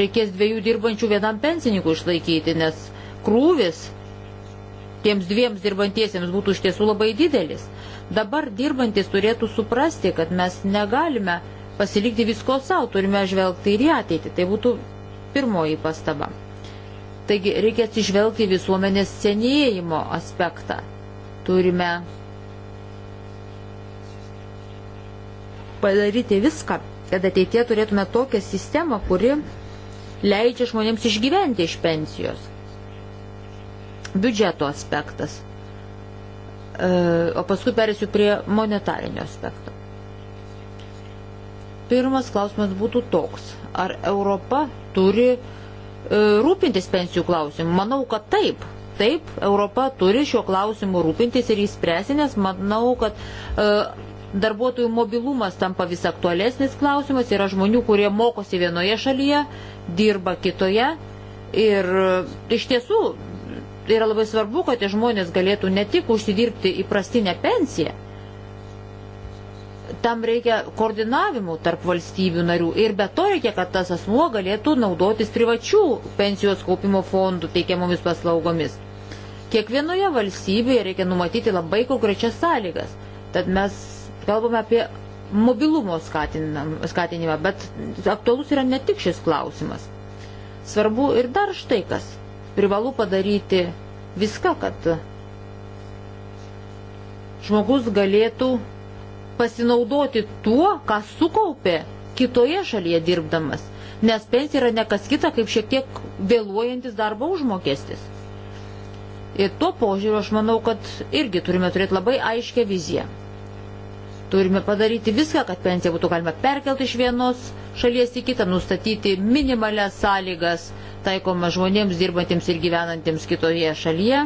reikės dviejų dirbančių vienam pensininkui išlaikyti, nes krūvis tiems dviems dirbantiesiems būtų iš tiesų labai didelis. Dabar dirbantis turėtų suprasti, kad mes negalime pasilikti visko savo, turime žvelgti ir į ateitį. Tai būtų pirmoji pastaba. Taigi reikia atsižvelgti visuomenės senėjimo aspektą. Turime padaryti viską, kad ateitie turėtume tokią sistemą, kuri leidžia žmonėms išgyventi iš pensijos. Biudžeto aspektas. E, o paskui perėsiu prie monetarinio aspekto. Pirmas klausimas būtų toks. Ar Europa turi uh, E, rūpintis pensijų klausimu? Manau, kad taip. Taip, Europa turi šiuo klausimu rūpintis ir įspręsti, nes manau, kad e, darbuotojų mobilumas tampa vis aktualesnis klausimas. Yra žmonių, kurie mokosi vienoje šalyje, dirba kitoje. Ir e, iš tiesų yra labai svarbu, kad tie žmonės galėtų ne tik užsidirbti įprastinę pensiją, tam reikia koordinavimų tarp valstybių narių ir be to reikia, kad tas asmuo galėtų naudotis privačių pensijos kaupimo fondų teikiamomis paslaugomis. Kiekvienoje valstybėje reikia numatyti labai konkrečias sąlygas. Tad mes kalbame apie mobilumo skatinimą, bet aktualus yra ne tik šis klausimas. Svarbu ir dar štai kas. Privalu padaryti viską, kad žmogus galėtų pasinaudoti tuo, ką sukaupė kitoje šalyje dirbdamas, nes pensija yra nekas kita kaip šiek tiek vėluojantis darbo užmokestis. Ir tuo požiūriu aš manau, kad irgi turime turėti labai aiškę viziją. Turime padaryti viską, kad pensiją būtų galima perkelti iš vienos šalies į kitą, nustatyti minimalias sąlygas taikoma žmonėms dirbantiems ir gyvenantiems kitoje šalyje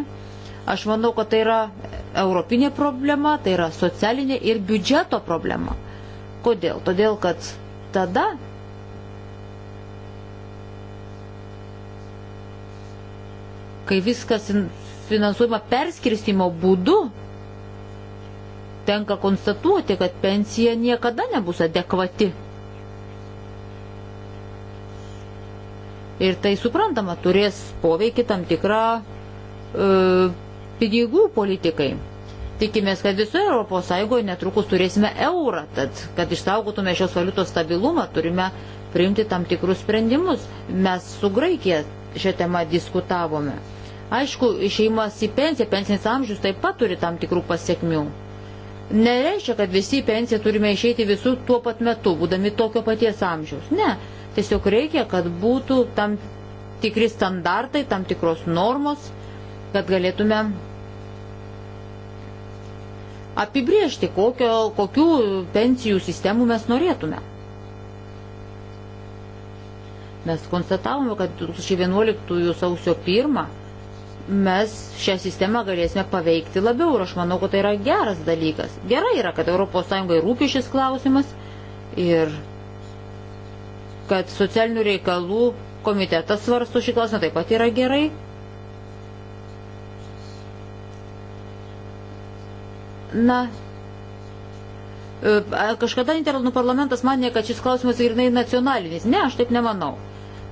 Aš manau, kad tai yra europinė problema, tai yra socialinė ir biudžeto problema. Kodėl? Todėl, kad tada kai viskas finansuojama perskirstimo būdu, tenka konstatuoti, kad pensija niekada nebus adekvati. Ir tai suprantama turės poveikį tam tikrą e, pinigų politikai. Tikimės, kad visoje Europos Sąjungoje netrukus turėsime eurą, tad kad išsaugotume šios valiutos stabilumą, turime priimti tam tikrus sprendimus. Mes su Graikija šią temą diskutavome. Aišku, išeimas į pensiją, pensinis amžius taip pat turi tam tikrų pasiekmių. Nereiškia, kad visi į pensiją turime išeiti visų tuo pat metu, būdami tokio paties amžiaus. Ne, tiesiog reikia, kad būtų tam tikri standartai, tam tikros normos, kad galėtume apibriežti, kokio, kokių pensijų sistemų mes norėtume. Mes konstatavome, kad 2011 sausio 1 mes šią sistemą galėsime paveikti labiau ir aš manau, kad tai yra geras dalykas. Gerai yra, kad ES rūpi šis klausimas ir kad socialinių reikalų komitetas svarsto šį klausimą taip pat yra gerai. Na, e, kažkada Niderlandų parlamentas manė, kad šis klausimas grinai nacionalinis. Ne, aš taip nemanau.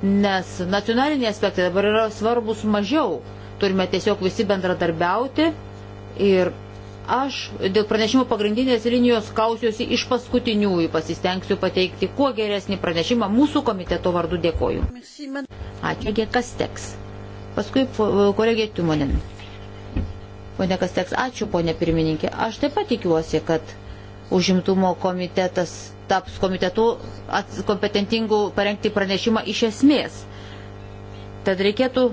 Nes nacionaliniai aspektai dabar yra svarbus mažiau. Turime tiesiog visi bendradarbiauti ir aš dėl pranešimo pagrindinės linijos kausiuosi iš paskutiniųjų, pasistengsiu pateikti kuo geresnį pranešimą mūsų komiteto vardu dėkoju. Ačiū, dėkas teks. Paskui kolegė Tumonin. Pone Kasteks, ačiū, ponė pirmininkė. Aš taip pat tikiuosi, kad užimtumo komitetas taps komitetu kompetentingų parengti pranešimą iš esmės. Tad reikėtų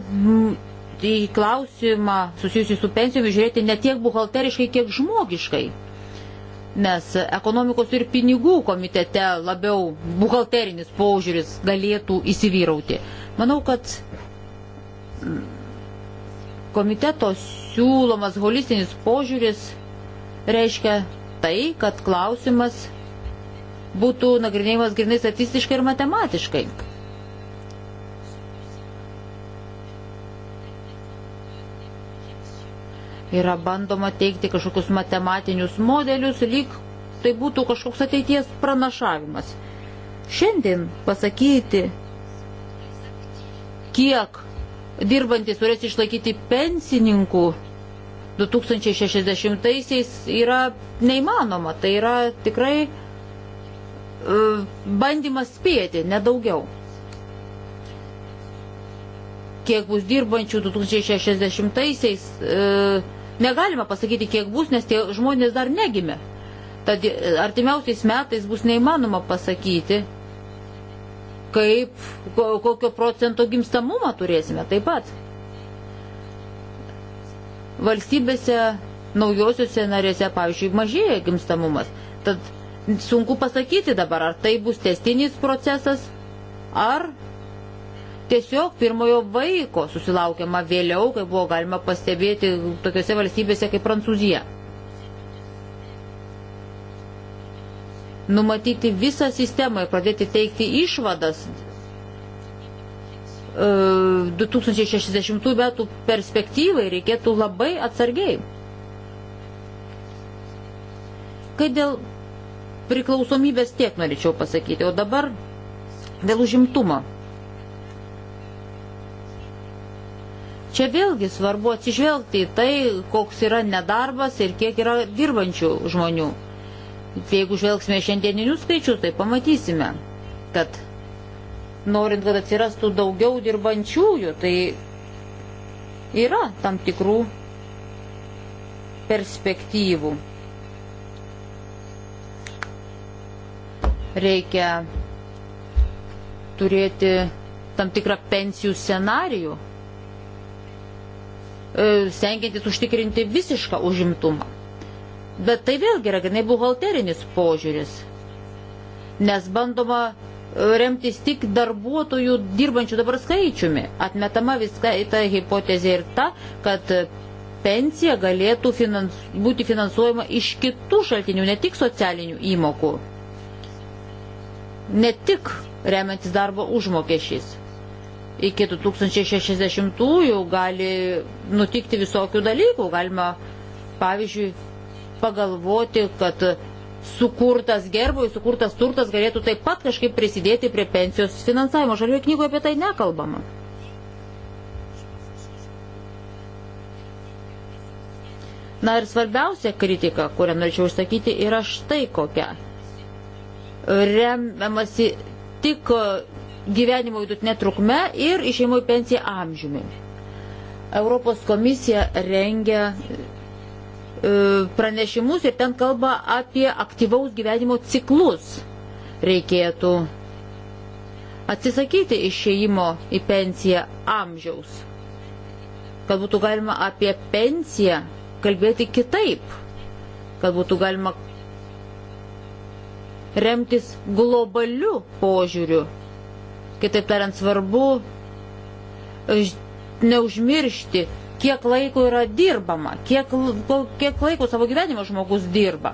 į klausimą susijusiu su pensijomis žiūrėti ne tiek buhalteriškai, kiek žmogiškai. Nes ekonomikos ir pinigų komitete labiau buhalterinis požiūris galėtų įsivyrauti. Manau, kad komitetos siūlomas holistinis požiūris reiškia tai, kad klausimas būtų nagrinėjimas grinai statistiškai ir matematiškai. Yra bandoma teikti kažkokius matematinius modelius, lyg tai būtų kažkoks ateities pranašavimas. Šiandien pasakyti, kiek dirbantis turės išlaikyti pensininkų 2060-aisiais yra neįmanoma. Tai yra tikrai e, bandymas spėti, nedaugiau. Kiek bus dirbančių 2060-aisiais, e, negalima pasakyti, kiek bus, nes tie žmonės dar negimė. Tad e, artimiausiais metais bus neįmanoma pasakyti, kaip, kokio procento gimstamumą turėsime taip pat valstybėse naujosiuose narėse, pavyzdžiui, mažėja gimstamumas. Tad sunku pasakyti dabar, ar tai bus testinis procesas, ar tiesiog pirmojo vaiko susilaukiama vėliau, kai buvo galima pastebėti tokiuose valstybėse kaip Prancūzija. Numatyti visą sistemą ir pradėti teikti išvadas 2060 e, metų perspektyvai reikėtų labai atsargiai. Kai dėl priklausomybės tiek norėčiau pasakyti, o dabar dėl užimtumo. Čia vėlgi svarbu atsižvelgti į tai, koks yra nedarbas ir kiek yra dirbančių žmonių. Jeigu žvelgsime šiandieninius skaičius, tai pamatysime, kad norint, kad atsirastų daugiau dirbančiųjų, tai yra tam tikrų perspektyvų. Reikia turėti tam tikrą pensijų scenarijų, e, stengiantis užtikrinti visišką užimtumą. Bet tai vėlgi yra ganai buhalterinis požiūris, nes bandoma remtis tik darbuotojų dirbančių dabar skaičiumi. Atmetama viską į tą hipotezę ir ta, kad pensija galėtų finans, būti finansuojama iš kitų šaltinių, ne tik socialinių įmokų, ne tik remiantis darbo užmokesčiais. Iki 2060-ųjų gali nutikti visokių dalykų. Galima, pavyzdžiui, pagalvoti, kad sukurtas gerbui, sukurtas turtas galėtų taip pat kažkaip prisidėti prie pensijos finansavimo. Žalioje knygoje apie tai nekalbama. Na ir svarbiausia kritika, kurią norėčiau užsakyti, yra štai kokia. Remiamasi tik gyvenimo vidutinė trukme ir išeimo į pensiją amžiumi. Europos komisija rengia E, pranešimus ir ten kalba apie aktyvaus gyvenimo ciklus. Reikėtų atsisakyti išėjimo į pensiją amžiaus, kad būtų galima apie pensiją kalbėti kitaip, kad būtų galima remtis globaliu požiūriu. Kitaip tariant, svarbu e, neužmiršti kiek laiko yra dirbama, kiek, kiek laiko savo gyvenimo žmogus dirba.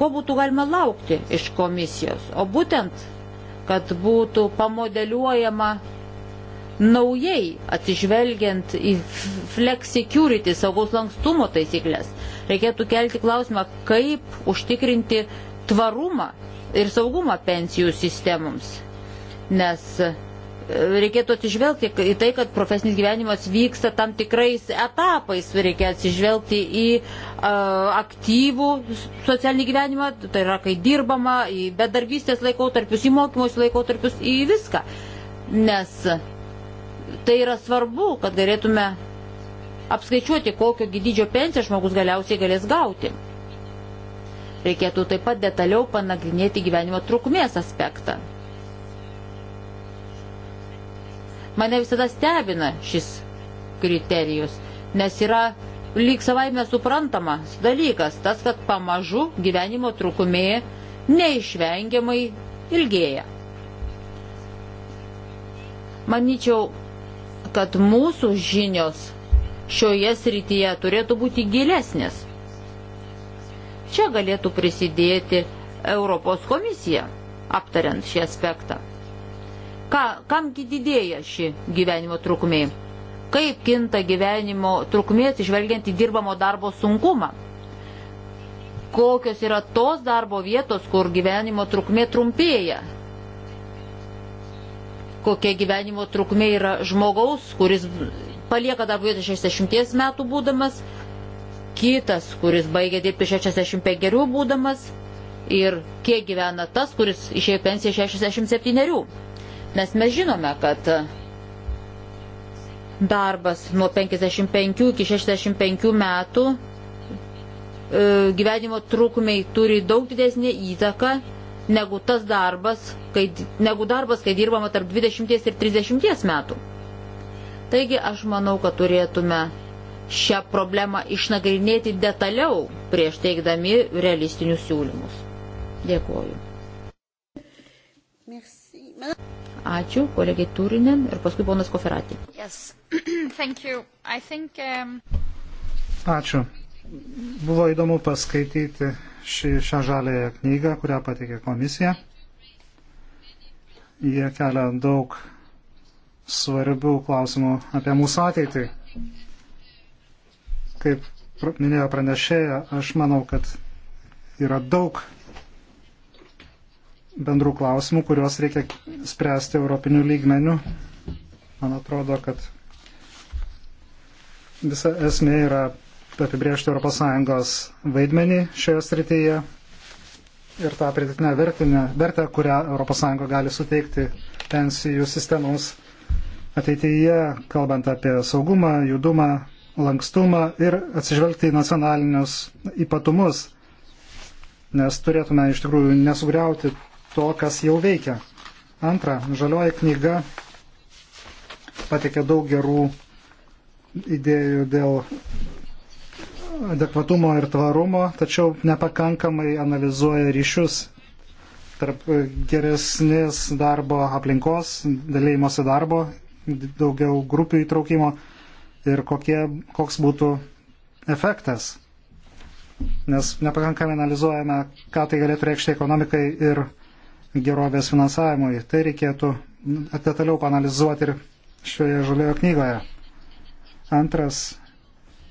Ko būtų galima laukti iš komisijos? O būtent, kad būtų pamodeliuojama naujai atsižvelgiant į flexicurity, saugos lankstumo taisyklės. Reikėtų kelti klausimą, kaip užtikrinti tvarumą ir saugumą pensijų sistemoms. Nes reikėtų atsižvelgti į tai, kad profesinis gyvenimas vyksta tam tikrais etapais, reikia atsižvelgti į uh, aktyvų socialinį gyvenimą, tai yra, kai dirbama, į bedarbystės laikotarpius, į mokymus laikotarpius, į viską. Nes tai yra svarbu, kad galėtume apskaičiuoti, kokio dydžio pensiją žmogus galiausiai galės gauti. Reikėtų taip pat detaliau panagrinėti gyvenimo trukmės aspektą Mane visada stebina šis kriterijus, nes yra lyg savaime suprantamas dalykas, tas, kad pamažu gyvenimo trukmė neišvengiamai ilgėja. Maničiau, kad mūsų žinios šioje srityje turėtų būti gilesnės. Čia galėtų prisidėti Europos komisija, aptariant šį aspektą. Ka, kamgi didėja ši gyvenimo trukmė? Kaip kinta gyvenimo trukmė atsižvelgiant į dirbamo darbo sunkumą? Kokios yra tos darbo vietos, kur gyvenimo trukmė trumpėja? Kokia gyvenimo trukmė yra žmogaus, kuris palieka darbo vietą 60 metų būdamas, kitas, kuris baigė dirbti 65 būdamas ir kiek gyvena tas, kuris išėjo pensiją 67. Nes mes žinome, kad darbas nuo 55 iki 65 metų e, gyvenimo trukmiai turi daug didesnį įtaką negu tas darbas, kai, negu darbas, kai dirbama tarp 20 ir 30 metų. Taigi aš manau, kad turėtume šią problemą išnagrinėti detaliau prieš teikdami realistinius siūlymus. Dėkuoju. Ačiū, kolegiai Turinen ir paskui ponas Koferatė. Yes. think, um... Ačiū. Buvo įdomu paskaityti šį, šią žalėją knygą, kurią patikė komisija. Jie kelia daug svarbių klausimų apie mūsų ateitį. Kaip minėjo pranešėja, aš manau, kad yra daug bendrų klausimų, kuriuos reikia spręsti europinių lygmenių. Man atrodo, kad visa esmė yra apibriežti ES vaidmenį šioje srityje ir tą pridėtinę vertę, kurią ES gali suteikti pensijų sistemoms ateityje, kalbant apie saugumą, judumą, lankstumą ir atsižvelgti į nacionalinius ypatumus, nes turėtume iš tikrųjų nesugriauti to, kas jau veikia. Antra, žalioji knyga patikė daug gerų idėjų dėl adekvatumo ir tvarumo, tačiau nepakankamai analizuoja ryšius tarp geresnės darbo aplinkos, dalėjimosi darbo, daugiau grupių įtraukimo ir kokie, koks būtų efektas. Nes nepakankamai analizuojame, ką tai galėtų reikšti ekonomikai ir ekonomikai gerovės finansavimui. Tai reikėtų detaliau panalizuoti ir šioje žaliojo knygoje. Antras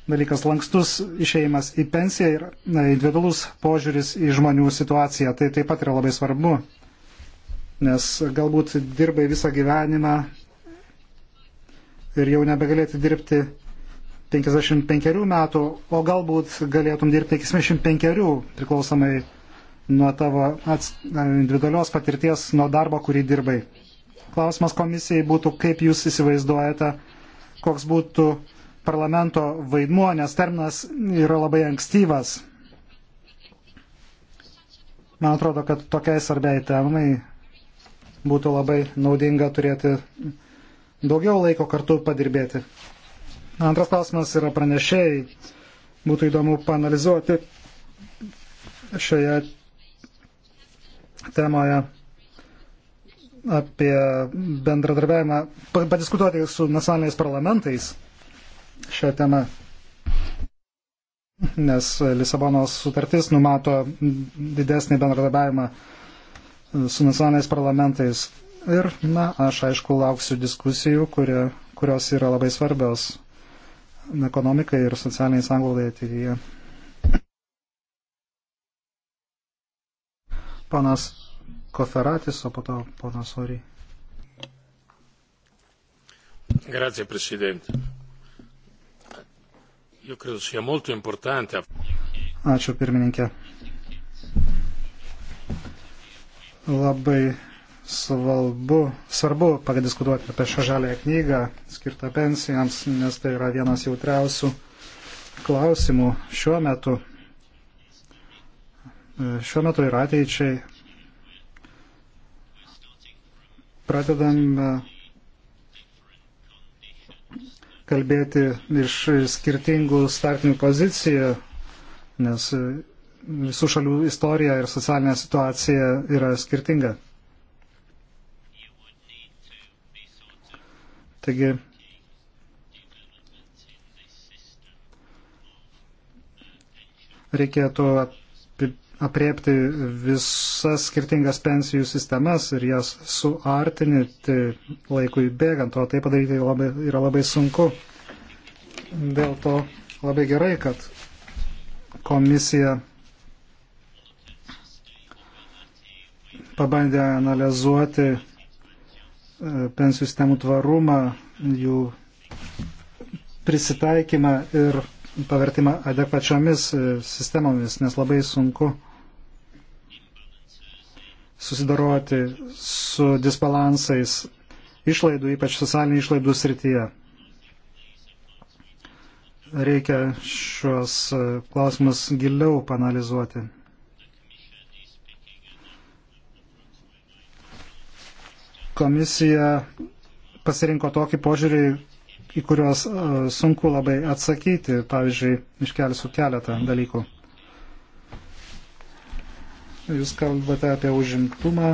dalykas - lankstus išeimas į pensiją ir na, individualus požiūris į žmonių situaciją. Tai taip pat yra labai svarbu, nes galbūt dirbai visą gyvenimą ir jau nebegalėti dirbti 55 metų, o galbūt galėtum dirbti iki 75 priklausomai nuo tavo ats, individualios patirties, nuo darbo, kurį dirbai. Klausimas komisijai būtų, kaip jūs įsivaizduojate, koks būtų parlamento vaidmuo, nes terminas yra labai ankstyvas. Man atrodo, kad tokiai svarbiai temai būtų labai naudinga turėti daugiau laiko kartu padirbėti. Antras klausimas yra pranešėjai. Būtų įdomu panalizuoti šioje temoje apie bendradarbiavimą, padiskutuoti su nacionaliniais parlamentais šią temą, nes Lisabonos sutartis numato didesnį bendradarbiavimą su nacionaliniais parlamentais. Ir, na, aš aišku lauksiu diskusijų, kurie, kurios yra labai svarbios ekonomikai ir socialiniai sanglaudai ateityje. Panas Koferatis, o po to panas Ori. Grazie Presidente. Io credo sia molto importante. Ačiū pirmininkė. Labai svarbu, svarbu padiskutuoti apie šią žalę knygą skirtą pensijams, nes tai yra vienas jautriausių klausimų šiuo metu šiuo metu ir ateičiai. Pradedame kalbėti iš skirtingų startinių pozicijų, nes visų šalių istorija ir socialinė situacija yra skirtinga. Taigi, reikėtų apriepti visas skirtingas pensijų sistemas ir jas suartinti laikui bėgant, o tai padaryti labai, yra labai sunku. Dėl to labai gerai, kad komisija pabandė analizuoti e, pensijų sistemų tvarumą, jų prisitaikymą ir pavertimą adekvačiomis e, sistemomis, nes labai sunku susidaroti su disbalansais išlaidų, ypač socialinių išlaidų srityje. Reikia šios e, klausimus giliau panalizuoti. Komisija pasirinko tokį požiūrį, į kuriuos e, sunku labai atsakyti. Pavyzdžiui, iškelsiu keletą dalykų. Jūs kalbate apie užimtumą.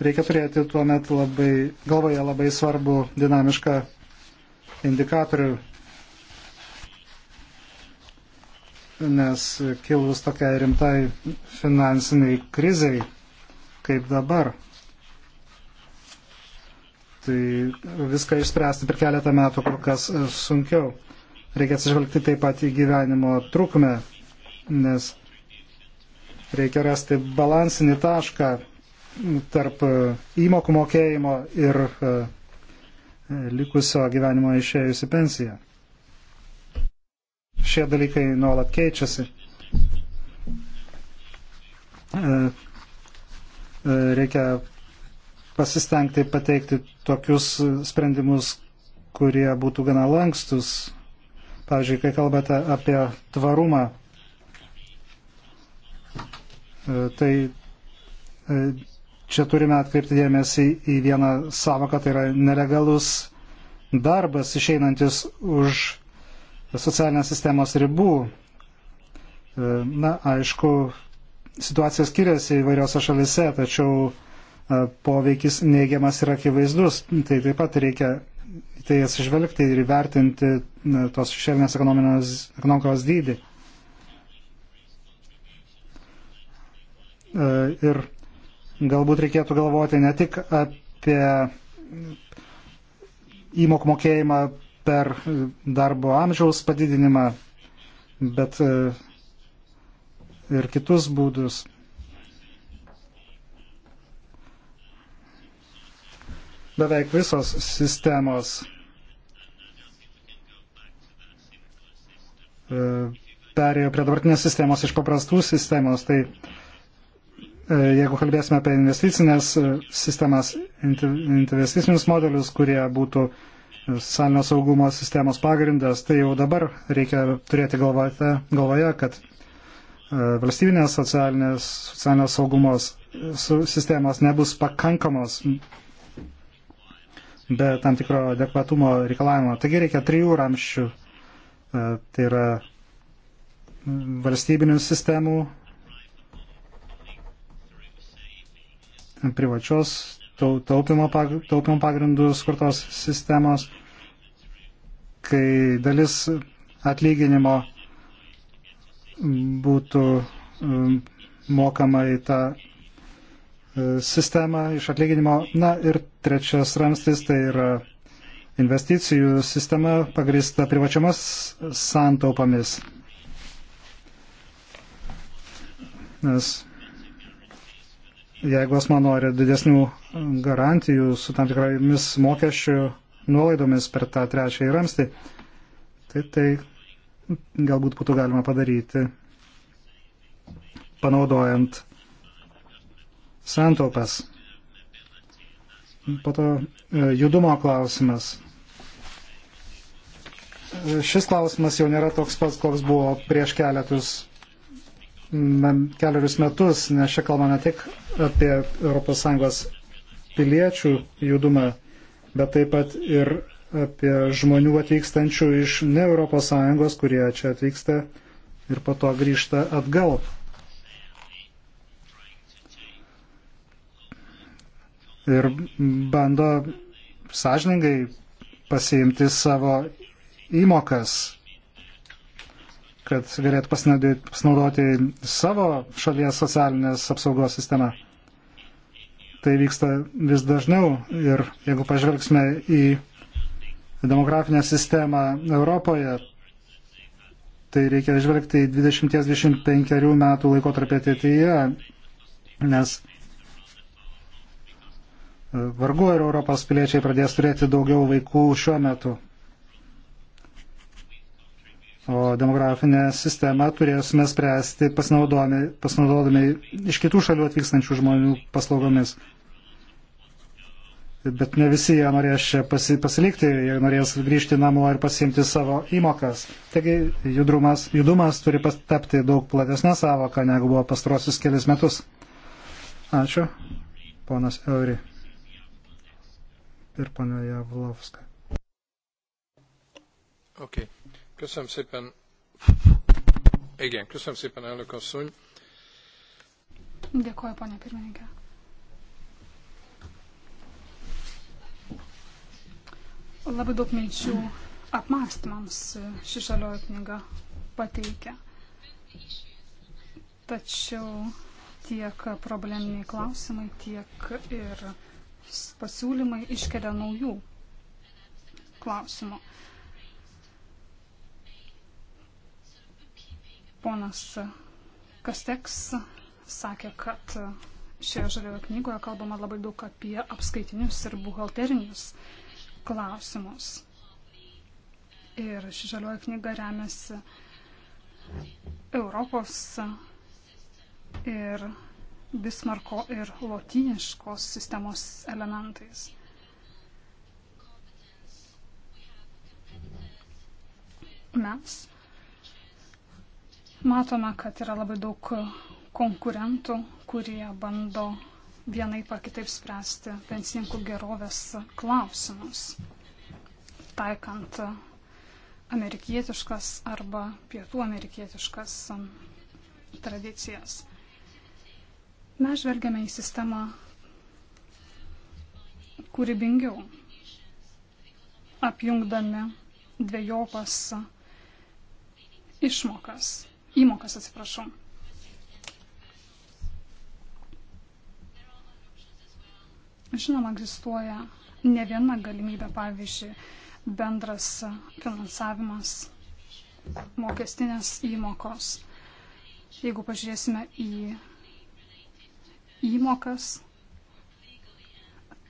Reikia turėti tuo metu labai, galvoje labai svarbu dinamišką indikatorių, nes kilus tokiai rimtai finansiniai kriziai, kaip dabar, tai viską išspręsti per keletą metų kur kas sunkiau. Reikia atsižvelgti taip pat į gyvenimo trukmę nes reikia rasti balansinį tašką tarp e, įmokų mokėjimo ir e, likusio gyvenimo išėjusi pensija. Šie dalykai nuolat keičiasi. E, reikia pasistengti pateikti tokius sprendimus, kurie būtų gana lankstus. Pavyzdžiui, kai kalbate apie tvarumą, E, tai e, čia turime atkreipti dėmesį į vieną savoką, tai yra nelegalus darbas išeinantis už socialinės sistemos ribų. E, na, aišku, situacija skiriasi įvairiose šalise, tačiau poveikis neigiamas yra akivaizdus. Tai taip pat reikia tai atsižvelgti ir įvertinti tos šešėlinės ekonomikos dydį. E, ir galbūt reikėtų galvoti ne tik apie įmok mokėjimą per darbo amžiaus padidinimą, bet e, ir kitus būdus. Beveik visos sistemos e, perėjo prie dabartinės sistemos iš paprastų sistemos, tai E, jeigu kalbėsime apie investicinės e, sistemas, investicinius modelius, kurie būtų socialinio saugumo sistemos pagrindas, tai jau dabar reikia turėti galvoje, galvoje kad e, valstybinės socialinės, socialinės saugumos sistemos nebus pakankamos be tam tikro adekvatumo reikalavimo. Taigi reikia trijų ramščių. Tai yra valstybinių sistemų privačios taupimo pagrindų skurtos sistemos, kai dalis atlyginimo būtų um, mokama į tą e, sistemą iš atlyginimo. Na ir trečias ramstis tai yra investicijų sistema pagrįsta privačiamas santaupomis. Nes jeigu asmo nori didesnių garantijų su tam tikromis mokesčių nuolaidomis per tą trečiąjį ramstį, tai tai galbūt būtų galima padaryti panaudojant santaupas. Po to e, judumo klausimas. E, šis klausimas jau nėra toks pats, koks buvo prieš keletus keliarius metus, nes čia kalbame tik apie ES piliečių judumą, bet taip pat ir apie žmonių atvykstančių iš ne ES, kurie čia atvyksta ir po to grįžta atgal. Ir bando sąžiningai pasiimti savo įmokas kad galėtų pasinaudoti savo šalies socialinės apsaugos sistemą. Tai vyksta vis dažniau ir jeigu pažvelgsime į demografinę sistemą Europoje, tai reikia žvelgti į 20-25 metų laikotarpį ateityje, nes e, vargu ar Europos piliečiai pradės turėti daugiau vaikų šiuo metu. O demografinę sistemą turėsime spręsti pasinaudodami, pasinaudodami iš kitų šalių atvykstančių žmonių paslaugomis. Bet ne visi jie norės čia pasi, pasilikti, jie norės grįžti namo ir pasiimti savo įmokas. Taigi judrumas, judumas turi tapti daug platesnę savoką, negu buvo pastrosius kelius metus. Ačiū, ponas Euri ir ponia Javlovska. Okay. Köszönöm szépen. Igen, köszönöm szépen, elnök asszony. Dėkuoju, ponia pirmininkė. Labai daug minčių apmąstymams ši žalioji knyga pateikia. Tačiau tiek probleminiai klausimai, tiek ir pasiūlymai iškelia naujų klausimų. Ponas Kasteks sakė, kad šioje žalioje knygoje kalbama labai daug apie apskaitinius ir buhalterinius klausimus. Ir ši žalioji knyga remiasi Europos ir Bismarko ir lotyniškos sistemos elementais. Mes Matome, kad yra labai daug konkurentų, kurie bando vienai par kitaip spręsti pensininkų gerovės klausimus, taikant amerikietiškas arba pietų amerikietiškas tradicijas. Mes žvelgiame į sistemą kūrybingiau, apjungdami dviejopas išmokas įmokas, atsiprašau. Žinoma, egzistuoja ne viena galimybė, pavyzdžiui, bendras finansavimas, mokestinės įmokos. Jeigu pažiūrėsime į įmokas,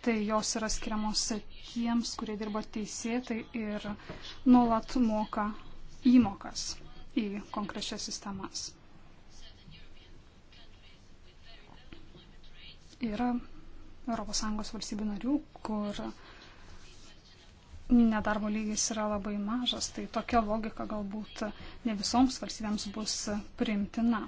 tai jos yra skiriamos tiems, kurie dirba teisėtai ir nuolat moka įmokas į konkrečias sistemas. Yra ES valstybių narių, kur nedarbo lygis yra labai mažas, tai tokia logika galbūt ne visoms valstybėms bus primtina.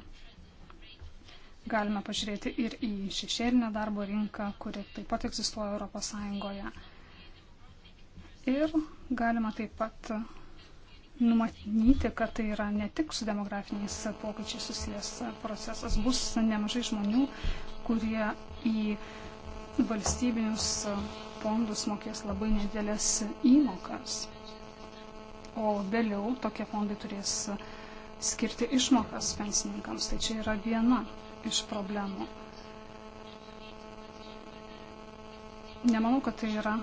Galime pažiūrėti ir į šešėlinę darbo rinką, kuri taip pat egzistuoja ES. Ir galima taip pat numatyti, kad tai yra ne tik su demografiniais pokyčiais susijęs procesas. Bus nemažai žmonių, kurie į valstybinius fondus mokės labai nedėlės įmokas, o vėliau tokie fondai turės skirti išmokas pensininkams. Tai čia yra viena iš problemų. Nemanau, kad tai yra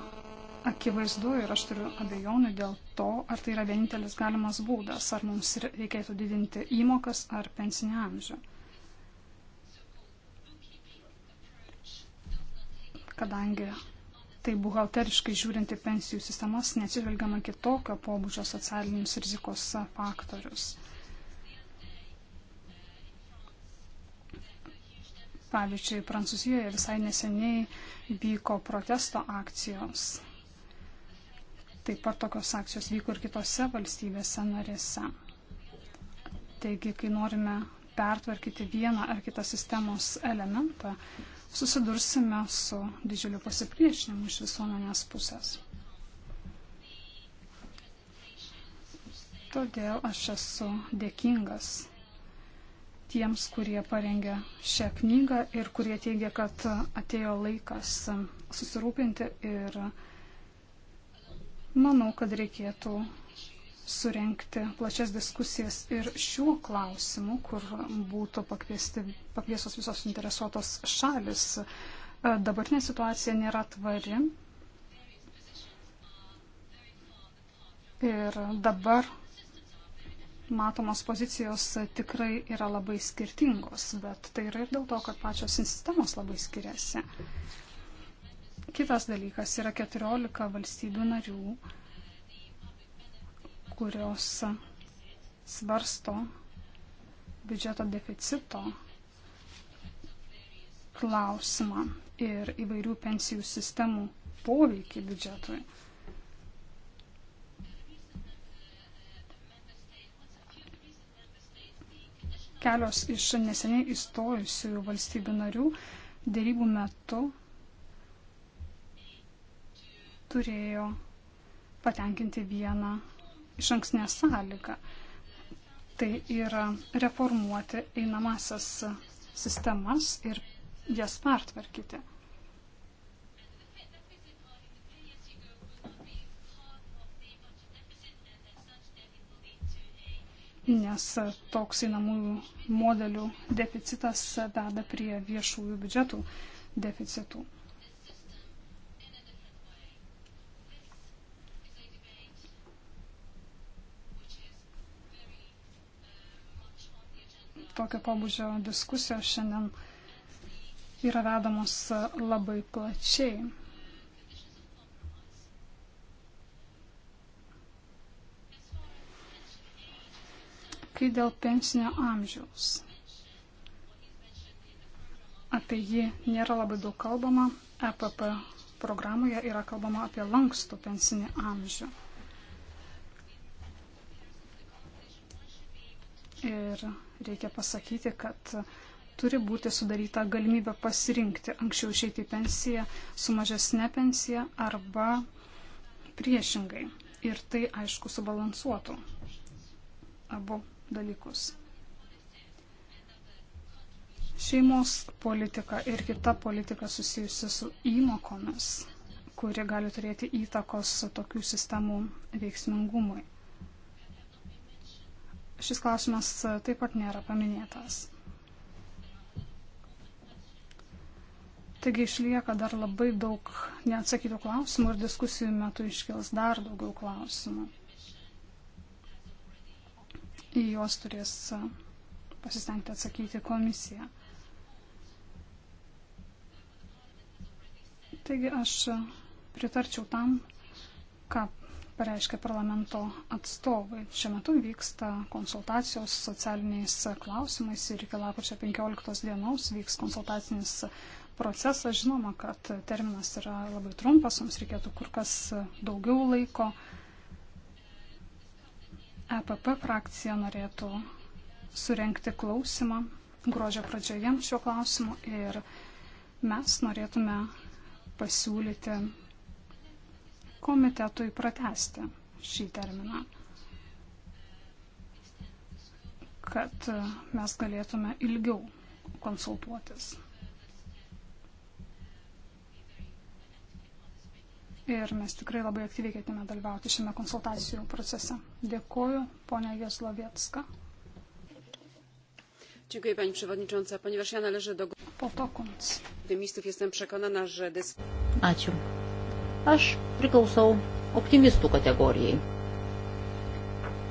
akivaizdu ir aš turiu abejonių dėl to, ar tai yra vienintelis galimas būdas, ar mums reikėtų didinti įmokas ar pensinį amžių. Kadangi tai buhalteriškai žiūrinti pensijų sistemas neatsižvelgiama kitokio pobūdžio socialinius rizikos faktorius. Pavyzdžiui, Prancūzijoje visai neseniai vyko protesto akcijos Taip pat tokios akcijos vyko ir kitose valstybėse narėse. Taigi, kai norime pertvarkyti vieną ar kitą sistemos elementą, susidursime su didžiuliu pasipriešinimu iš visuomenės pusės. Todėl aš esu dėkingas tiems, kurie parengė šią knygą ir kurie teigia, kad atėjo laikas susirūpinti ir Manau, kad reikėtų surenkti plačias diskusijas ir šiuo klausimu, kur būtų pakviesti, pakviesos visos interesuotos šalis. E, dabartinė situacija nėra tvari. Ir dabar matomos pozicijos tikrai yra labai skirtingos, bet tai yra ir dėl to, kad pačios sistemos labai skiriasi. Kitas dalykas yra 14 valstybių narių, kurios svarsto biudžeto deficito klausimą ir įvairių pensijų sistemų poveikį biudžetui. Kelios iš neseniai įstojusių valstybių narių dėrybų metu turėjo patenkinti vieną iš anksnę sąlygą. Tai yra reformuoti einamasias sistemas ir jas pertvarkyti. nes toks einamųjų modelių deficitas veda prie viešųjų biudžetų deficitų. tokio pobūdžio diskusijos šiandien yra vedamos labai plačiai. Kai dėl pensinio amžiaus apie jį nėra labai daug kalbama, EPP programoje yra kalbama apie lankstų pensinį amžių. Ir reikia pasakyti, kad turi būti sudaryta galimybė pasirinkti anksčiau išeiti į pensiją su mažesne pensija arba priešingai. Ir tai, aišku, subalansuotų abu dalykus. Šeimos politika ir kita politika susijusi su įmokomis, kuri gali turėti įtakos tokių sistemų veiksmingumui šis klausimas e, taip pat nėra paminėtas. Taigi išlieka dar labai daug neatsakytų klausimų ir diskusijų metu iškils dar daugiau klausimų. Į juos turės e, pasistengti atsakyti komisija. Taigi aš e, pritarčiau tam, ką pareiškė parlamento atstovai. Šiuo metu vyksta konsultacijos socialiniais klausimais ir iki lapkričio 15 dienos vyks konsultacinis procesas. Žinoma, kad terminas yra labai trumpas, mums reikėtų kur kas daugiau laiko. EPP frakcija norėtų surenkti klausimą gruodžio pradžioje šiuo klausimu ir mes norėtume pasiūlyti komitetui pratesti šį terminą, kad mes galėtume ilgiau konsultuotis. Ir mes tikrai labai aktyviai ketiname dalyvauti šiame konsultacijų procese. Dėkuoju, ponia Jeslovietska. Dziękuję Pani Przewodnicząca. Ponieważ ja należę do grupy ministrów, jestem przekonana, że dys... Ačiū, Aš priklausau optimistų kategorijai.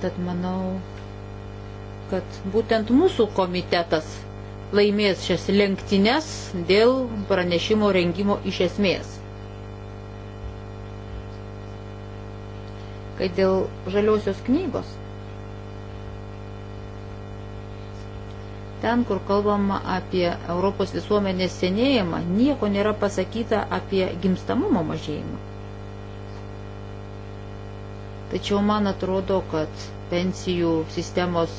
Tad manau, kad būtent mūsų komitetas laimės šias lenktynes dėl pranešimo rengimo iš esmės. Kai dėl žaliosios knygos ten, kur kalbama apie Europos visuomenės senėjimą, nieko nėra pasakyta apie gimstamumo mažėjimą. Tačiau man atrodo, kad pensijų sistemos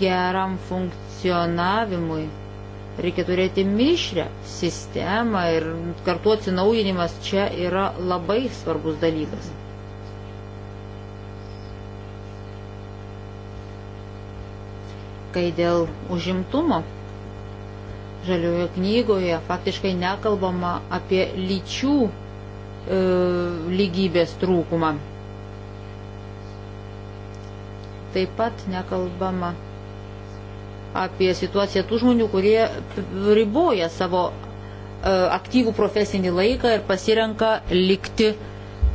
geram funkcionavimui reikia turėti mišrę sistemą ir kartu atsinaujinimas čia yra labai svarbus dalykas. Kai dėl užimtumo žaliojo knygoje faktiškai nekalbama apie lyčių e, lygybės trūkumą. Taip pat nekalbama apie situaciją tų žmonių, kurie riboja savo e, aktyvų profesinį laiką ir pasirenka likti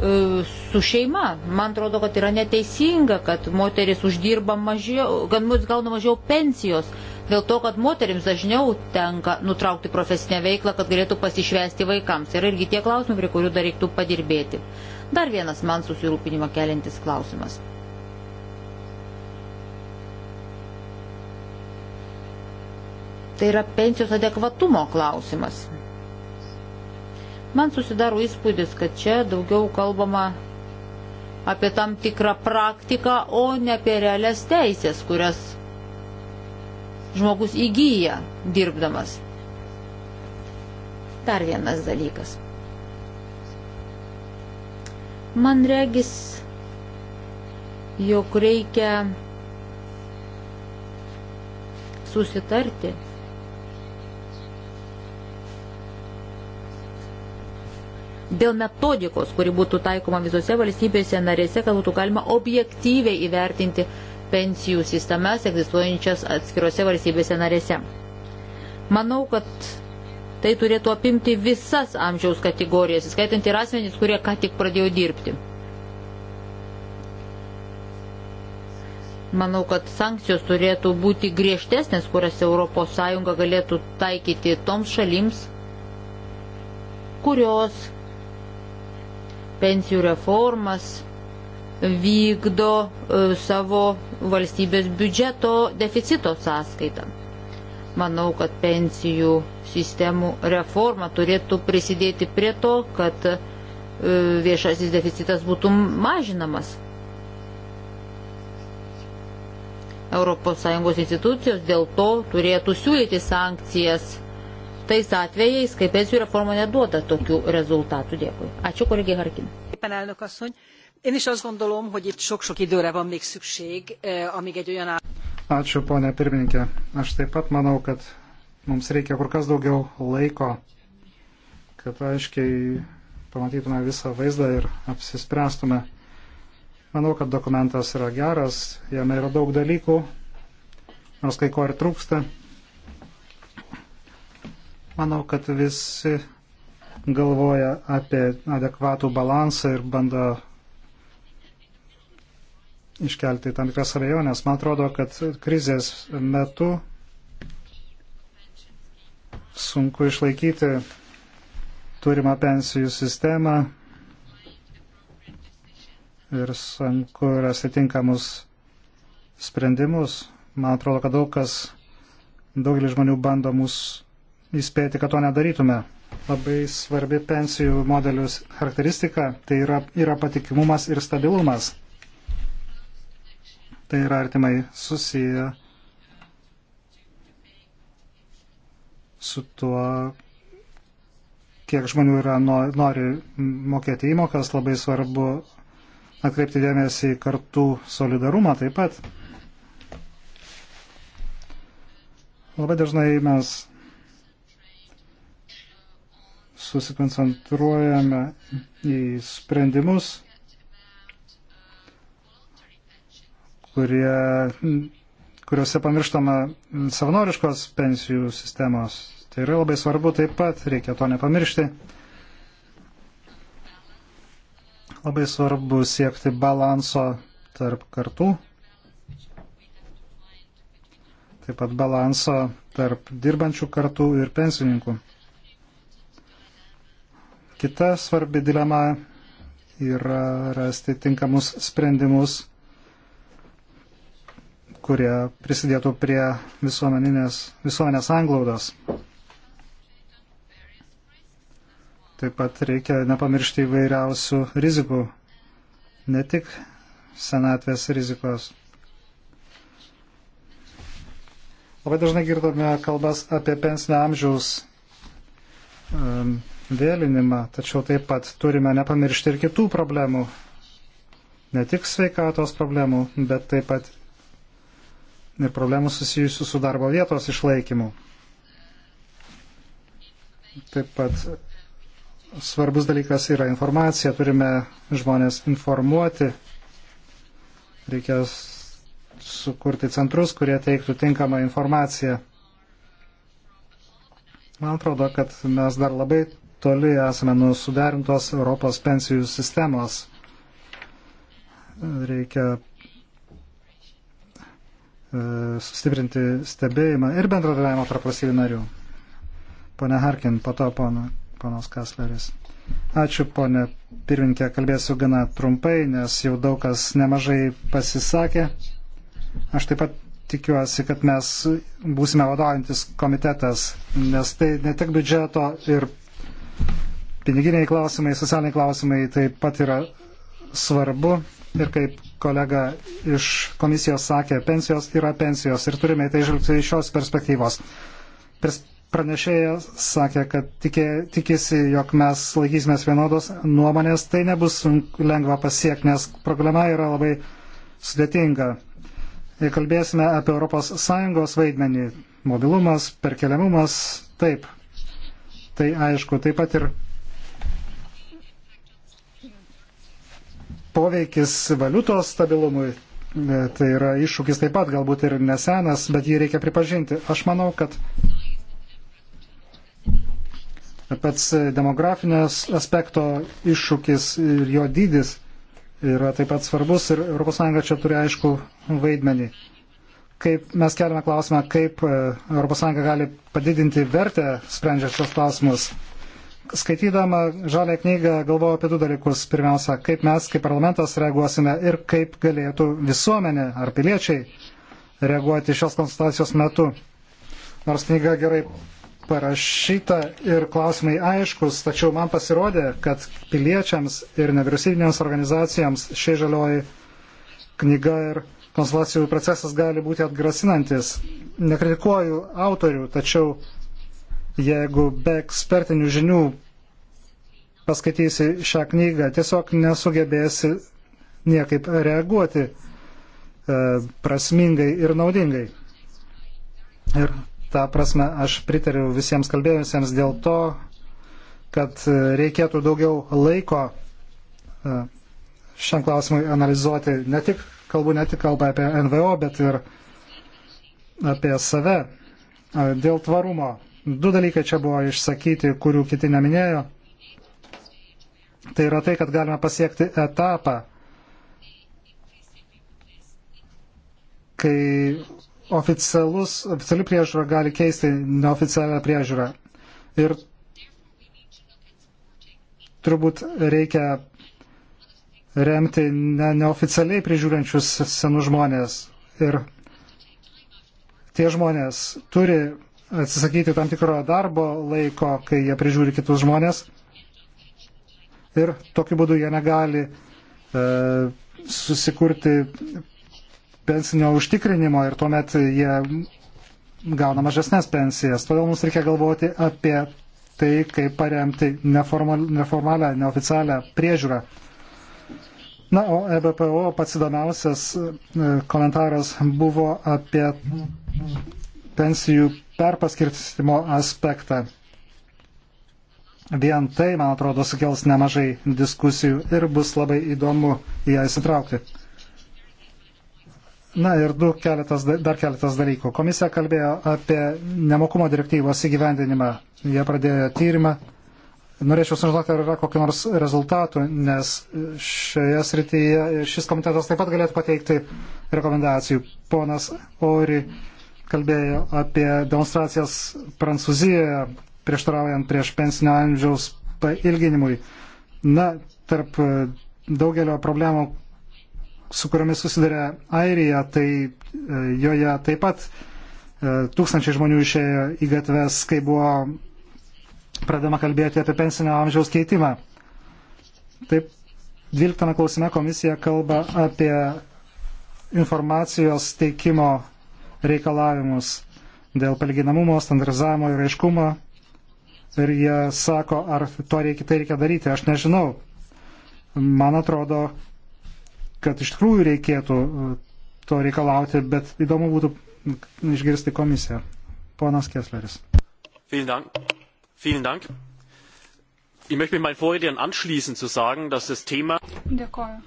E, su šeima. Man atrodo, kad yra neteisinga, kad moteris uždirba mažiau, kad mus gauna mažiau pensijos, dėl to, kad moteriams dažniau tenka nutraukti profesinę veiklą, kad galėtų pasišvesti vaikams. Yra irgi tie klausimai, prie kurių dar reiktų padirbėti. Dar vienas man susirūpinimą keliantis klausimas. Tai yra pensijos adekvatumo klausimas. Man susidaro įspūdis, kad čia daugiau kalbama apie tam tikrą praktiką, o ne apie realias teisės, kurias žmogus įgyja dirbdamas. Dar vienas dalykas. Man regis, jog reikia susitarti dėl metodikos, kuri būtų taikoma visose valstybėse narėse, kad būtų galima objektyviai įvertinti pensijų sistemas egzistuojančias atskirose valstybėse narėse. Manau, kad tai turėtų apimti visas amžiaus kategorijas, skaitant ir asmenys, kurie ką tik pradėjo dirbti. Manau, kad sankcijos turėtų būti griežtesnės, kurias ES galėtų taikyti toms šalims, kurios pensijų reformas vykdo e, savo valstybės biudžeto deficito sąskaitą. Manau, kad pensijų sistemų reforma turėtų prisidėti prie to, kad e, viešasis deficitas būtų mažinamas. ES institucijos dėl to turėtų siūlyti sankcijas tais atvejais, kai pensijų reforma neduoda tokių rezultatų. Dėkui. Ačiū, kolegė Harkin. Eh, Ačiū, ponė pirmininkė. Aš taip pat manau, kad mums reikia kur kas daugiau laiko, kad aiškiai pamatytume visą vaizdą ir apsispręstume. Manau, kad dokumentas yra geras, jame yra daug dalykų, nors kai ko ir trūksta. Manau, kad visi galvoja apie adekvatų balansą ir bando iškelti tam tikras abejonės. Man atrodo, kad krizės metu sunku išlaikyti turimą pensijų sistemą ir sunku rasti tinkamus sprendimus. Man atrodo, kad daug kas, daugelis žmonių bando mus įspėti, kad to nedarytume. Labai svarbi pensijų modelius charakteristika tai yra, yra patikimumas ir stabilumas. Tai yra artimai susiję su tuo, kiek žmonių yra, nori mokėti įmokas, labai svarbu atkreipti dėmesį į kartų solidarumą taip pat. Labai dažnai mes susikoncentruojame į sprendimus, kurie, kuriuose pamirštama savanoriškos pensijų sistemos. Tai yra labai svarbu taip pat, reikia to nepamiršti. Labai svarbu siekti balanso tarp kartų, taip pat balanso tarp dirbančių kartų ir pensininkų. Kita svarbi dilema yra rasti tinkamus sprendimus, kurie prisidėtų prie visuomeninės, visuomenės anglaudos. Taip pat reikia nepamiršti įvairiausių rizikų, ne tik senatvės rizikos. Labai dažnai girdome kalbas apie pensinio amžiaus um, vėlinimą, tačiau taip pat turime nepamiršti ir kitų problemų. Ne tik sveikatos problemų, bet taip pat ir problemų susijusių su darbo vietos išlaikymu. Taip pat svarbus dalykas yra informacija, turime žmonės informuoti, reikia sukurti centrus, kurie teiktų tinkamą informaciją. Man atrodo, kad mes dar labai toli esame nuo suderintos Europos pensijų sistemos. Reikia e, sustiprinti stebėjimą ir bendradarbiavimą tarp valstybių narių. Pone Harkin, po to pona, ponas Kasleris. Ačiū, ponė pirminkė, kalbėsiu gana trumpai, nes jau daug kas nemažai pasisakė. Aš taip pat tikiuosi, kad mes būsime vadovantis komitetas, nes tai ne tik biudžeto ir Piniginiai klausimai, socialiniai klausimai taip pat yra svarbu ir kaip kolega iš komisijos sakė, pensijos yra pensijos ir turime tai žvelgti iš šios perspektyvos. Pers pranešėjas sakė, kad tikė, tikisi, jog mes laikysimės vienodos nuomonės, tai nebus lengva pasiekti, nes problema yra labai sudėtinga. Jei kalbėsime apie ES vaidmenį, mobilumas, perkeliamumas, taip, Tai aišku, taip pat ir poveikis valiutos stabilumui, e, tai yra iššūkis taip pat galbūt ir nesenas, bet jį reikia pripažinti. Aš manau, kad pats demografinės aspekto iššūkis ir jo dydis yra taip pat svarbus ir ES čia turi aišku vaidmenį kaip mes keliame klausimą, kaip ES gali padidinti vertę sprendžiant šios klausimus. Skaitydama žalę knygą galvoju apie du dalykus. Pirmiausia, kaip mes kaip parlamentas reaguosime ir kaip galėtų visuomenė ar piliečiai reaguoti šios konsultacijos metu. Nors knyga gerai parašyta ir klausimai aiškus, tačiau man pasirodė, kad piliečiams ir nevyriausybinėms organizacijoms ši žalioji knyga ir konsultacijų procesas gali būti atgrasinantis. Nekritikuoju autorių, tačiau jeigu be ekspertinių žinių paskaitysi šią knygą, tiesiog nesugebėsi niekaip reaguoti e, prasmingai ir naudingai. Ir tą prasme aš pritariu visiems kalbėjusiems dėl to, kad reikėtų daugiau laiko e, šiam klausimui analizuoti ne tik kalbu ne tik kalbą apie NVO, bet ir apie save. Dėl tvarumo. Du dalykai čia buvo išsakyti, kurių kiti neminėjo. Tai yra tai, kad galime pasiekti etapą, kai oficialus, oficiali priežiūra gali keisti neoficialią priežiūrą. Ir turbūt reikia remti ne, neoficialiai prižiūrinčius senus žmonės. Ir tie žmonės turi atsisakyti tam tikro darbo laiko, kai jie prižiūri kitus žmonės. Ir tokiu būdu jie negali e, susikurti pensinio užtikrinimo ir tuomet jie gauna mažesnės pensijas. Todėl mums reikia galvoti apie tai, kaip paremti neformal, neformalią, neoficialią priežiūrą. Na, o EBPO pats įdomiausias e, komentaras buvo apie pensijų perpaskirstimo aspektą. Vien tai, man atrodo, sukels nemažai diskusijų ir bus labai įdomu į ją įsitraukti. Na ir du, keletas, dar keletas dalykų. Komisija kalbėjo apie nemokumo direktyvos įgyvendinimą. Jie pradėjo tyrimą Norėčiau sužinoti, ar yra kokiu nors rezultatų, nes šioje srityje šis komitetas taip pat galėtų pateikti rekomendacijų. Ponas Ori kalbėjo apie demonstracijas Prancūzijoje, prieštaraujant prieš pensinio amžiaus pailginimui. Na, tarp daugelio problemų, su kuriomis susidarė Airija, tai e, joje taip pat e, tūkstančiai žmonių išėjo į gatves, kai buvo pradama kalbėti apie pensinio amžiaus keitimą. Taip, 12 klausime komisija kalba apie informacijos teikimo reikalavimus dėl palyginamumo, standartizavimo ir aiškumo. Ir jie sako, ar to reikia, tai reikia daryti. Aš nežinau. Man atrodo, kad iš tikrųjų reikėtų uh, to reikalauti, bet įdomu būtų išgirsti komisiją. Ponas Kesleris. Vielen Dank. Vielen Dank. Ich möchte mich meinen Vorrednern anschließen, zu sagen, dass das Thema. Dėkoju.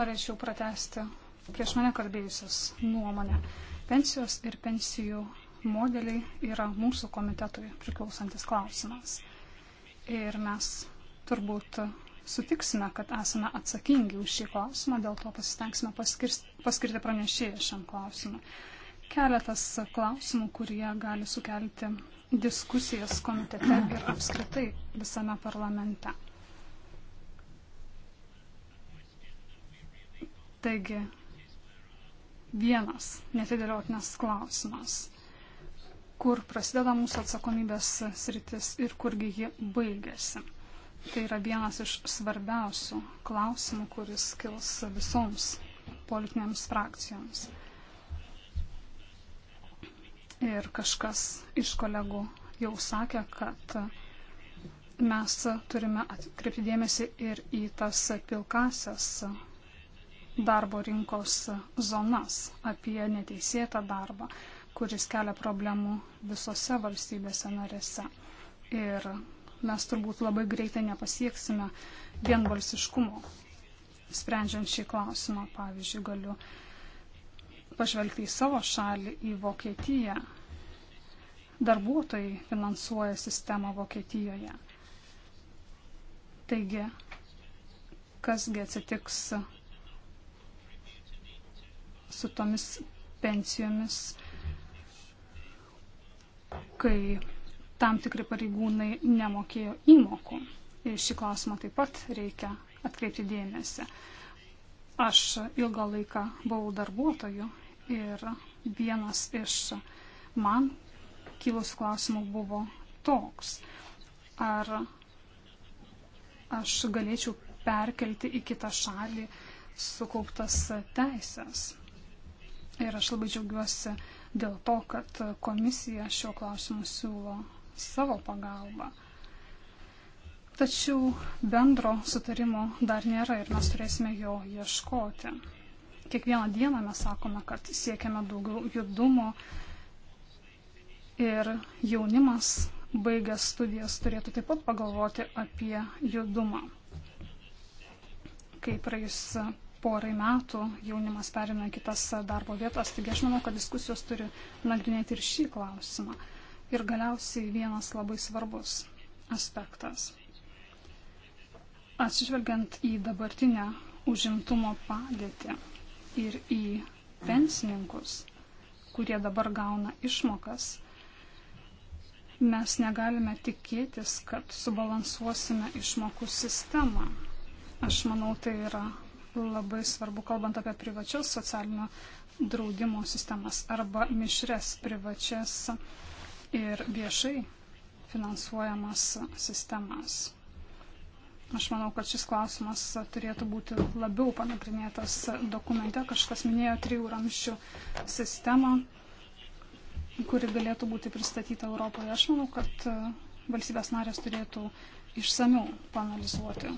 Norėčiau pratesti prieš mane kalbėjusios nuomonę. Pensijos ir pensijų modeliai yra mūsų komitetui priklausantis klausimas. Ir mes turbūt sutiksime, kad esame atsakingi už šį klausimą, dėl to pasistengsime paskirti pranešėją šiam klausimui. Keletas klausimų, kurie gali sukelti diskusijas komitete ir apskritai visame parlamente. Taigi, vienas netidėliotinas klausimas, kur prasideda mūsų atsakomybės sritis ir kurgi ji baigėsi. Tai yra vienas iš svarbiausių klausimų, kuris kils visoms politinėms frakcijoms. Ir kažkas iš kolegų jau sakė, kad mes turime atkreipti dėmesį ir į tas pilkasias darbo rinkos zonas, apie neteisėtą darbą, kuris kelia problemų visose valstybėse narėse. Ir mes turbūt labai greitai nepasieksime vienbalsiškumo, sprendžiant šį klausimą. Pavyzdžiui, galiu pažvelgti į savo šalį, į Vokietiją. Darbuotojai finansuoja sistemą Vokietijoje. Taigi, kasgi atsitiks su tomis pensijomis, kai tam tikri pareigūnai nemokėjo įmokų. Ir šį klausimą taip pat reikia atkreipti dėmesį. Aš ilgą laiką buvau darbuotoju Ir vienas iš man kilusių klausimų buvo toks, ar aš galėčiau perkelti į kitą šalį sukauptas teisės. Ir aš labai džiaugiuosi dėl to, kad komisija šiuo klausimu siūlo savo pagalbą. Tačiau bendro sutarimo dar nėra ir mes turėsime jo ieškoti. Kiekvieną dieną mes sakome, kad siekiame daugiau judumo ir jaunimas baigęs studijas turėtų taip pat pagalvoti apie judumą. Kai praėjus porai metų jaunimas perina kitas darbo vietas, taigi aš manau, kad diskusijos turi nagrinėti ir šį klausimą. Ir galiausiai vienas labai svarbus aspektas. Atsižvelgiant į dabartinę užimtumo padėtį, ir į pensininkus, kurie dabar gauna išmokas, mes negalime tikėtis, kad subalansuosime išmokų sistemą. Aš manau, tai yra labai svarbu, kalbant apie privačias socialinio draudimo sistemas arba mišres privačias ir viešai finansuojamas sistemas. Aš manau, kad šis klausimas turėtų būti labiau panagrinėtas dokumente. Kažkas minėjo trijų ramščių sistemą, kuri galėtų būti pristatyta Europoje. Aš manau, kad e, valstybės narės turėtų išsamiau panalizuoti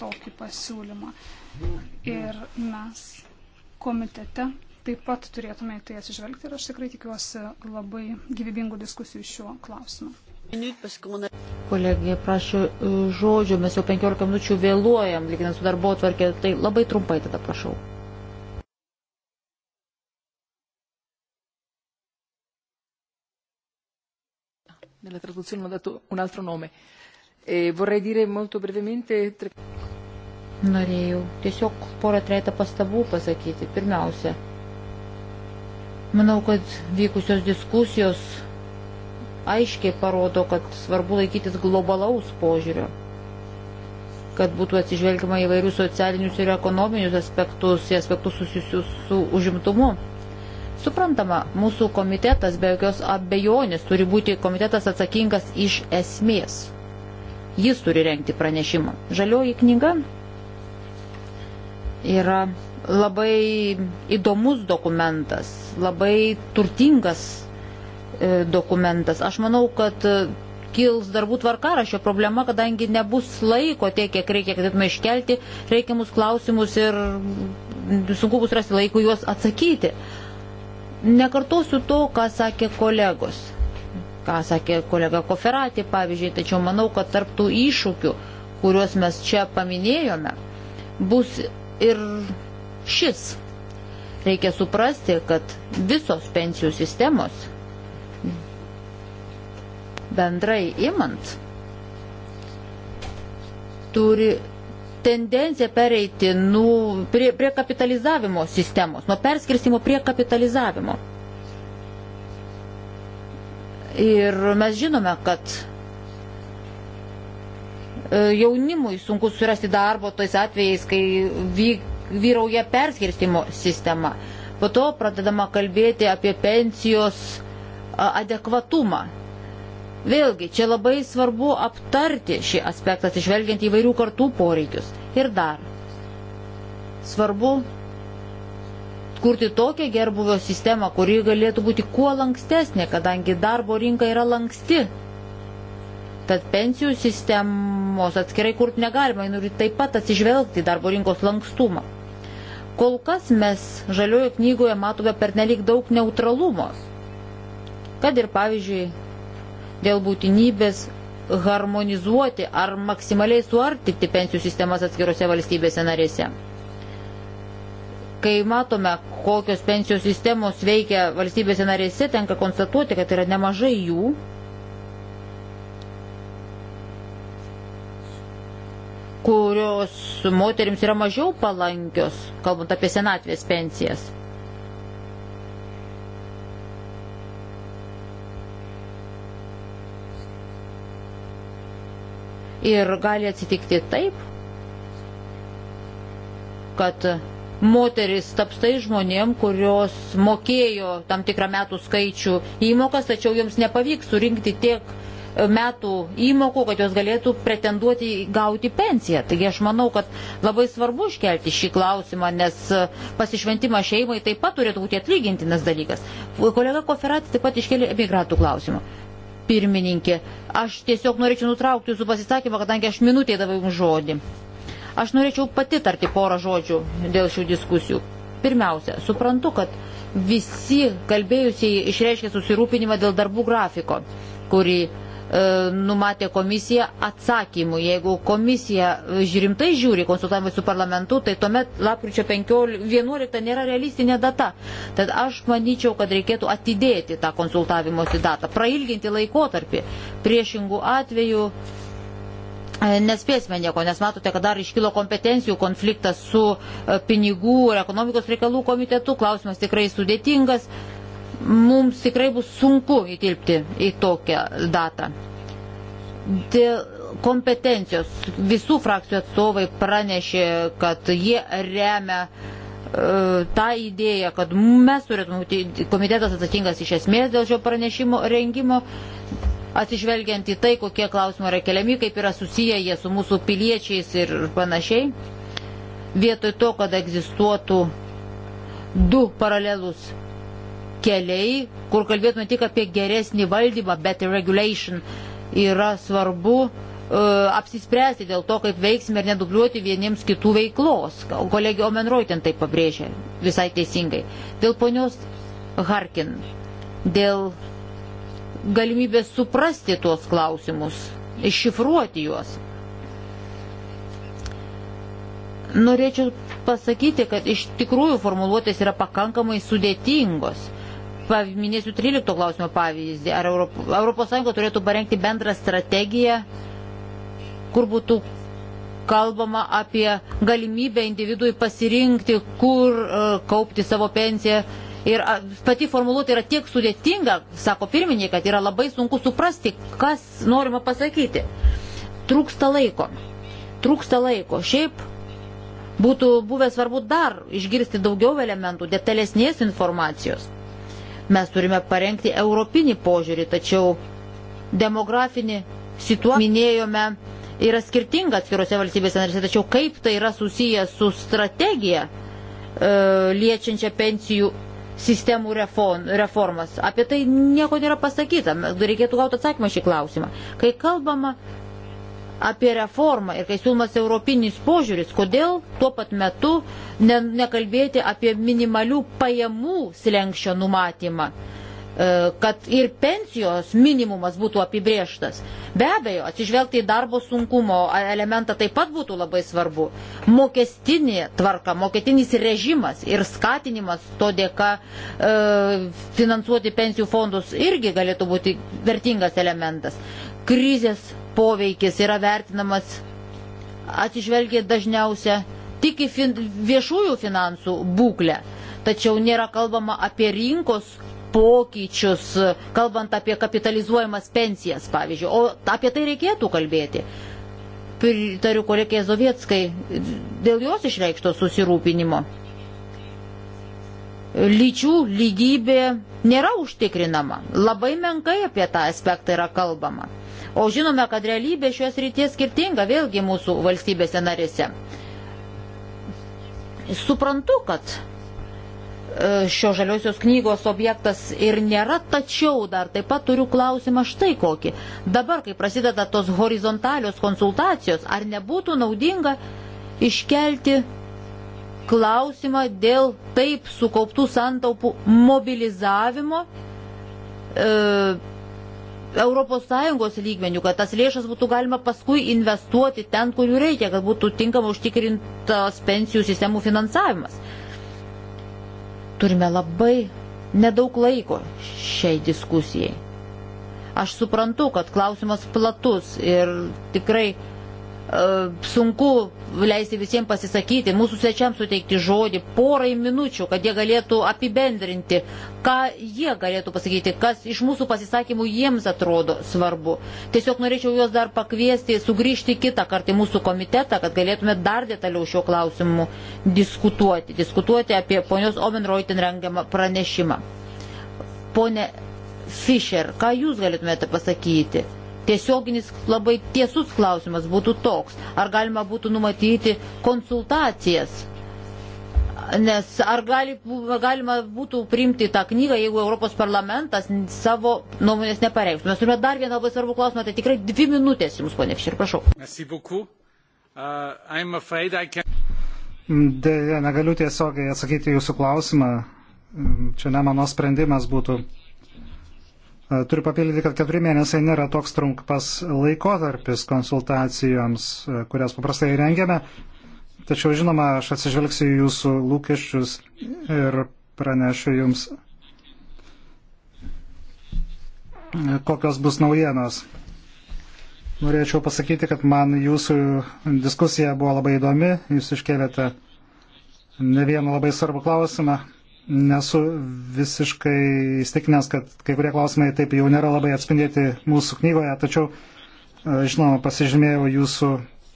tokį pasiūlymą. Ir mes komitete taip pat turėtume į tai atsižvelgti ir aš tikrai tikiuosi labai gyvybingų diskusijų šiuo klausimu. Kolegė prašė e, žodžio, mes jau 15 minučių vėluojam, lyginant su darbo tvarkė, tai labai trumpai tada prašau. Nella traduzione mi ha dato un altro nome. E vorrei dire molto brevemente tre... Norėjau tiesiog porą trejetą pastabų pasakyti. Pirmiausia, manau, kad vykusios diskusijos aiškiai parodo, kad svarbu laikytis globalaus požiūrio, kad būtų atsižvelgiama įvairius socialinius ir ekonominius aspektus, į aspektus susijusius su užimtumu. Suprantama, mūsų komitetas be jokios abejonės turi būti komitetas atsakingas iš esmės. Jis turi renkti pranešimą. Žalioji knyga yra labai įdomus dokumentas, labai turtingas E, dokumentas. Aš manau, kad e, kils darbų tvarkarašio problema, kadangi nebus laiko tiek, kiek reikia, kad atme iškelti reikiamus klausimus ir sunku bus rasti laiko juos atsakyti. Nekartosiu to, ką sakė kolegos, ką sakė kolega Koferatė, pavyzdžiui, tačiau manau, kad tarptų iššūkių, kuriuos mes čia paminėjome, bus ir šis. Reikia suprasti, kad visos pensijų sistemos bendrai imant turi tendencija pereiti nu, prie, prie kapitalizavimo sistemos, nuo perskirstimo prie kapitalizavimo. Ir mes žinome, kad e, jaunimui sunku surasti darbo tais atvejais, kai vy, vyrauja perskirstimo sistema. Po to pradedama kalbėti apie pensijos adekvatumą. Vėlgi, čia labai svarbu aptarti šį aspektą, atsižvelgiant į vairių kartų poreikius. Ir dar svarbu kurti tokią gerbuvio sistemą, kuri galėtų būti kuo lankstesnė, kadangi darbo rinka yra lanksti. Tad pensijų sistemos atskirai kurti negalima, jinai taip pat atsižvelgti darbo rinkos lankstumą. Kol kas mes žaliojo knygoje matome pernelyg daug neutralumo. Kad ir pavyzdžiui dėl būtinybės harmonizuoti ar maksimaliai suartinti pensijų sistemas atskirose valstybėse narėse. Kai matome, kokios pensijų sistemos veikia valstybėse narėse, tenka konstatuoti, kad yra nemažai jų. kurios moteriams yra mažiau palankios, kalbant apie senatvės pensijas. Ir gali atsitikti taip, kad moteris taps tai žmonėm, kurios mokėjo tam tikrą metų skaičių įmokas, tačiau joms nepavyks surinkti tiek metų įmokų, kad jos galėtų pretenduoti gauti pensiją. Taigi aš manau, kad labai svarbu iškelti šį klausimą, nes pasišventimas šeimai taip pat turėtų būti atlygintinas dalykas. Kolega Koferati taip pat iškėlė emigratų klausimą pirmininkė. Aš tiesiog norėčiau nutraukti jūsų pasisakymą, kadangi aš minutė daviau jums žodį. Aš norėčiau pati tarti porą žodžių dėl šių diskusijų. Pirmiausia, suprantu, kad visi kalbėjusiai išreiškė susirūpinimą dėl darbų grafiko, kurį E, numatė komisija atsakymų. Jeigu komisija rimtai žiūri konsultavimai su parlamentu, tai tuomet lapkričio 11 nėra realistinė data. Tad aš manyčiau, kad reikėtų atidėti tą konsultavimosi datą, prailginti laikotarpį. Priešingų atvejų e, nespėsime nieko, nes matote, kad dar iškilo kompetencijų konfliktas su e, pinigų ir ekonomikos reikalų komitetu, klausimas tikrai sudėtingas mums tikrai bus sunku įtilpti į tokią datą. Dėl kompetencijos visų frakcijų atstovai pranešė, kad jie remia e, tą idėją, kad mes turėtume būti komitetas atsakingas iš esmės dėl šio pranešimo rengimo, atsižvelgiant į tai, kokie klausimai yra keliami, kaip yra susiję jie su mūsų piliečiais ir panašiai. Vietoj to, kad egzistuotų du paralelus keliai, kur kalbėtume tik apie geresnį valdymą, better regulation, yra svarbu e, apsispręsti dėl to, kaip veiksime ir nedubliuoti vieniems kitų veiklos. Kolegė Omenroitin tai pabrėžė visai teisingai. Dėl ponios Harkin, dėl galimybės suprasti tuos klausimus, iššifruoti juos. Norėčiau pasakyti, kad iš tikrųjų formuluotės yra pakankamai sudėtingos. Paminėsiu 13 klausimo pavyzdį. Ar ES turėtų parengti bendrą strategiją, kur būtų kalbama apie galimybę individui pasirinkti, kur e, kaupti savo pensiją. Ir pati formuluotė yra tiek sudėtinga, sako pirminiai, kad yra labai sunku suprasti, kas norima pasakyti. Trūksta laiko. Trūksta laiko. Šiaip būtų buvę svarbu dar išgirsti daugiau elementų, detalesnės informacijos. Mes turime parengti europinį požiūrį, tačiau demografinį situaciją minėjome yra skirtinga atskirose valstybėse narėse, tačiau kaip tai yra susijęs su strategija e, liečiančia pensijų sistemų reformas. Apie tai nieko nėra pasakyta. Reikėtų gauti atsakymą šį klausimą. Kai kalbama apie reformą ir kai siūlomas europinis požiūris, kodėl tuo pat metu ne, nekalbėti apie minimalių pajamų slengščio numatymą, e, kad ir pensijos minimumas būtų apibrieštas. Be abejo, atsižvelgti į darbo sunkumo elementą taip pat būtų labai svarbu. Mokestinė tvarka, mokestinis režimas ir skatinimas to dėka e, finansuoti pensijų fondus irgi galėtų būti vertingas elementas. Krizės poveikis yra vertinamas atsižvelgiant dažniausia tik į fin viešųjų finansų būklę, tačiau nėra kalbama apie rinkos pokyčius, kalbant apie kapitalizuojamas pensijas, pavyzdžiui, o apie tai reikėtų kalbėti. Pritariu kolegė Zovietskai dėl jos išreikšto susirūpinimo. Lyčių lygybė nėra užtikrinama. Labai menkai apie tą aspektą yra kalbama. O žinome, kad realybė šios ryties skirtinga vėlgi mūsų valstybėse narėse. Suprantu, kad e, šio žaliosios knygos objektas ir nėra, tačiau dar taip pat turiu klausimą štai kokį. Dabar, kai prasideda tos horizontalios konsultacijos, ar nebūtų naudinga iškelti klausimą dėl taip sukauptų santaupų mobilizavimo e, ES lygmenių, kad tas lėšas būtų galima paskui investuoti ten, kur jų reikia, kad būtų tinkamai užtikrintas pensijų sistemų finansavimas. Turime labai nedaug laiko šiai diskusijai. Aš suprantu, kad klausimas platus ir tikrai E, sunku leisti visiems pasisakyti, mūsų svečiams suteikti žodį porai minučių, kad jie galėtų apibendrinti, ką jie galėtų pasakyti, kas iš mūsų pasisakymų jiems atrodo svarbu. Tiesiog norėčiau juos dar pakviesti, sugrįžti kitą kartą į mūsų komitetą, kad galėtume dar detaliau šiuo klausimu diskutuoti, diskutuoti apie ponios Omenroitin rengiamą pranešimą. Pone Fischer, ką jūs galėtumėte pasakyti? tiesioginis labai tiesus klausimas būtų toks, ar galima būtų numatyti konsultacijas. Nes ar gali, galima būtų priimti tą knygą, jeigu Europos parlamentas savo nuomonės nepareikštų. Mes turime dar vieną labai svarbų klausimą, tai tikrai dvi minutės jums, ponė Fšir, prašau. Uh, Deja, negaliu tiesiogiai atsakyti jūsų klausimą. Čia ne mano sprendimas būtų. Turiu papildyti, kad keturi mėnesiai nėra toks trumpas laikotarpis konsultacijoms, kurias paprastai rengiame. Tačiau, žinoma, aš atsižvelgsiu į jūsų lūkesčius ir pranešiu jums, kokios bus naujienos. Norėčiau pasakyti, kad man jūsų diskusija buvo labai įdomi. Jūs iškėlėte ne vieną labai svarbų klausimą nesu visiškai įstikinęs, kad kai kurie klausimai taip jau nėra labai atspindėti mūsų knygoje, tačiau, e, žinoma, pasižymėjau jūsų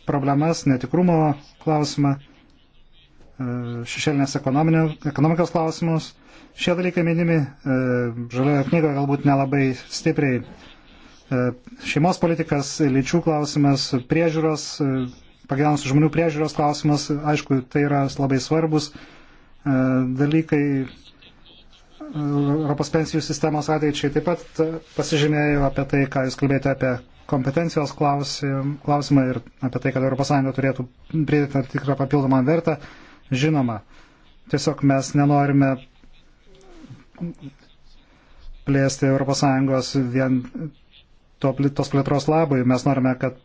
problemas, netikrumo klausimą, e, šešėlinės ekonomikos klausimus. Šie dalykai minimi e, žaliojo knygoje galbūt nelabai stipriai. Šeimos politikas, lyčių klausimas, priežiūros, pagyvenusių žmonių priežiūros klausimas, aišku, tai yra labai svarbus E, dalykai e, Europos pensijų sistemos ateičiai. Taip pat pasižymėjau apie tai, ką jūs kalbėjote apie kompetencijos klausimą ir apie tai, kad ES turėtų pridėti tam tikrą papildomą vertę. Žinoma, tiesiog mes nenorime plėsti ES vien to, tos plėtros labui. Mes norime, kad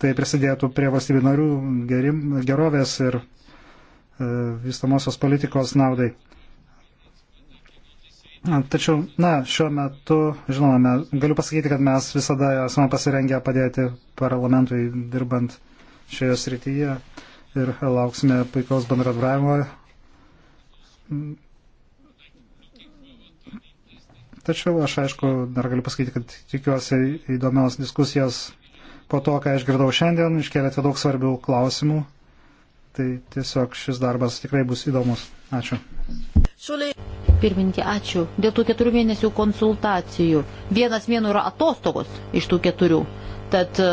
tai prisidėtų prie valstybių narių gerim, gerovės ir E, vystamosios politikos naudai. Tačiau, na, šiuo metu, žinoma, galiu pasakyti, kad mes visada esame pasirengę padėti parlamentui dirbant šioje srityje ir lauksime puikaus bendradarbiavimo. Tačiau aš, aišku, dar galiu pasakyti, kad tikiuosi įdomios diskusijos po to, ką išgirdau šiandien, iškėlėte daug svarbių klausimų Tai tiesiog šis darbas tikrai bus įdomus. Ačiū. Pirmininkė, ačiū. Dėl tų keturių mėnesių konsultacijų. Vienas mėnų yra atostogos iš tų keturių. Tad e,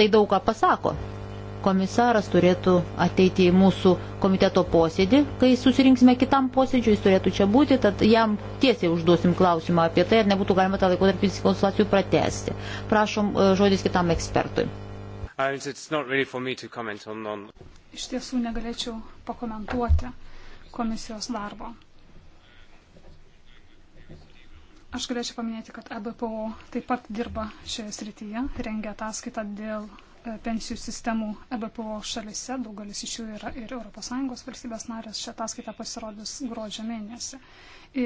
tai daug ką pasako. Komisaras turėtų ateiti į mūsų komiteto posėdį, kai susirinksime kitam posėdžiui, jis turėtų čia būti, tad jam tiesiai užduosim klausimą apie tai, ar nebūtų galima tą laikotarpį konsultacijų pratesti. Prašom e, žodis kitam ekspertui. I mean, really on, on iš tiesų negalėčiau pakomentuoti komisijos darbo. Aš galėčiau paminėti, kad EBPO taip pat dirba šioje srityje, rengia ataskaitą dėl e, pensijų sistemų EBPO šalise, daugelis iš jų yra ir ES valstybės narės, šią ataskaitą pasirodys gruodžio mėnesį.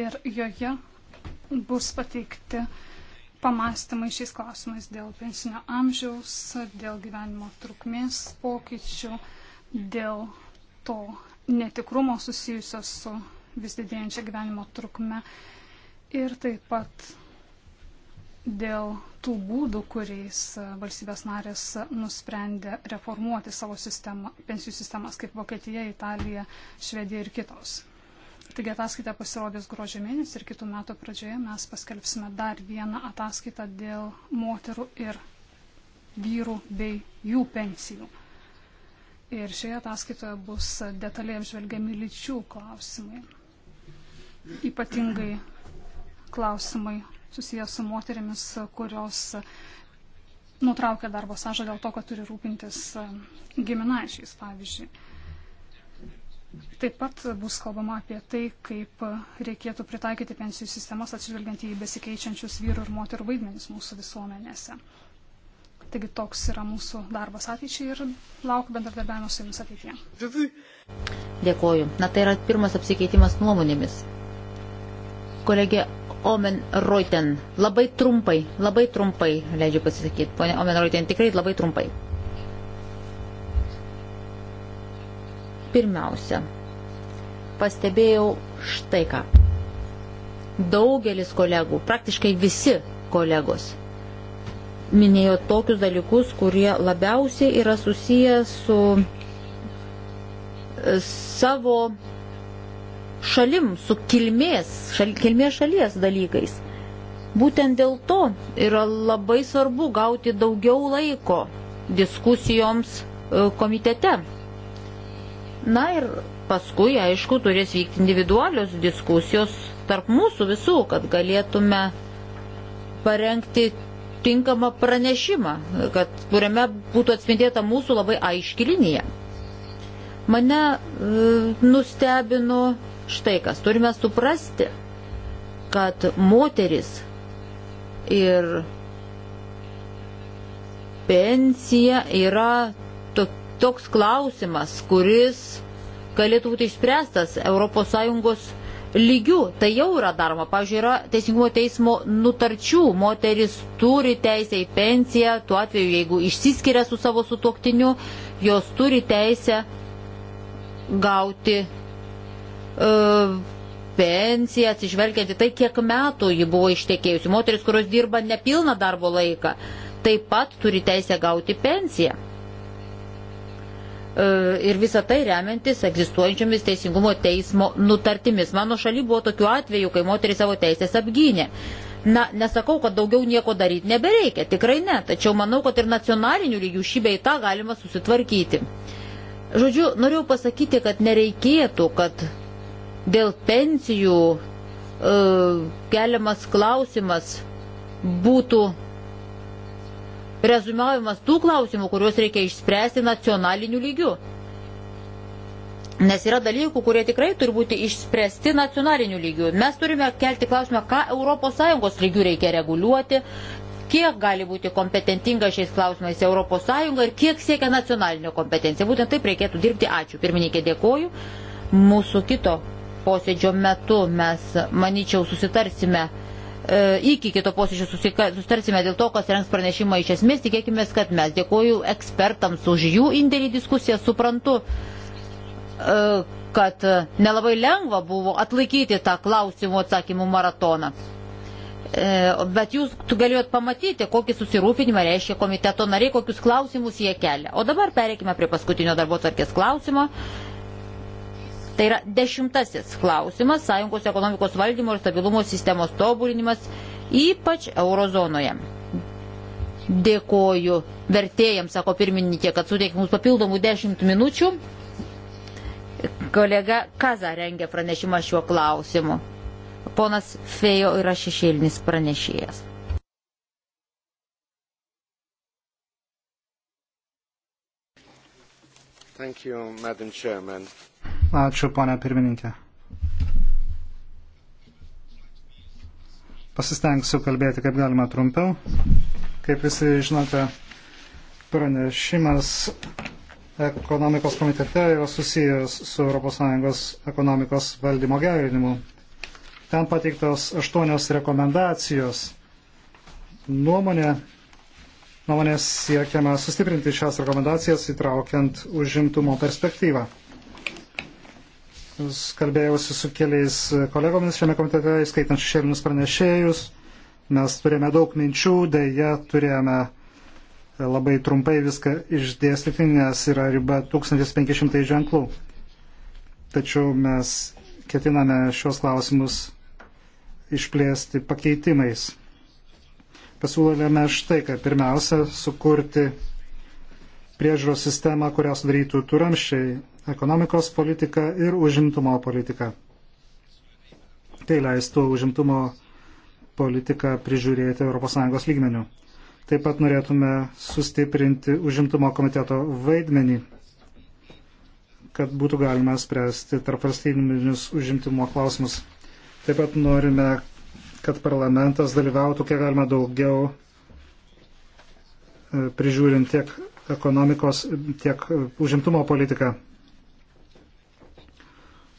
Ir joje bus pateikti pamastymai šiais klausimais dėl pensinio amžiaus, dėl gyvenimo trukmės pokyčių, dėl to netikrumo susijusio su vis didėjančia gyvenimo trukme ir taip pat dėl tų būdų, kuriais valstybės narės nusprendė reformuoti savo sistemą, pensijų sistemas, kaip Vokietija, Italija, Švedija ir kitos. Taigi ataskaita pasirodys gruodžio mėnesį ir kitų metų pradžioje mes paskelbsime dar vieną ataskaitą dėl moterų ir vyrų bei jų pensijų. Ir šioje ataskaitoje bus detaliai apžvelgiami lyčių klausimai. Ypatingai klausimai susijęs su moterimis, kurios nutraukia darbo stažą dėl to, kad turi rūpintis giminaičiais, pavyzdžiui. Taip pat bus kalbama apie tai, kaip reikėtų pritaikyti pensijų sistemas atsižvelgiant į besikeičiančius vyrų ir moterų vaidmenis mūsų visuomenėse. Taigi toks yra mūsų darbas ateičiai ir laukiu bendradarbiavimo su jumis ateityje. Dėkoju. Na tai yra pirmas apsikeitimas nuomonėmis. Kolegė Omen Reuten, labai trumpai, labai trumpai, leidžiu pasisakyti, ponė Omen Reuten, tikrai labai trumpai. Pirmiausia, pastebėjau štai ką. Daugelis kolegų, praktiškai visi kolegos minėjo tokius dalykus, kurie labiausiai yra susiję su e, savo šalim, su kilmės, šal, kilmės šalies dalykais. Būtent dėl to yra labai svarbu gauti daugiau laiko diskusijoms e, komitete. Na ir paskui, aišku, turės vykti individualios diskusijos tarp mūsų visų, kad galėtume parengti tinkamą pranešimą, kad kuriame būtų atspindėta mūsų labai aiški linija. Mane e, nustebino štai kas. Turime suprasti, kad moteris ir pensija yra toks klausimas, kuris galėtų būti išspręstas ES lygių. Tai jau yra daroma. Pavyzdžiui, yra teisingumo teismo nutarčių. Moteris turi teisę į pensiją, tuo atveju, jeigu išsiskiria su savo sutoktiniu, jos turi teisę gauti e, pensiją, atsižvelgiant į tai, kiek metų ji buvo ištekėjusi. Moteris, kurios dirba nepilną darbo laiką, taip pat turi teisę gauti pensiją. E, ir visą tai remiantis egzistuojančiomis teisingumo teismo nutartimis. Mano šaly buvo tokių atvejų, kai moteriai savo teisės apgynė. Na, nesakau, kad daugiau nieko daryti nebereikia, tikrai ne, tačiau manau, kad ir nacionaliniu lygiu šį beitą galima susitvarkyti. Žodžiu, norėjau pasakyti, kad nereikėtų, kad dėl pensijų e, keliamas klausimas būtų rezumiavimas tų klausimų, kuriuos reikia išspręsti nacionaliniu lygiu. Nes yra dalykų, kurie tikrai turi būti išspręsti nacionaliniu lygiu. Mes turime kelti klausimą, ką ES lygiu reikia reguliuoti, kiek gali būti kompetentinga šiais klausimais ES ir kiek siekia nacionalinio kompetencija. Būtent taip reikėtų dirbti. Ačiū. Pirmininkė, dėkoju. Mūsų kito posėdžio metu mes, manyčiau, susitarsime E, iki kito posėdžio susitarsime dėl to, kas rengs pranešimą iš esmės. Tikėkime, kad mes dėkoju ekspertams už jų indėlį diskusiją. Suprantu, e, kad nelabai lengva buvo atlaikyti tą klausimų atsakymų maratoną. E, bet jūs galėjot pamatyti, kokį susirūpinimą reiškia komiteto nariai, kokius klausimus jie kelia. O dabar pereikime prie paskutinio darbo tvarkės klausimo. Tai yra dešimtasis klausimas - sąjungos ekonomikos valdymo ir stabilumo sistemos tobulinimas, ypač eurozonoje. Dėkoju vertėjams, sako pirmininkė, kad suteik mums papildomų 10 minučių. Kolega Kaza rengia pranešimą šiuo klausimu. Ponas Fejo yra šešėlinis pranešėjas. Thank you, Madam Chairman. Ačiū, ponia pirmininkė. Pasistengsiu kalbėti kaip galima trumpiau. Kaip visi žinote, pranešimas ekonomikos komitete yra susijęs su ES ekonomikos valdymo gerinimu. Ten pateiktos aštuonios rekomendacijos. Nuomonė, nuomonės siekiama sustiprinti šias rekomendacijas įtraukiant užimtumo perspektyvą kalbėjausi su keliais kolegomis šiame komitete, įskaitant šešėlinius pranešėjus. Mes turėjome daug minčių, dėja turėjome e, labai trumpai viską išdėstyti, nes yra riba 1500 ženklų. Tačiau mes ketiname šios klausimus išplėsti pakeitimais. Pasiūlėme štai, kad pirmiausia, sukurti priežiūros sistemą, kurią sudarytų turamščiai ekonomikos politiką ir užimtumo politiką. Tai leistų užimtumo politiką prižiūrėti ES lygmenių. Taip pat norėtume sustiprinti užimtumo komiteto vaidmenį, kad būtų galima spręsti tarpvalstybinius užimtumo klausimus. Taip pat norime, kad parlamentas dalyvautų kiek galima daugiau e, prižiūrint tiek ekonomikos, tiek užimtumo politiką.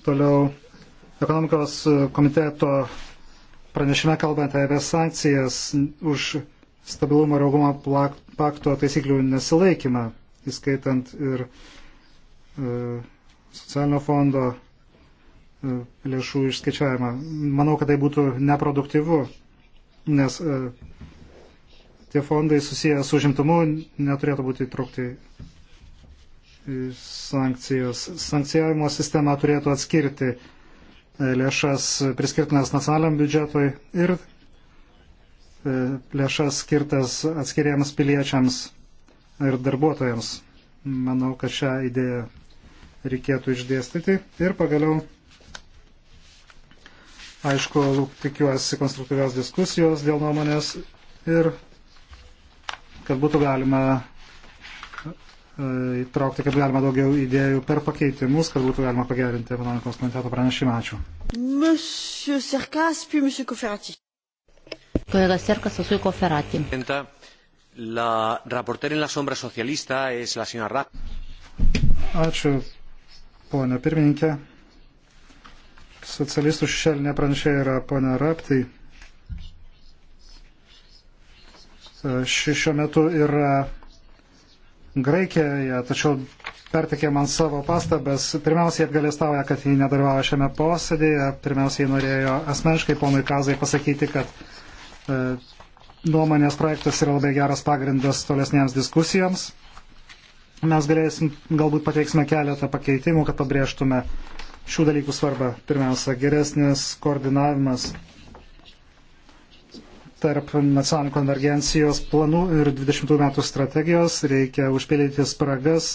Toliau ekonomikos e, komiteto pranešime kalbant apie sankcijas už stabilumo ir augumo pakto taisyklių nesilaikymą, įskaitant ir e, socialinio fondo e, lėšų išskaičiavimą. Manau, kad tai būtų neproduktyvu, nes e, tie fondai susijęs su žimtumu neturėtų būti įtraukti sankcijos. Sankcijavimo sistema turėtų atskirti lėšas priskirtinas nacionaliam biudžetui ir e, lėšas skirtas atskiriems piliečiams ir darbuotojams. Manau, kad šią idėją reikėtų išdėstyti. Ir pagaliau, aišku, tikiuosi konstruktyvios diskusijos dėl nuomonės ir kad būtų galima E, įtraukti, kad galima daugiau idėjų per pakeitimus, kad būtų galima pagerinti ekonomikos komiteto pranešimą. Ačiū. Monsieur Serkas, puis Monsieur Koferati. Kolega Serkas, paskui Koferati. La reporter en la sombra socialista es la señora Rap. Ačiū, ponia pirmininkė. Socialistų šešėlinė pranešė yra ponia Raptai. E, ši šiuo metu yra Graikijoje, tačiau pertikė man savo pastabas. Pirmiausiai apgalėstauja, kad jį nedalyvavo šiame posėdėje. Pirmiausiai norėjo asmeniškai ponui Kazai pasakyti, kad e, nuomonės projektas yra labai geras pagrindas tolesniems diskusijoms. Mes galėsim, galbūt pateiksime keletą pakeitimų, kad pabrėžtume šių dalykų svarbą. Pirmiausia, geresnis koordinavimas tarp nacionalinių konvergencijos planų ir 20 metų strategijos reikia užpildyti spragas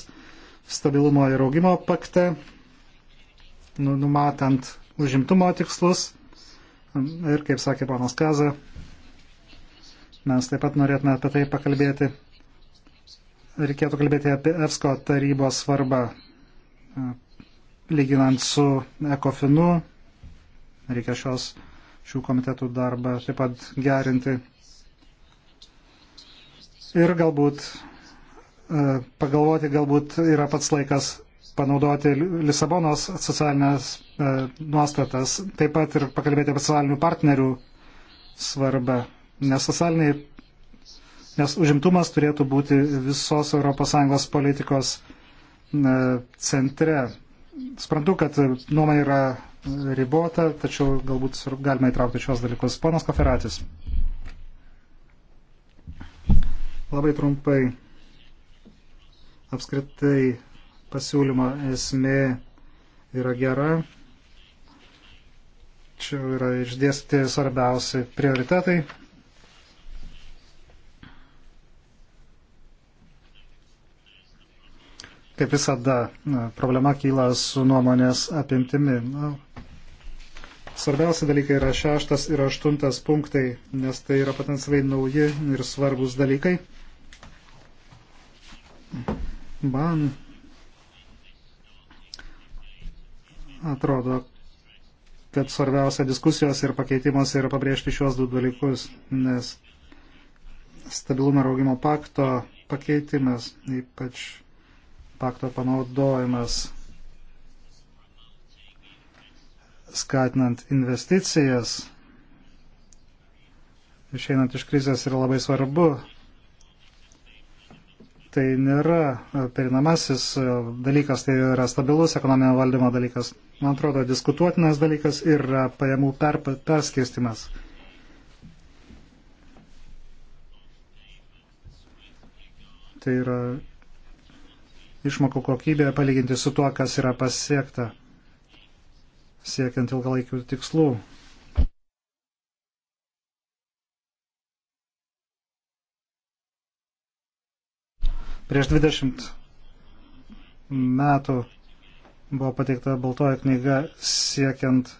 stabilumo ir augimo pakte, nu, numatant užimtumo tikslus. Ir, kaip sakė ponas Kaza, mes taip pat norėtume apie tai pakalbėti. Reikėtų kalbėti apie EFSCO tarybos svarbą, lyginant su ECOFINu. Reikia šios šių komitetų darbą taip pat gerinti. Ir galbūt e, pagalvoti, galbūt yra pats laikas panaudoti Lisabonos socialinės e, nuostatas, taip pat ir pakalbėti apie socialinių partnerių svarbą, nes socialiniai, nes užimtumas turėtų būti visos ES politikos e, centre. Sprantu, kad nuomonė yra ribota, tačiau galbūt galima įtraukti šios dalykus. Ponas Koferatis. Labai trumpai apskritai pasiūlymo esmė yra gera. Čia yra išdėsti svarbiausi prioritetai. Kaip visada, problema kyla su nuomonės apimtimi. Na, Svarbiausia dalykai yra šeštas ir aštuntas punktai, nes tai yra potencialiai nauji ir svarbus dalykai. Man atrodo, kad svarbiausia diskusijos ir pakeitimuose yra pabrėžti šios du dalykus, nes stabilumo ir augimo pakto pakeitimas, ypač pakto panaudojimas skatinant investicijas, išeinant iš krizės yra labai svarbu. Tai nėra e, perinamasis e, dalykas, tai yra stabilus ekonominio valdymo dalykas. Man atrodo, diskutuotinas dalykas yra e, pajamų per, perskirstimas. Tai yra išmokų kokybė palyginti su tuo, kas yra pasiekta siekiant ilgalaikių tikslų. Prieš 20 metų buvo pateikta baltoja knyga siekiant e,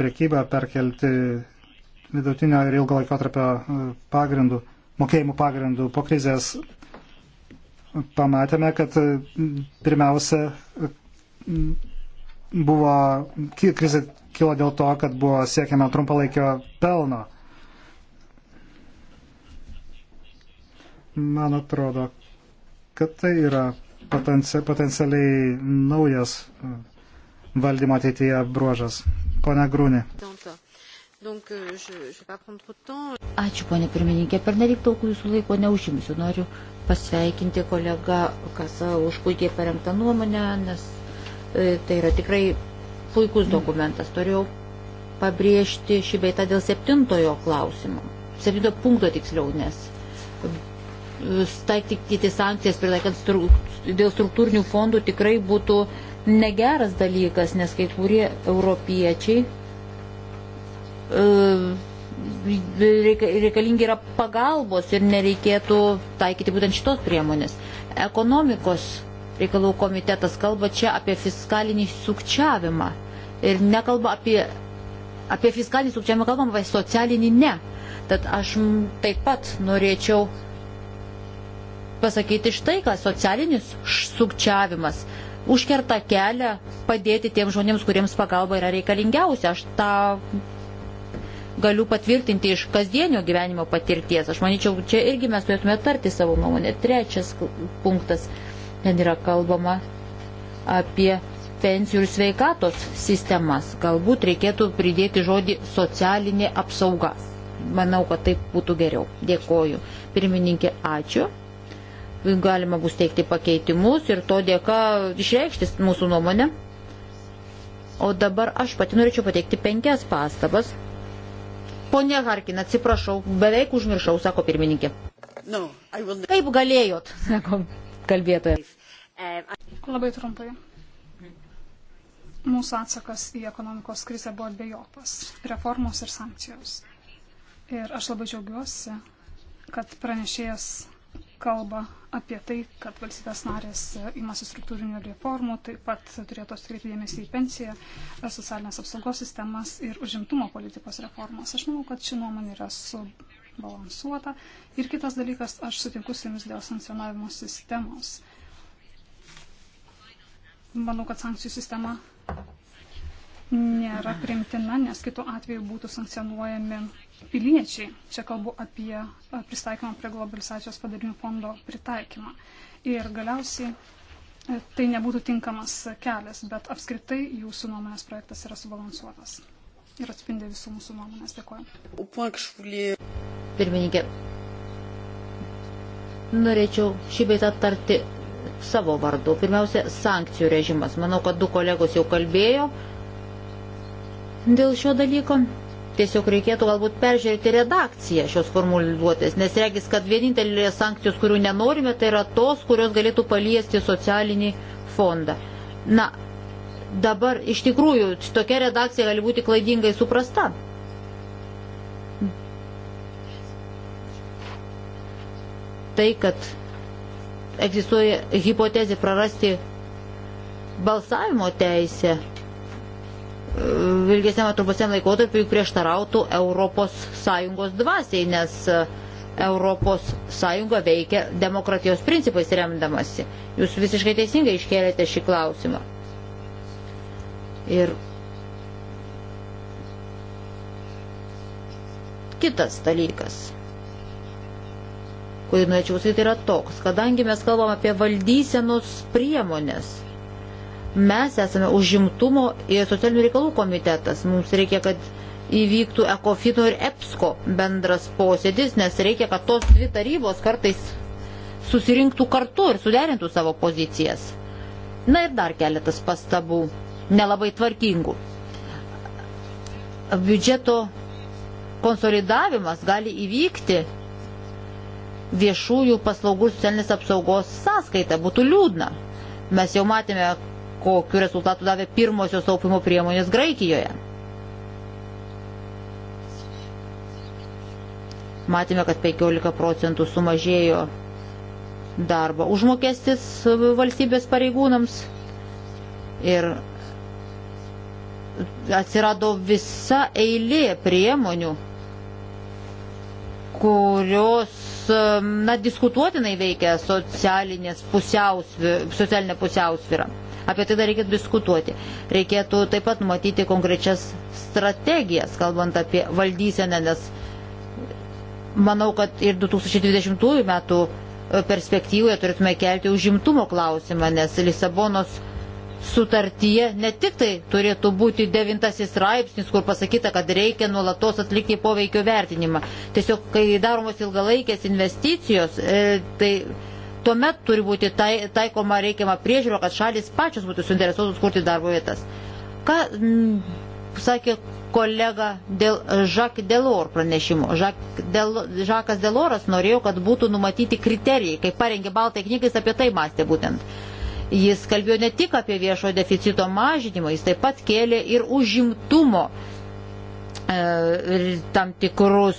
priekybą perkelti vidutinio ir ilgo laikotarpio e, pagrindų, mokėjimų pagrindų po krizės pamatėme, kad e, pirmiausia buvo, krizė kilo dėl to, kad buvo siekiama trumpalaikio pelno. Man atrodo, kad tai yra potencialiai naujas e, valdymo ateityje bruožas. Pone Grūni. Donc, euh, je, je pas trop de temps. Ačiū, ponė pirmininkė, per nelik daug jūsų laiko neužimsiu. Noriu pasveikinti kolegą Kasą už puikiai paremtą nuomonę, nes e, tai yra tikrai puikus dokumentas. Turėjau pabrėžti šį beitą dėl septintojo klausimo. Septinto punkto tiksliau, nes e, taikyti sankcijas prilaikant stru, dėl struktūrinių fondų tikrai būtų negeras dalykas, nes kai kurie europiečiai E, reikalingi yra pagalbos ir nereikėtų taikyti būtent šitos priemonės. Ekonomikos reikalų komitetas kalba čia apie fiskalinį sukčiavimą ir nekalba apie, apie fiskalinį sukčiavimą, kalbam apie socialinį ne. Tad aš taip pat norėčiau pasakyti štai, kad socialinis sukčiavimas užkerta kelią padėti tiem žmonėms, kuriems pagalba yra reikalingiausia. Aš tą galiu patvirtinti iš kasdienio gyvenimo patirties. Aš manyčiau, čia irgi mes turėtume tarti savo nuomonę. Trečias punktas. Ten yra kalbama apie pensijų ir sveikatos sistemas. Galbūt reikėtų pridėti žodį socialinė apsauga. Manau, kad taip būtų geriau. Dėkoju. Pirmininkė, ačiū galima bus teikti pakeitimus ir to dėka išreikšti mūsų nuomonę. O dabar aš pati norėčiau pateikti penkias pastabas Pone Harkin, atsiprašau, beveik užmiršau, sako pirmininkė. No, will... Kaip galėjot, sako kalbėtoja. Eh, labai trumpai. Mūsų atsakas į ekonomikos krizę buvo dviejopas - reformos ir sankcijos. Ir aš labai džiaugiuosi, kad pranešėjas kalba apie tai, kad valstybės narės imasi struktūrinių reformų, taip pat turėtų atkreipti dėmesį į pensiją, socialinės apsaugos sistemas ir užimtumo politikos reformas. Aš manau, kad ši nuomonė yra subalansuota. Ir kitas dalykas, aš sutinku su jumis dėl sankcionavimo sistemos. Manau, kad sankcijų sistema nėra primtina, nes kitu atveju būtų sankcionuojami piliečiai. Čia kalbu apie e, pristaikymą prie globalizacijos padarinių fondo pritaikymą. Ir galiausiai e, tai nebūtų tinkamas kelias, bet apskritai jūsų nuomonės projektas yra subalansuotas ir atspindi visų mūsų nuomonės. Dėkuoju. Pirmininkė, norėčiau šį beitą aptarti savo vardu. Pirmiausia, sankcijų režimas. Manau, kad du kolegos jau kalbėjo dėl šio dalyko. Tiesiog reikėtų galbūt peržiūrėti redakciją šios formuluotės, nes regis, kad vienintelės sankcijos, kurių nenorime, tai yra tos, kurios galėtų paliesti socialinį fondą. Na, dabar iš tikrųjų tokia redakcija gali būti klaidingai suprasta. Tai, kad egzistuoja hipotezė prarasti balsavimo teisę E, ilgesniam ar trumpasiam laikotarpiu prieštarautų ES dvasiai, nes ES veikia demokratijos principais remdamasi. Jūs visiškai teisingai iškėlėte šį klausimą. Ir kitas dalykas kurį norėčiau sakyti, yra toks, kadangi mes kalbam apie valdysenos priemonės, Mes esame užimtumo ir socialinių reikalų komitetas. Mums reikia, kad įvyktų Ekofino ir EPSCO bendras posėdis, nes reikia, kad tos dvi tarybos kartais susirinktų kartu ir suderintų savo pozicijas. Na ir dar keletas pastabų, nelabai tvarkingų. Biudžeto konsolidavimas gali įvykti viešųjų paslaugų socialinės apsaugos sąskaita. Būtų liūdna. Mes jau matėme, kokiu rezultatu davė pirmosios taupimo priemonės Graikijoje. Matėme, kad 15 procentų sumažėjo darbo užmokestis valstybės pareigūnams ir atsirado visa eilė priemonių, kurios, na, diskutuotinai veikia socialinė pusiausvyrą. Apie tai dar reikėtų diskutuoti. Reikėtų taip pat matyti konkrečias strategijas, kalbant apie valdyseną, nes manau, kad ir 2020 metų e, perspektyvoje turėtume kelti užimtumo klausimą, nes Lisabonos sutartyje ne tik tai turėtų būti devintasis straipsnis, kur pasakyta, kad reikia nuolatos atlikti poveikio vertinimą. Tiesiog, kai daromos ilgalaikės investicijos, e, tai tuomet turi būti tai, taikoma reikiama priežiūra, kad šalis pačios būtų suinteresuotos kurti darbo vietas. Ką m, mm, sakė kolega dėl Žak Delor pranešimo. Žak Del, Žakas Deloras norėjo, kad būtų numatyti kriterijai, kai parengė baltai knygai, jis apie tai mąstė būtent. Jis kalbėjo ne tik apie viešo deficito mažinimą, jis taip pat kėlė ir užimtumo už E, tam tikrus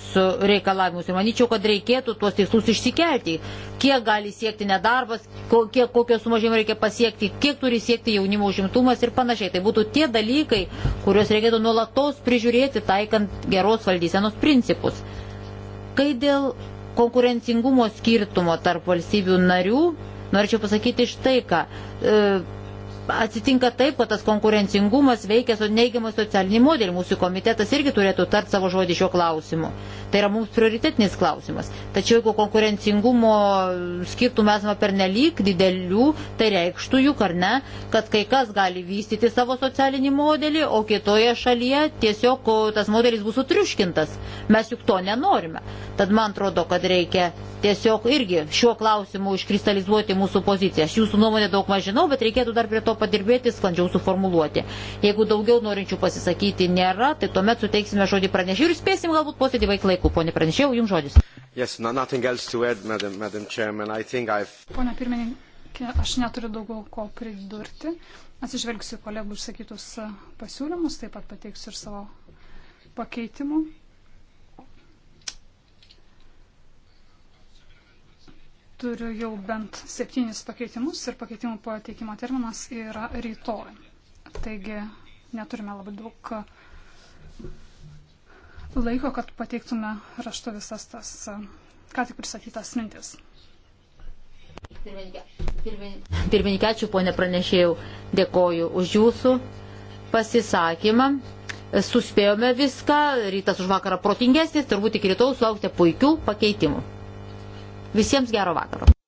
reikalavimus. Ir manyčiau, kad reikėtų tuos tikslus išsikelti. Kiek gali siekti nedarbas, kokie, kokio sumažėjimo reikia pasiekti, kiek turi siekti jaunimo užimtumas ir panašiai. Tai būtų tie dalykai, kuriuos reikėtų nuolatos prižiūrėti, taikant geros valdysenos principus. Kai dėl konkurencingumo skirtumo tarp valstybių narių, norėčiau pasakyti štai ką. E, atsitinka taip, kad tas konkurencingumas veikia su neigiamu socialiniu modeliu. Mūsų komitetas irgi turėtų tart savo žodį šio klausimu. Tai yra mums prioritetinis klausimas. Tačiau jeigu konkurencingumo skirtumą esame pernelyg didelių, tai reikštų juk ar ne, kad kai kas gali vystyti savo socialinį modelį, o kitoje šalyje tiesiog tas modelis bus sutriuškintas. Mes juk to nenorime. Tad man atrodo, kad reikia tiesiog irgi šiuo klausimu iškristalizuoti mūsų pozicijas. Jūsų nuomonė daug mažinau, bet reikėtų dar prie to to padirbėti, sklandžiau suformuluoti. Jeigu daugiau norinčių pasisakyti nėra, tai tuomet suteiksime žodį pranešėjui ir spėsim galbūt posėdį baigti laiku. Pone pranešėjau, jums žodis. Yes, no, add, madam, madam Pone pirmininkė, aš neturiu daugiau ko pridurti. Atsižvelgsiu kolegų išsakytus pasiūlymus, taip pat pateiksiu ir savo pakeitimų. turiu jau bent septynis pakeitimus ir pakeitimų pateikimo terminas yra rytoj. Taigi neturime labai daug laiko, kad pateiktume raštu visas tas ką tik pristatytas mintis. Pirmininkė, ačiū ponė pranešėjau, dėkoju už jūsų pasisakymą. Suspėjome viską, rytas už vakarą protingesnis, turbūt iki rytojų sulaukite puikių pakeitimų. Visiems gero vakaro.